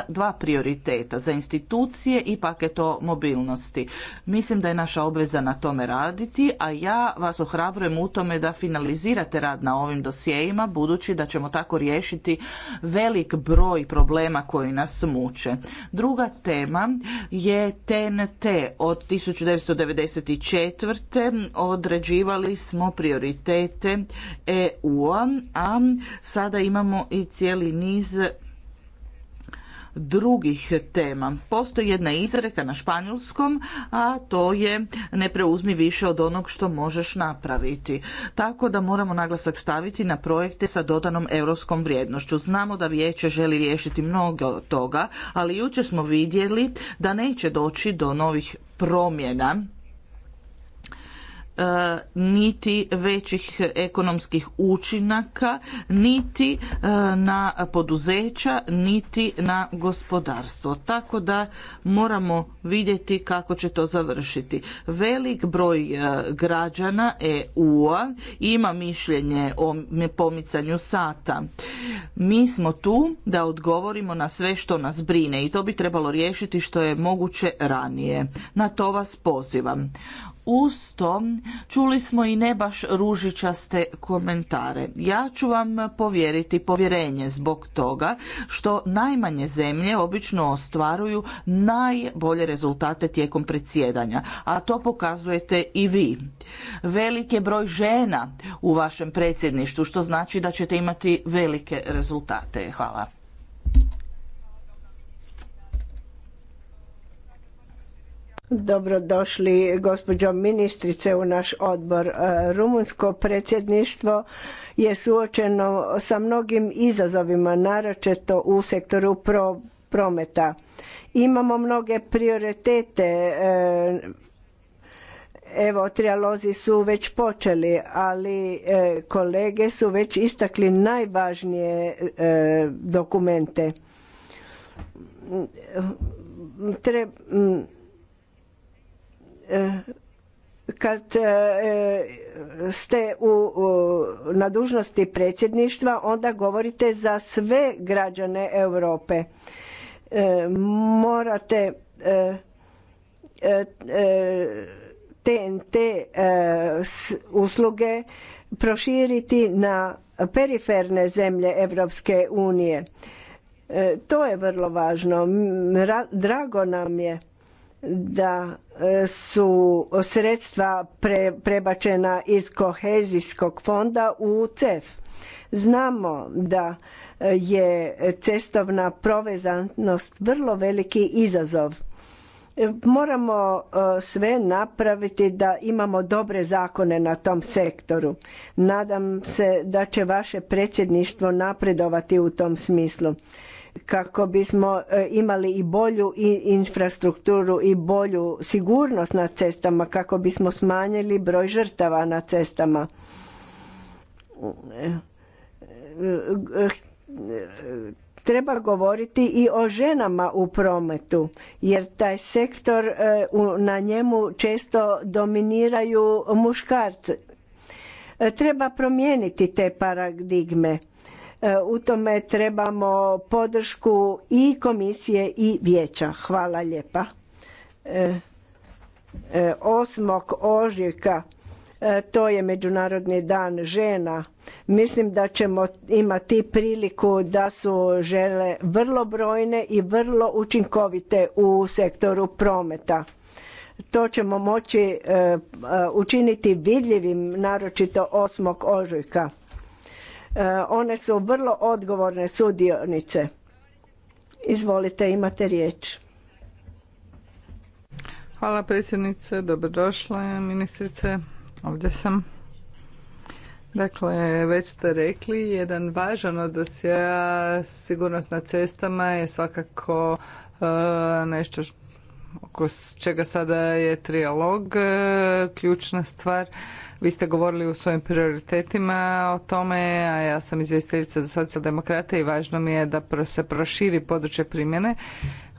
dva prioriteta za institucije i paket o mobilnosti. Mislim da je naša obveza na tome raditi, a ja vas ohrabrujem u tome da finalizirate rad na ovim dosjejima, budući da ćemo tako riješiti velik broj problema koji nas muče. Druga tema je TNT od 1994. određivali smo prioritete EU-a, a sada imamo i cijeli niz drugih tema. Postoji jedna izreka na španjolskom, a to je ne preuzmi više od onog što možeš napraviti. Tako da moramo naglasak staviti na projekte sa dodanom europskom vrijednošću. Znamo da vijeće želi riješiti mnogo toga, ali jučer smo vidjeli da neće doći do novih promjena E, niti većih ekonomskih učinaka, niti e, na poduzeća, niti na gospodarstvo. Tako da moramo vidjeti kako će to završiti. Velik broj e, građana EU-a ima mišljenje o pomicanju sata. Mi smo tu da odgovorimo na sve što nas brine i to bi trebalo riješiti što je moguće ranije. Na to vas pozivam. Uz to čuli smo i ne baš ružičaste komentare. Ja ću vam povjeriti povjerenje zbog toga što najmanje zemlje obično ostvaruju najbolje rezultate tijekom predsjedanja, a to pokazujete i vi. Velik je broj žena u vašem predsjedništvu, što znači da ćete imati velike rezultate. Hvala. Dobrodošli gospođo ministrice u naš odbor. E, rumunsko predsjedništvo je suočeno sa mnogim izazovima, naročito u sektoru prometa. Imamo mnoge prioritete, e, evo trijalozi su već počeli, ali e, kolege su već istakli najvažnije dokumente. Treba Eh, kad eh, ste u, na dužnosti predsjedništva onda govorite za sve građane Europe. Eh, morate TNT usluge proširiti na periferne zemlje Europske unije. To je vrlo važno. Drago nam je da e, su sredstva prebačena iz kohezijskog fonda u CEF. Znamo da e, je cestovna provezanost vrlo veliki izazov. E, moramo sve napraviti da imamo dobre zakone na tom sektoru. Nadam se da će vaše predsjedništvo napredovati u tom smislu kako bismo e, imali i bolju infrastrukturu i bolju sigurnost na cestama, kako bismo smanjili broj žrtava na cestama. E, e, treba govoriti i o ženama u prometu, jer taj sektor na njemu često dominiraju muškarci. Treba promijeniti te paradigme E, u tome trebamo podršku i komisije i vijeća. Hvala lijepa. 8. E, e, ožujka to je Međunarodni dan žena. Mislim da ćemo imati priliku da su žele vrlo brojne i vrlo učinkovite u sektoru prometa. To ćemo moći učiniti vidljivim, naročito 8. ožujka E, one su vrlo odgovorne sudionice. Izvolite, imate riječ. Hvala predsjednice, dobrodošla ministrice, ovdje sam. Dakle, već ste rekli, jedan važan od dosija sigurnost na cestama je svakako e, nešto oko čega sada je trijalog, e, ključna stvar. Vi ste govorili u svojim prioritetima o tome, a ja sam izvjestiteljica za socijaldemokrate i važno mi je da se proširi područje primjene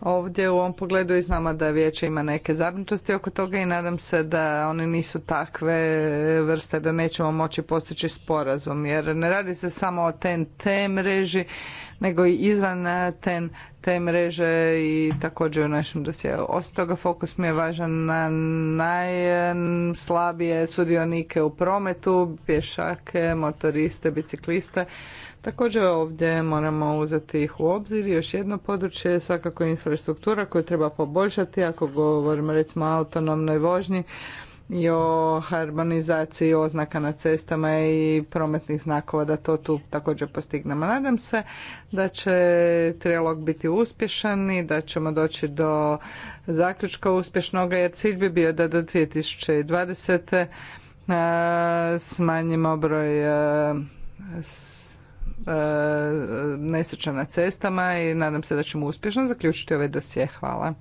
ovdje u ovom pogledu i znamo da vijeće ima neke zabrinutosti oko toga i nadam se da one nisu takve vrste da nećemo moći postići sporazum jer ne radi se samo o tem mreži nego i izvan tem mreže i također u našem dosjeu. Osim toga fokus mi je važan na najslabije sudionike u prometu, pješake, motoriste, bicikliste Također ovdje moramo uzeti ih u obzir. Još jedno područje je svakako infrastruktura koju treba poboljšati ako govorimo recimo o autonomnoj vožnji i o harmonizaciji oznaka na cestama i prometnih znakova da to tu također postignemo. Nadam se da će trijalog biti uspješan i da ćemo doći do zaključka uspješnoga jer cilj bi bio da do 2020. smanjimo broj E, nesreća na cestama i nadam se da ćemo uspješno zaključiti ove ovaj dosje. Hvala.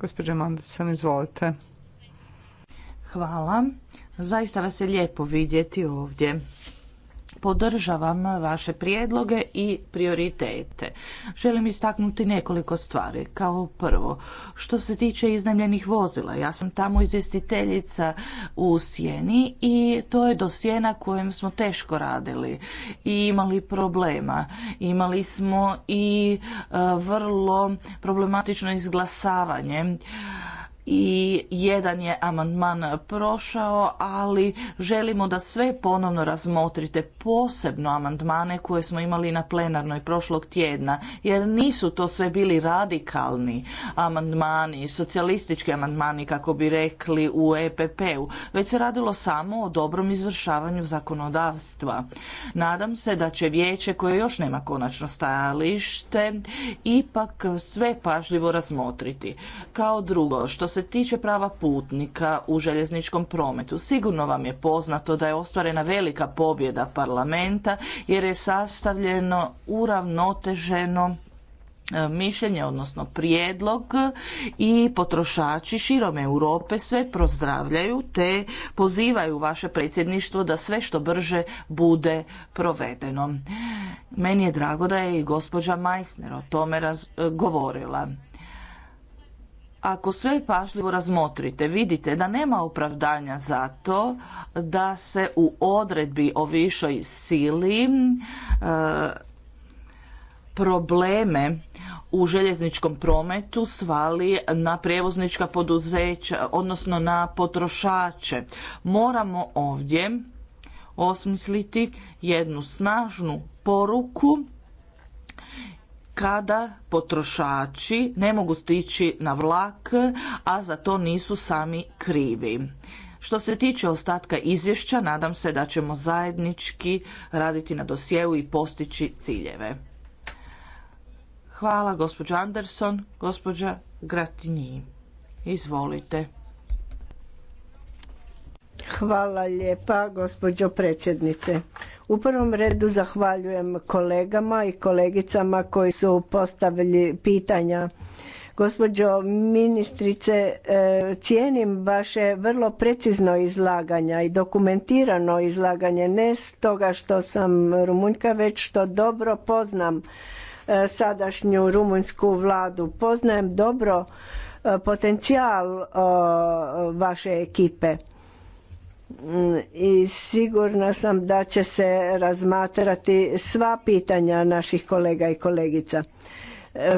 Gospođa Mandelson, izvolite. Hvala. Zaista vas je lijepo vidjeti ovdje podržavam vaše prijedloge i prioritete. Želim istaknuti nekoliko stvari. Kao prvo, što se tiče iznajmljenih vozila, ja sam tamo izvjestiteljica u Sjeni i to je do Sjena kojem smo teško radili i imali problema. Imali smo i e, vrlo problematično izglasavanje i jedan je amandman prošao, ali želimo da sve ponovno razmotrite, posebno amandmane koje smo imali na plenarnoj prošlog tjedna, jer nisu to sve bili radikalni amandmani, socijalistički amandmani, kako bi rekli u EPP-u, već se radilo samo o dobrom izvršavanju zakonodavstva. Nadam se da će vijeće, koje još nema konačno stajalište, ipak sve pažljivo razmotriti. Kao drugo, što se tiče prava putnika u željezničkom prometu, sigurno vam je poznato da je ostvarena velika pobjeda parlamenta jer je sastavljeno uravnoteženo e, mišljenje, odnosno prijedlog i potrošači širom Europe sve prozdravljaju te pozivaju vaše predsjedništvo da sve što brže bude provedeno. Meni je drago da je i gospođa Majsner o tome e, govorila. Ako sve pažljivo razmotrite, vidite da nema opravdanja za to da se u odredbi o višoj sili e, probleme u željezničkom prometu svali na prijevoznička poduzeća, odnosno na potrošače. Moramo ovdje osmisliti jednu snažnu poruku kada potrošači ne mogu stići na vlak, a za to nisu sami krivi. Što se tiče ostatka izvješća, nadam se da ćemo zajednički raditi na dosjeu i postići ciljeve. Hvala gospođa Anderson, gospođa Gratinji. Izvolite. Hvala lijepa gospođo predsjednice. U prvom redu zahvaljujem kolegama i kolegicama koji su postavili pitanja. Gospođo ministrice, e, cijenim vaše vrlo precizno izlaganje i dokumentirano izlaganje, ne stoga što sam Rumunjka, već što dobro poznam e, sadašnju rumunjsku vladu. Poznajem dobro e, potencijal vaše ekipe. Mm, i sigurna sam da će se razmatrati sva pitanja naših kolega i kolegica. E,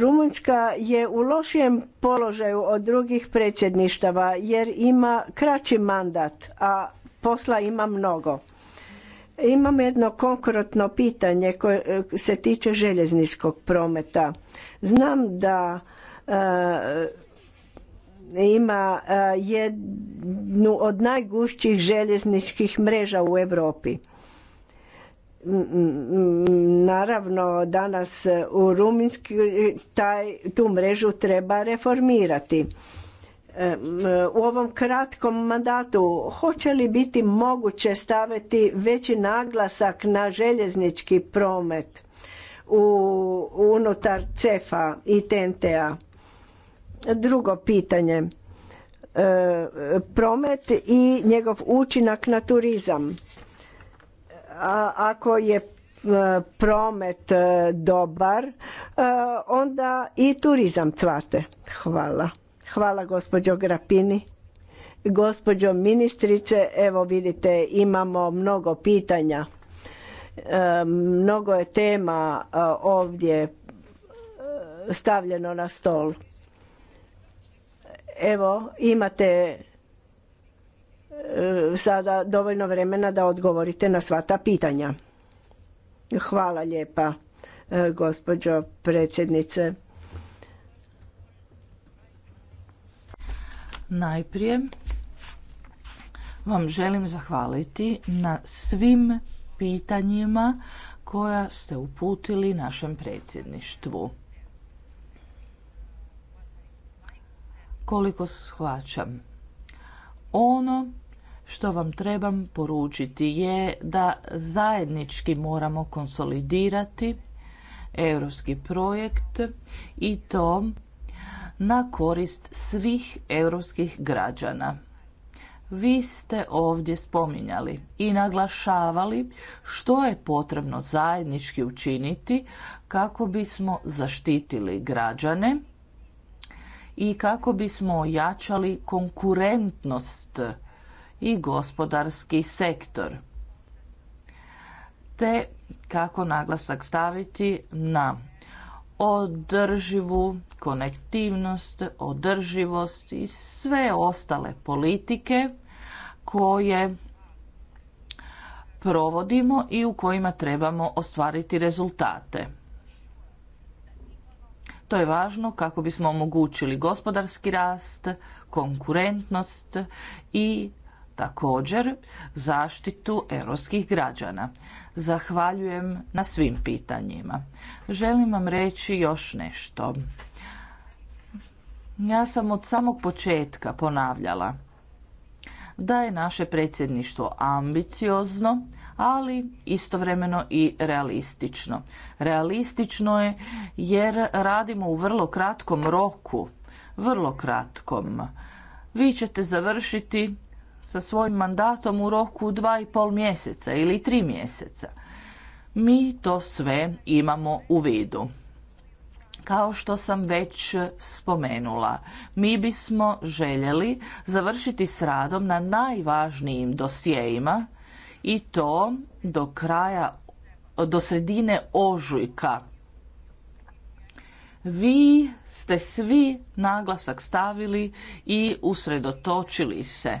Rumunjska je u lošijem položaju od drugih predsjedništava jer ima kraći mandat, a posla ima mnogo. Imam jedno konkretno pitanje koje e, se tiče željezničkog prometa. Znam da e, ima e, jednu od najgušćih željezničkih mreža u Europi. Naravno, danas u Ruminski taj, tu mrežu treba reformirati. E, u ovom kratkom mandatu hoće li biti moguće staviti veći naglasak na željeznički promet u, unutar CEFA i TNT-a? Drugo pitanje. E, promet i njegov učinak na turizam. ako je e, promet e, dobar, onda i turizam cvate. Hvala. Hvala gospođo Grapini. Gospođo ministrice, evo vidite imamo mnogo pitanja. Mnogo je tema ovdje stavljeno na stol. Evo, imate e, sada dovoljno vremena da odgovorite na sva ta pitanja. Hvala lijepa, e, gospođo predsjednice. Najprije vam želim zahvaliti na svim pitanjima koja ste uputili našem predsjedništvu. koliko shvaćam. Ono što vam trebam poručiti je da zajednički moramo konsolidirati europski projekt i to na korist svih europskih građana. Vi ste ovdje spominjali i naglašavali što je potrebno zajednički učiniti kako bismo zaštitili građane i kako bismo ojačali konkurentnost i gospodarski sektor te kako naglasak staviti na održivu konektivnost, održivost i sve ostale politike koje provodimo i u kojima trebamo ostvariti rezultate. To je važno kako bismo omogućili gospodarski rast, konkurentnost i također zaštitu europskih građana. Zahvaljujem na svim pitanjima. Želim vam reći još nešto. Ja sam od samog početka ponavljala da je naše predsjedništvo ambiciozno ali istovremeno i realistično. Realistično je jer radimo u vrlo kratkom roku, vrlo kratkom. Vi ćete završiti sa svojim mandatom u roku dva i pol mjeseca ili tri mjeseca. Mi to sve imamo u vidu. Kao što sam već spomenula, mi bismo željeli završiti s radom na najvažnijim dosjejima i to do kraja, do sredine ožujka. Vi ste svi naglasak stavili i usredotočili se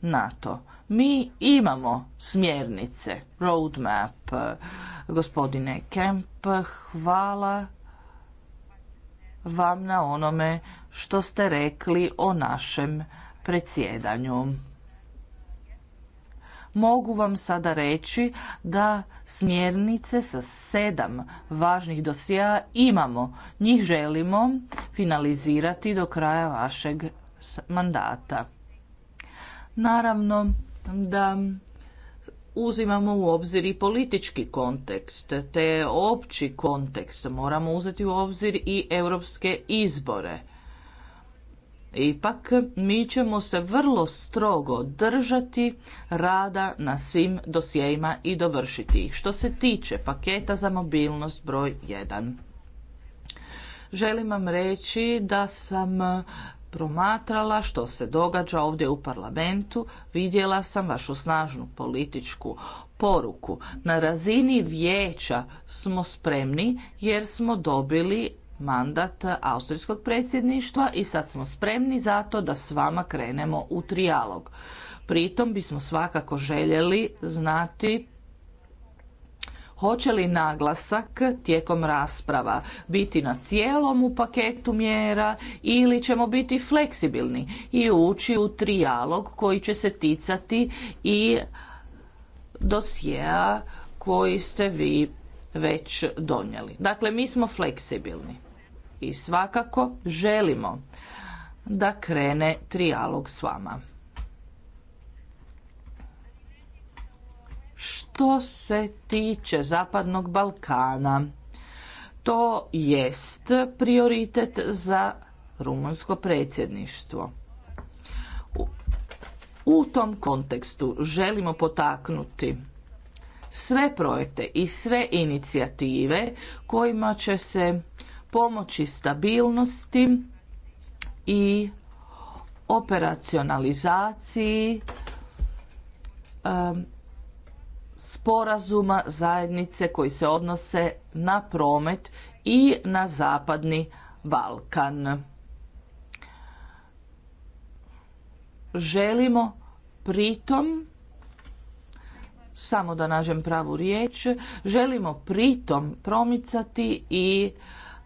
na to. Mi imamo smjernice, roadmap, gospodine Kemp, hvala vam na onome što ste rekli o našem predsjedanju mogu vam sada reći da smjernice sa sedam važnih dosija imamo. Njih želimo finalizirati do kraja vašeg mandata. Naravno da uzimamo u obzir i politički kontekst, te opći kontekst. Moramo uzeti u obzir i europske izbore Ipak, mi ćemo se vrlo strogo držati rada na svim dosjejima i dovršiti ih. Što se tiče paketa za mobilnost broj 1, želim vam reći da sam promatrala što se događa ovdje u parlamentu, vidjela sam vašu snažnu političku poruku. Na razini vijeća smo spremni jer smo dobili mandat austrijskog predsjedništva i sad smo spremni za to da s vama krenemo u trijalog. Pritom bismo svakako željeli znati hoće li naglasak tijekom rasprava biti na cijelom paketu mjera ili ćemo biti fleksibilni i ući u trijalog koji će se ticati i dosjea koji ste vi već donijeli. Dakle, mi smo fleksibilni i svakako želimo da krene trijalog s vama. Što se tiče Zapadnog Balkana, to jest prioritet za rumunsko predsjedništvo. U tom kontekstu želimo potaknuti sve projekte i sve inicijative kojima će se pomoći stabilnosti i operacionalizaciji sporazuma zajednice koji se odnose na promet i na zapadni Balkan. Želimo pritom samo da nađem pravu riječ, želimo pritom promicati i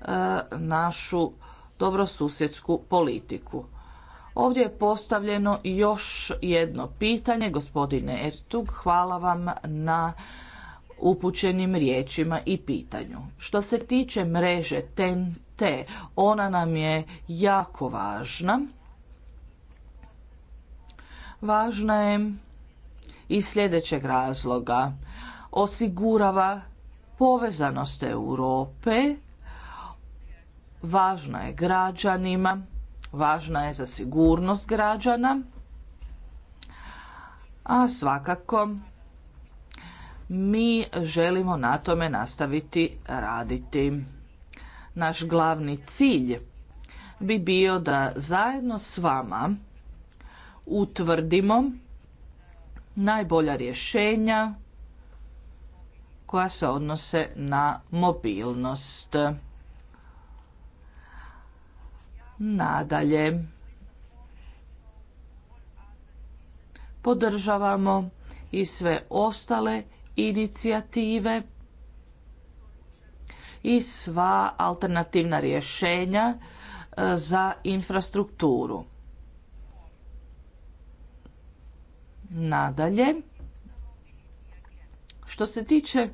E, našu dobrosusjedsku politiku. Ovdje je postavljeno još jedno pitanje, gospodine Ertug, hvala vam na upućenim riječima i pitanju. Što se tiče mreže TNT, ona nam je jako važna. Važna je iz sljedećeg razloga. Osigurava povezanost Europe važna je građanima, važna je za sigurnost građana, a svakako mi želimo na tome nastaviti raditi. Naš glavni cilj bi bio da zajedno s vama utvrdimo najbolja rješenja koja se odnose na mobilnost. Nadalje, podržavamo i sve ostale inicijative i sva alternativna rješenja e, za infrastrukturu. Nadalje, što se tiče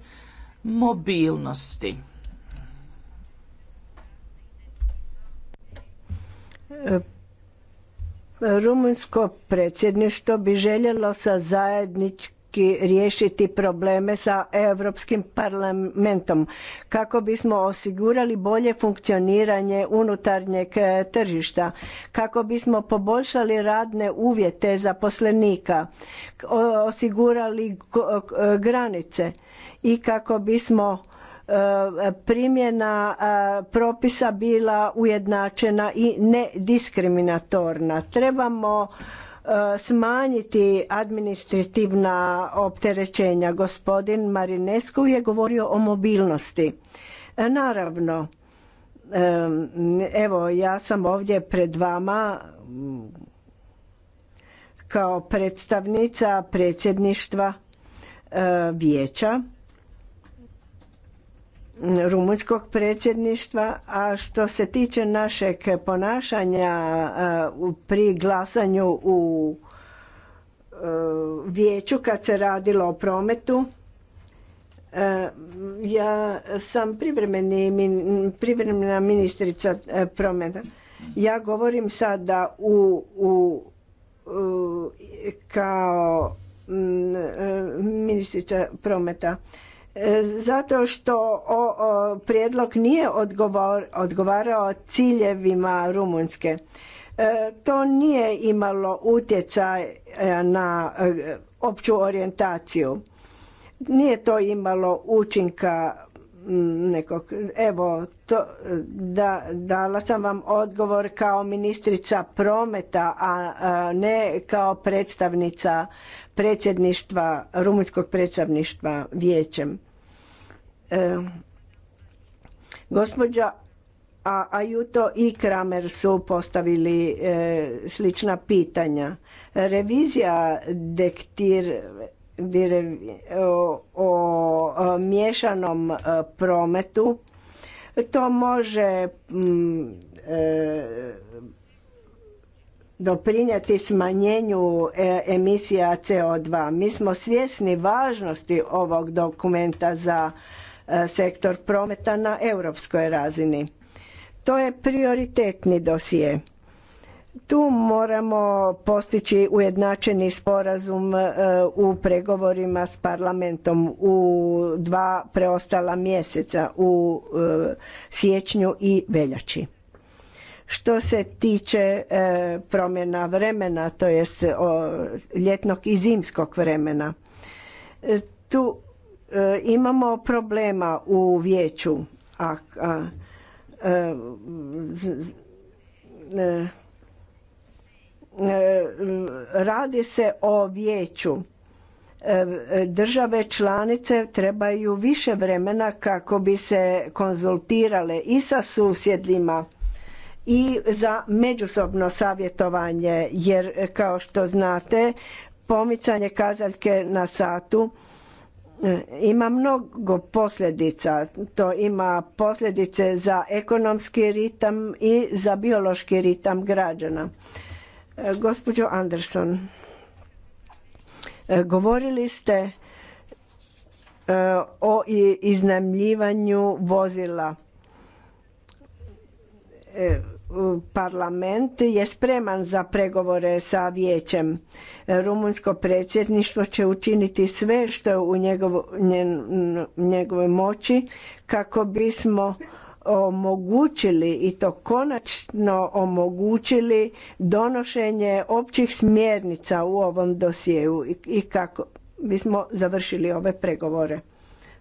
mobilnosti, Rumunjsko predsjedništvo bi željelo sa zajednički riješiti probleme sa Europskim parlamentom kako bismo osigurali bolje funkcioniranje unutarnjeg e, tržišta, kako bismo poboljšali radne uvjete zaposlenika, osigurali e, granice i kako bismo E, primjena e, propisa bila ujednačena i nediskriminatorna. Trebamo e, smanjiti administrativna opterećenja. Gospodin Marinescu je govorio o mobilnosti. Naravno, evo ja sam ovdje pred vama kao predstavnica predsjedništva vijeća rumunjskog predsjedništva, a što se tiče našeg ponašanja eh, pri glasanju u eh, vijeću kad se radilo o prometu, eh, ja sam privremena ministrica prometa. Ja govorim sada u kao mm, ministrica prometa zato što o, prijedlog nije odgovarao ciljevima Rumunjske. E, to nije imalo utjecaj e, na e, opću orijentaciju. Nije to imalo učinka nekog, evo, to, da, dala sam vam odgovor kao ministrica prometa, a ne kao predstavnica predsjedništva, rumunjskog predsjedništva vijećem. E, gospođa a Ajuto i Kramer su postavili e, slična pitanja. Revizija dektir o, miješanom e, prometu to može doprinijeti smanjenju e, emisija CO2. Mi smo svjesni važnosti ovog dokumenta za e, sektor prometa na europskoj razini. To je prioritetni dosije. Tu moramo postići ujednačeni sporazum e, u pregovorima s parlamentom u dva preostala mjeseca u siječnju i veljači. Što se tiče e, promjena vremena, to jest e, ljetnog i zimskog vremena, e, tu imamo problema u vijeću. A, radi se o vijeću. Države članice trebaju više vremena kako bi se konzultirale i sa susjedima i za međusobno savjetovanje jer kao što znate pomicanje kazaljke na satu e, ima mnogo posljedica. To ima posljedice za ekonomski ritam i za biološki ritam građana. E, gospođo Anderson, e, govorili ste o iznajmljivanju vozila E, parlament je spreman za pregovore sa vijećem. Rumunjsko predsjedništvo će učiniti sve što je u njegovoj moći kako bismo omogućili i to konačno omogućili donošenje općih smjernica u ovom dosjeu i kako bismo završili ove pregovore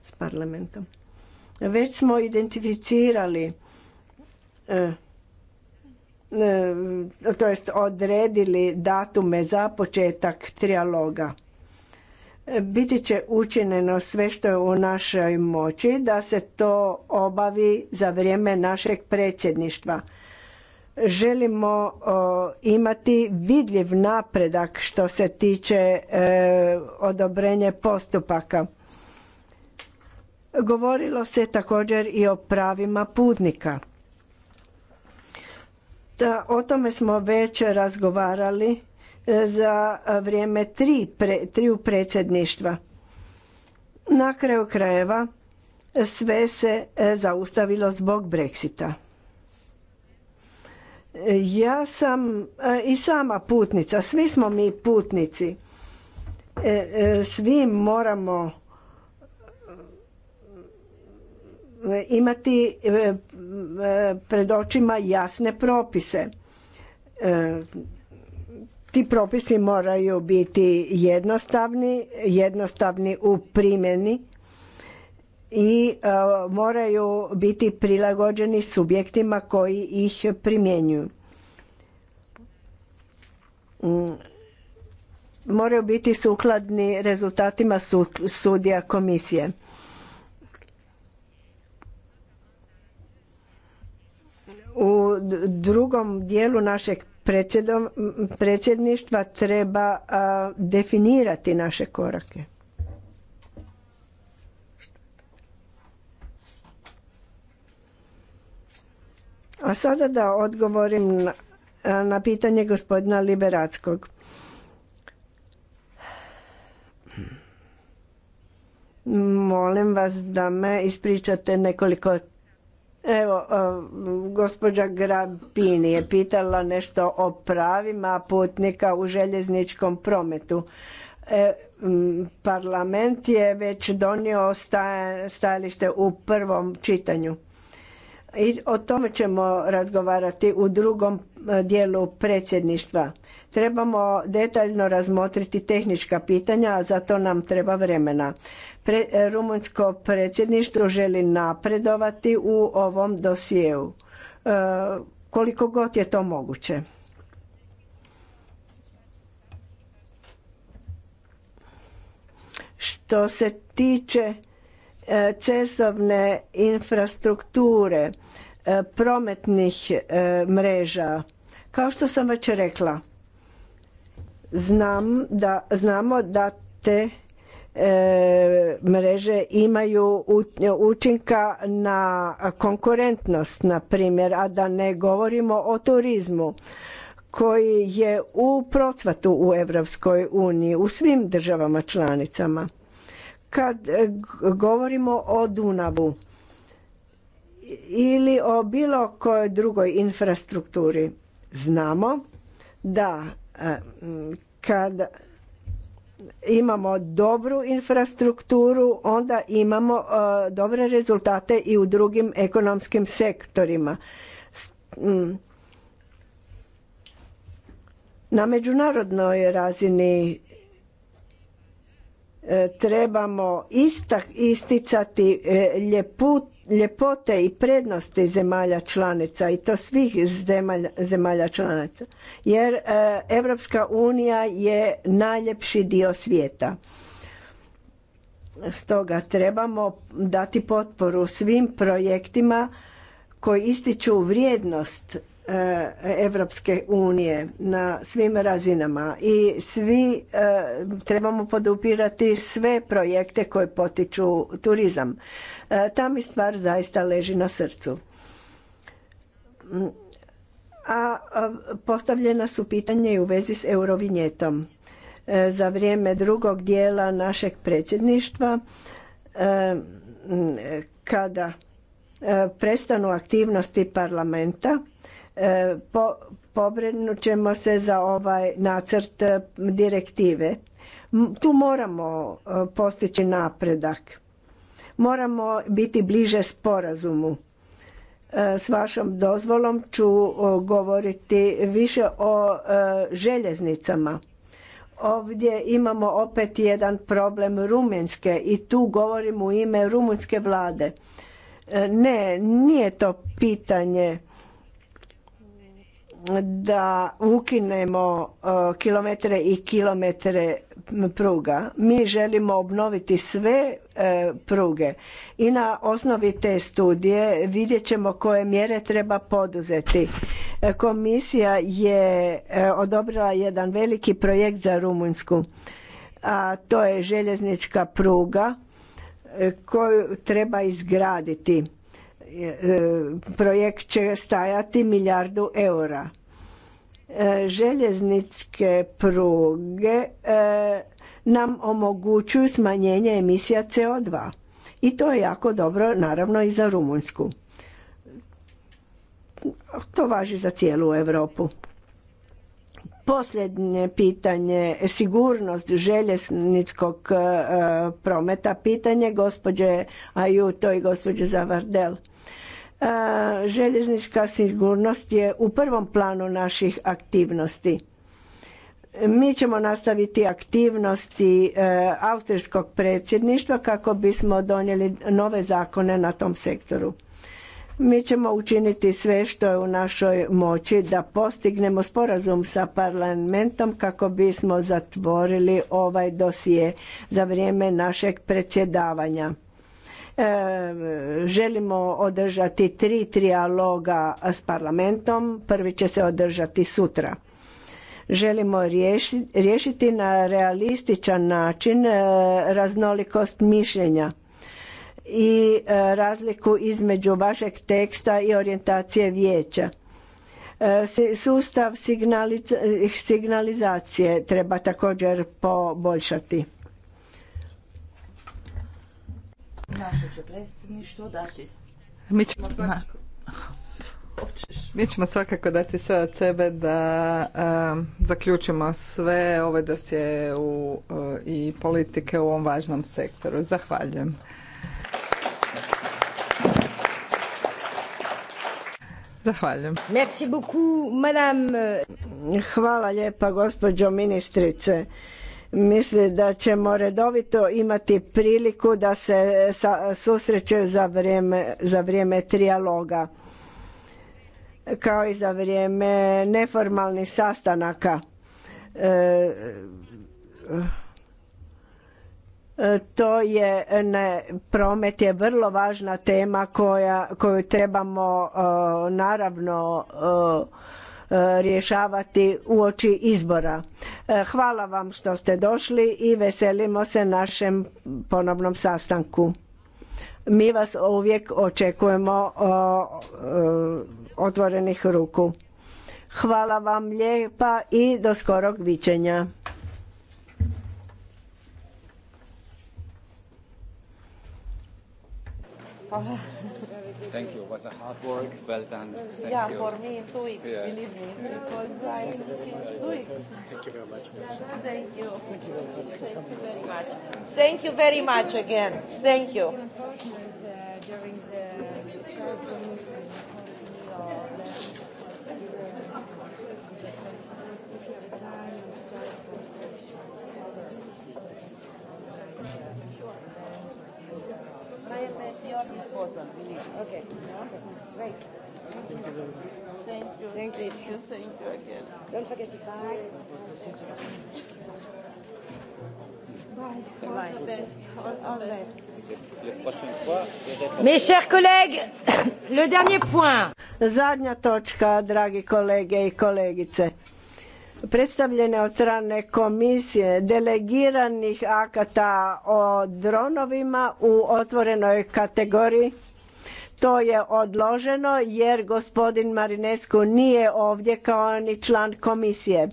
s parlamentom. Već smo identificirali e, E, to jest odredili datume za početak trijaloga. E, biti će učinjeno sve što je u našoj moći da se to obavi za vrijeme našeg predsjedništva. Želimo imati vidljiv napredak što se tiče e, odobrenje postupaka. Govorilo se također i o pravima putnika o tome smo već razgovarali e, za vrijeme tri, pre, triju predsjedništva. Na kraju krajeva sve se e, zaustavilo zbog Brexita. Ja sam e, i sama putnica, svi smo mi putnici. Svi moramo imati e, pred očima jasne propise. E, ti propisi moraju biti jednostavni, jednostavni u primjeni i e, moraju biti prilagođeni subjektima koji ih primjenjuju. Mm, moraju biti sukladni rezultatima sudija komisije u drugom dijelu našeg predsjedništva treba definirati naše korake. A sada da odgovorim na pitanje gospodina Liberackog. Molim vas da me ispričate nekoliko Evo, e, gospođa Grabini je pitala nešto o pravima putnika u željezničkom prometu. E, parlament je već donio stajalište u prvom čitanju. I o tome ćemo razgovarati u drugom e, dijelu predsjedništva. Trebamo detaljno razmotriti tehnička pitanja, a za to nam treba vremena. Pre, rumunjsko predsjedništvo želi napredovati u ovom dosjeu e, koliko god je to moguće. Što se tiče e, cestovne infrastrukture, e, prometnih mreža, kao što sam već rekla, znamo da te E, mreže imaju učinka na konkurentnost, na primjer, a da ne govorimo o turizmu koji je u procvatu u Europskoj uniji, u svim državama članicama. Kad e, govorimo o Dunavu ili o bilo kojoj drugoj infrastrukturi, znamo da e, kad imamo dobru infrastrukturu, onda imamo e, dobre rezultate i u drugim ekonomskim sektorima. Na međunarodnoj razini e, trebamo istak, isticati e, ljeput ljepote i prednosti zemalja članica i to svih zemalja, zemalja članica jer Europska unija je najljepši dio svijeta. Stoga trebamo dati potporu svim projektima koji ističu vrijednost e, Evropske unije na svim razinama i svi e, trebamo podupirati sve projekte koji potiču turizam. E, ta mi stvar zaista leži na srcu. A postavljena su pitanje i u vezi s eurovinjetom. E, za vrijeme drugog dijela našeg predsjedništva e, kada prestanu aktivnosti parlamenta po, ćemo se za ovaj nacrt direktive. Tu moramo postići napredak. Moramo biti bliže sporazumu. E, s vašom dozvolom ću e, govoriti više o e, željeznicama. Ovdje imamo opet jedan problem rumenske i tu govorim u ime rumunske vlade. Ne, nije to pitanje da ukinemo kilometre i kilometre pruga. Mi želimo obnoviti sve e, pruge i na osnovi te studije vidjet ćemo koje mjere treba poduzeti. E, komisija je e, odobrila jedan veliki projekt za Rumunjsku, a to je željeznička pruga koju treba izgraditi. Projekt će stajati milijardu eura E, željezničke pruge e, nam omogućuju smanjenje emisija CO2. I to je jako dobro, naravno, i za Rumunjsku. To važi za cijelu Europu. Posljednje pitanje, sigurnost željezničkog e, prometa, pitanje gospođe Ajuto i gospođe Zavardel. E, željeznička sigurnost je u prvom planu naših aktivnosti. Mi ćemo nastaviti aktivnosti e, austrijskog predsjedništva kako bismo donijeli nove zakone na tom sektoru. Mi ćemo učiniti sve što je u našoj moći da postignemo sporazum sa parlamentom kako bismo zatvorili ovaj dosije za vrijeme našeg predsjedavanja. Želimo održati tri trijaloga s parlamentom, prvi će se održati sutra. Želimo riješiti na realističan način e, raznolikost mišljenja i e, razliku između vašeg teksta i orijentacije vijeća. E, sustav signalizacije treba također poboljšati. Naše će predsjedništvo dati... Mi ćemo svakako... Mi ćemo svakako dati sve od sebe da um, zaključimo sve ove dosje u, uh, i politike u ovom važnom sektoru. Zahvaljujem. Zahvaljujem. Merci beaucoup, madame. Hvala lijepa, gospođo ministrice. Mislim da ćemo redovito imati priliku da se susreću za vrijeme, trijaloga kao i za vrijeme neformalnih sastanaka. E, e, to je promet je vrlo važna tema koju trebamo e, naravno E, rješavati uoči izbora. E, hvala vam što ste došli i veselimo se našem ponovnom sastanku. Mi vas uvijek očekujemo e, otvorenih ruku. Hvala vam lijepa i do skorog viđenja. Thank you. It was a hard work. Well done. Thank yeah, you. for me in two weeks, yeah. believe me, because I finished two weeks. Thank you very much. Thank you. Thank you very much. Thank you very much again. Thank you. Uh, during the uh, Mes chers collègues, le dernier point. Zadnja točka, dragi kolege i kolegice predstavljene od strane komisije delegiranih akata o dronovima u otvorenoj kategoriji. To je odloženo jer gospodin Marinescu nije ovdje kao ni član komisije. E,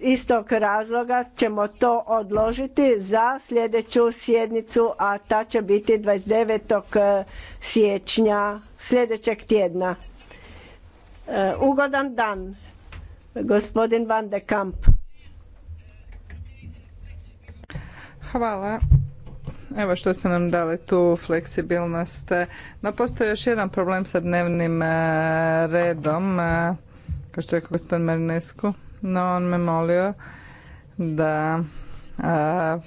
iz razloga ćemo to odložiti za sljedeću sjednicu, a ta će biti 29. E, siječnja sljedećeg tjedna. E, ugodan dan. Gospodin Van de Kamp. Hvala. Evo što ste nam dali tu fleksibilnost. No postoji još jedan problem sa dnevnim e, redom, e, kao što je rekao gospodin Marinescu, no on me molio da a, e,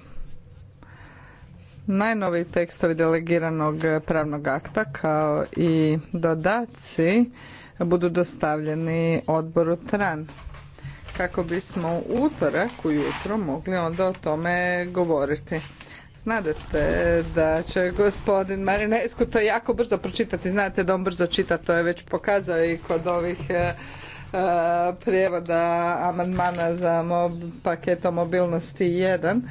najnoviji tekstovi delegiranog pravnog akta kao i dodaci budu dostavljeni odboru TRAN kako bismo u utorak ujutro mogli onda o tome govoriti. Znate da će gospodin Marinesku to jako brzo pročitati, znate da on brzo čita, to je već pokazao i kod ovih e, e, prijevoda amandmana za mob, paketo mobilnosti 1.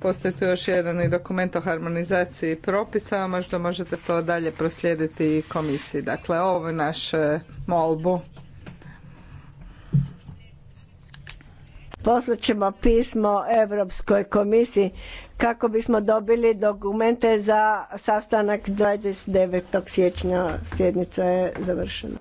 Postoji tu još jedan i dokument o harmonizaciji propisa, možda možete to dalje proslijediti komisiji. Dakle, ovo je e, molbu. Poslat ćemo pismo Europskoj komisiji kako bismo dobili dokumente za sastanak 29. siječnja. Sjednica je završena.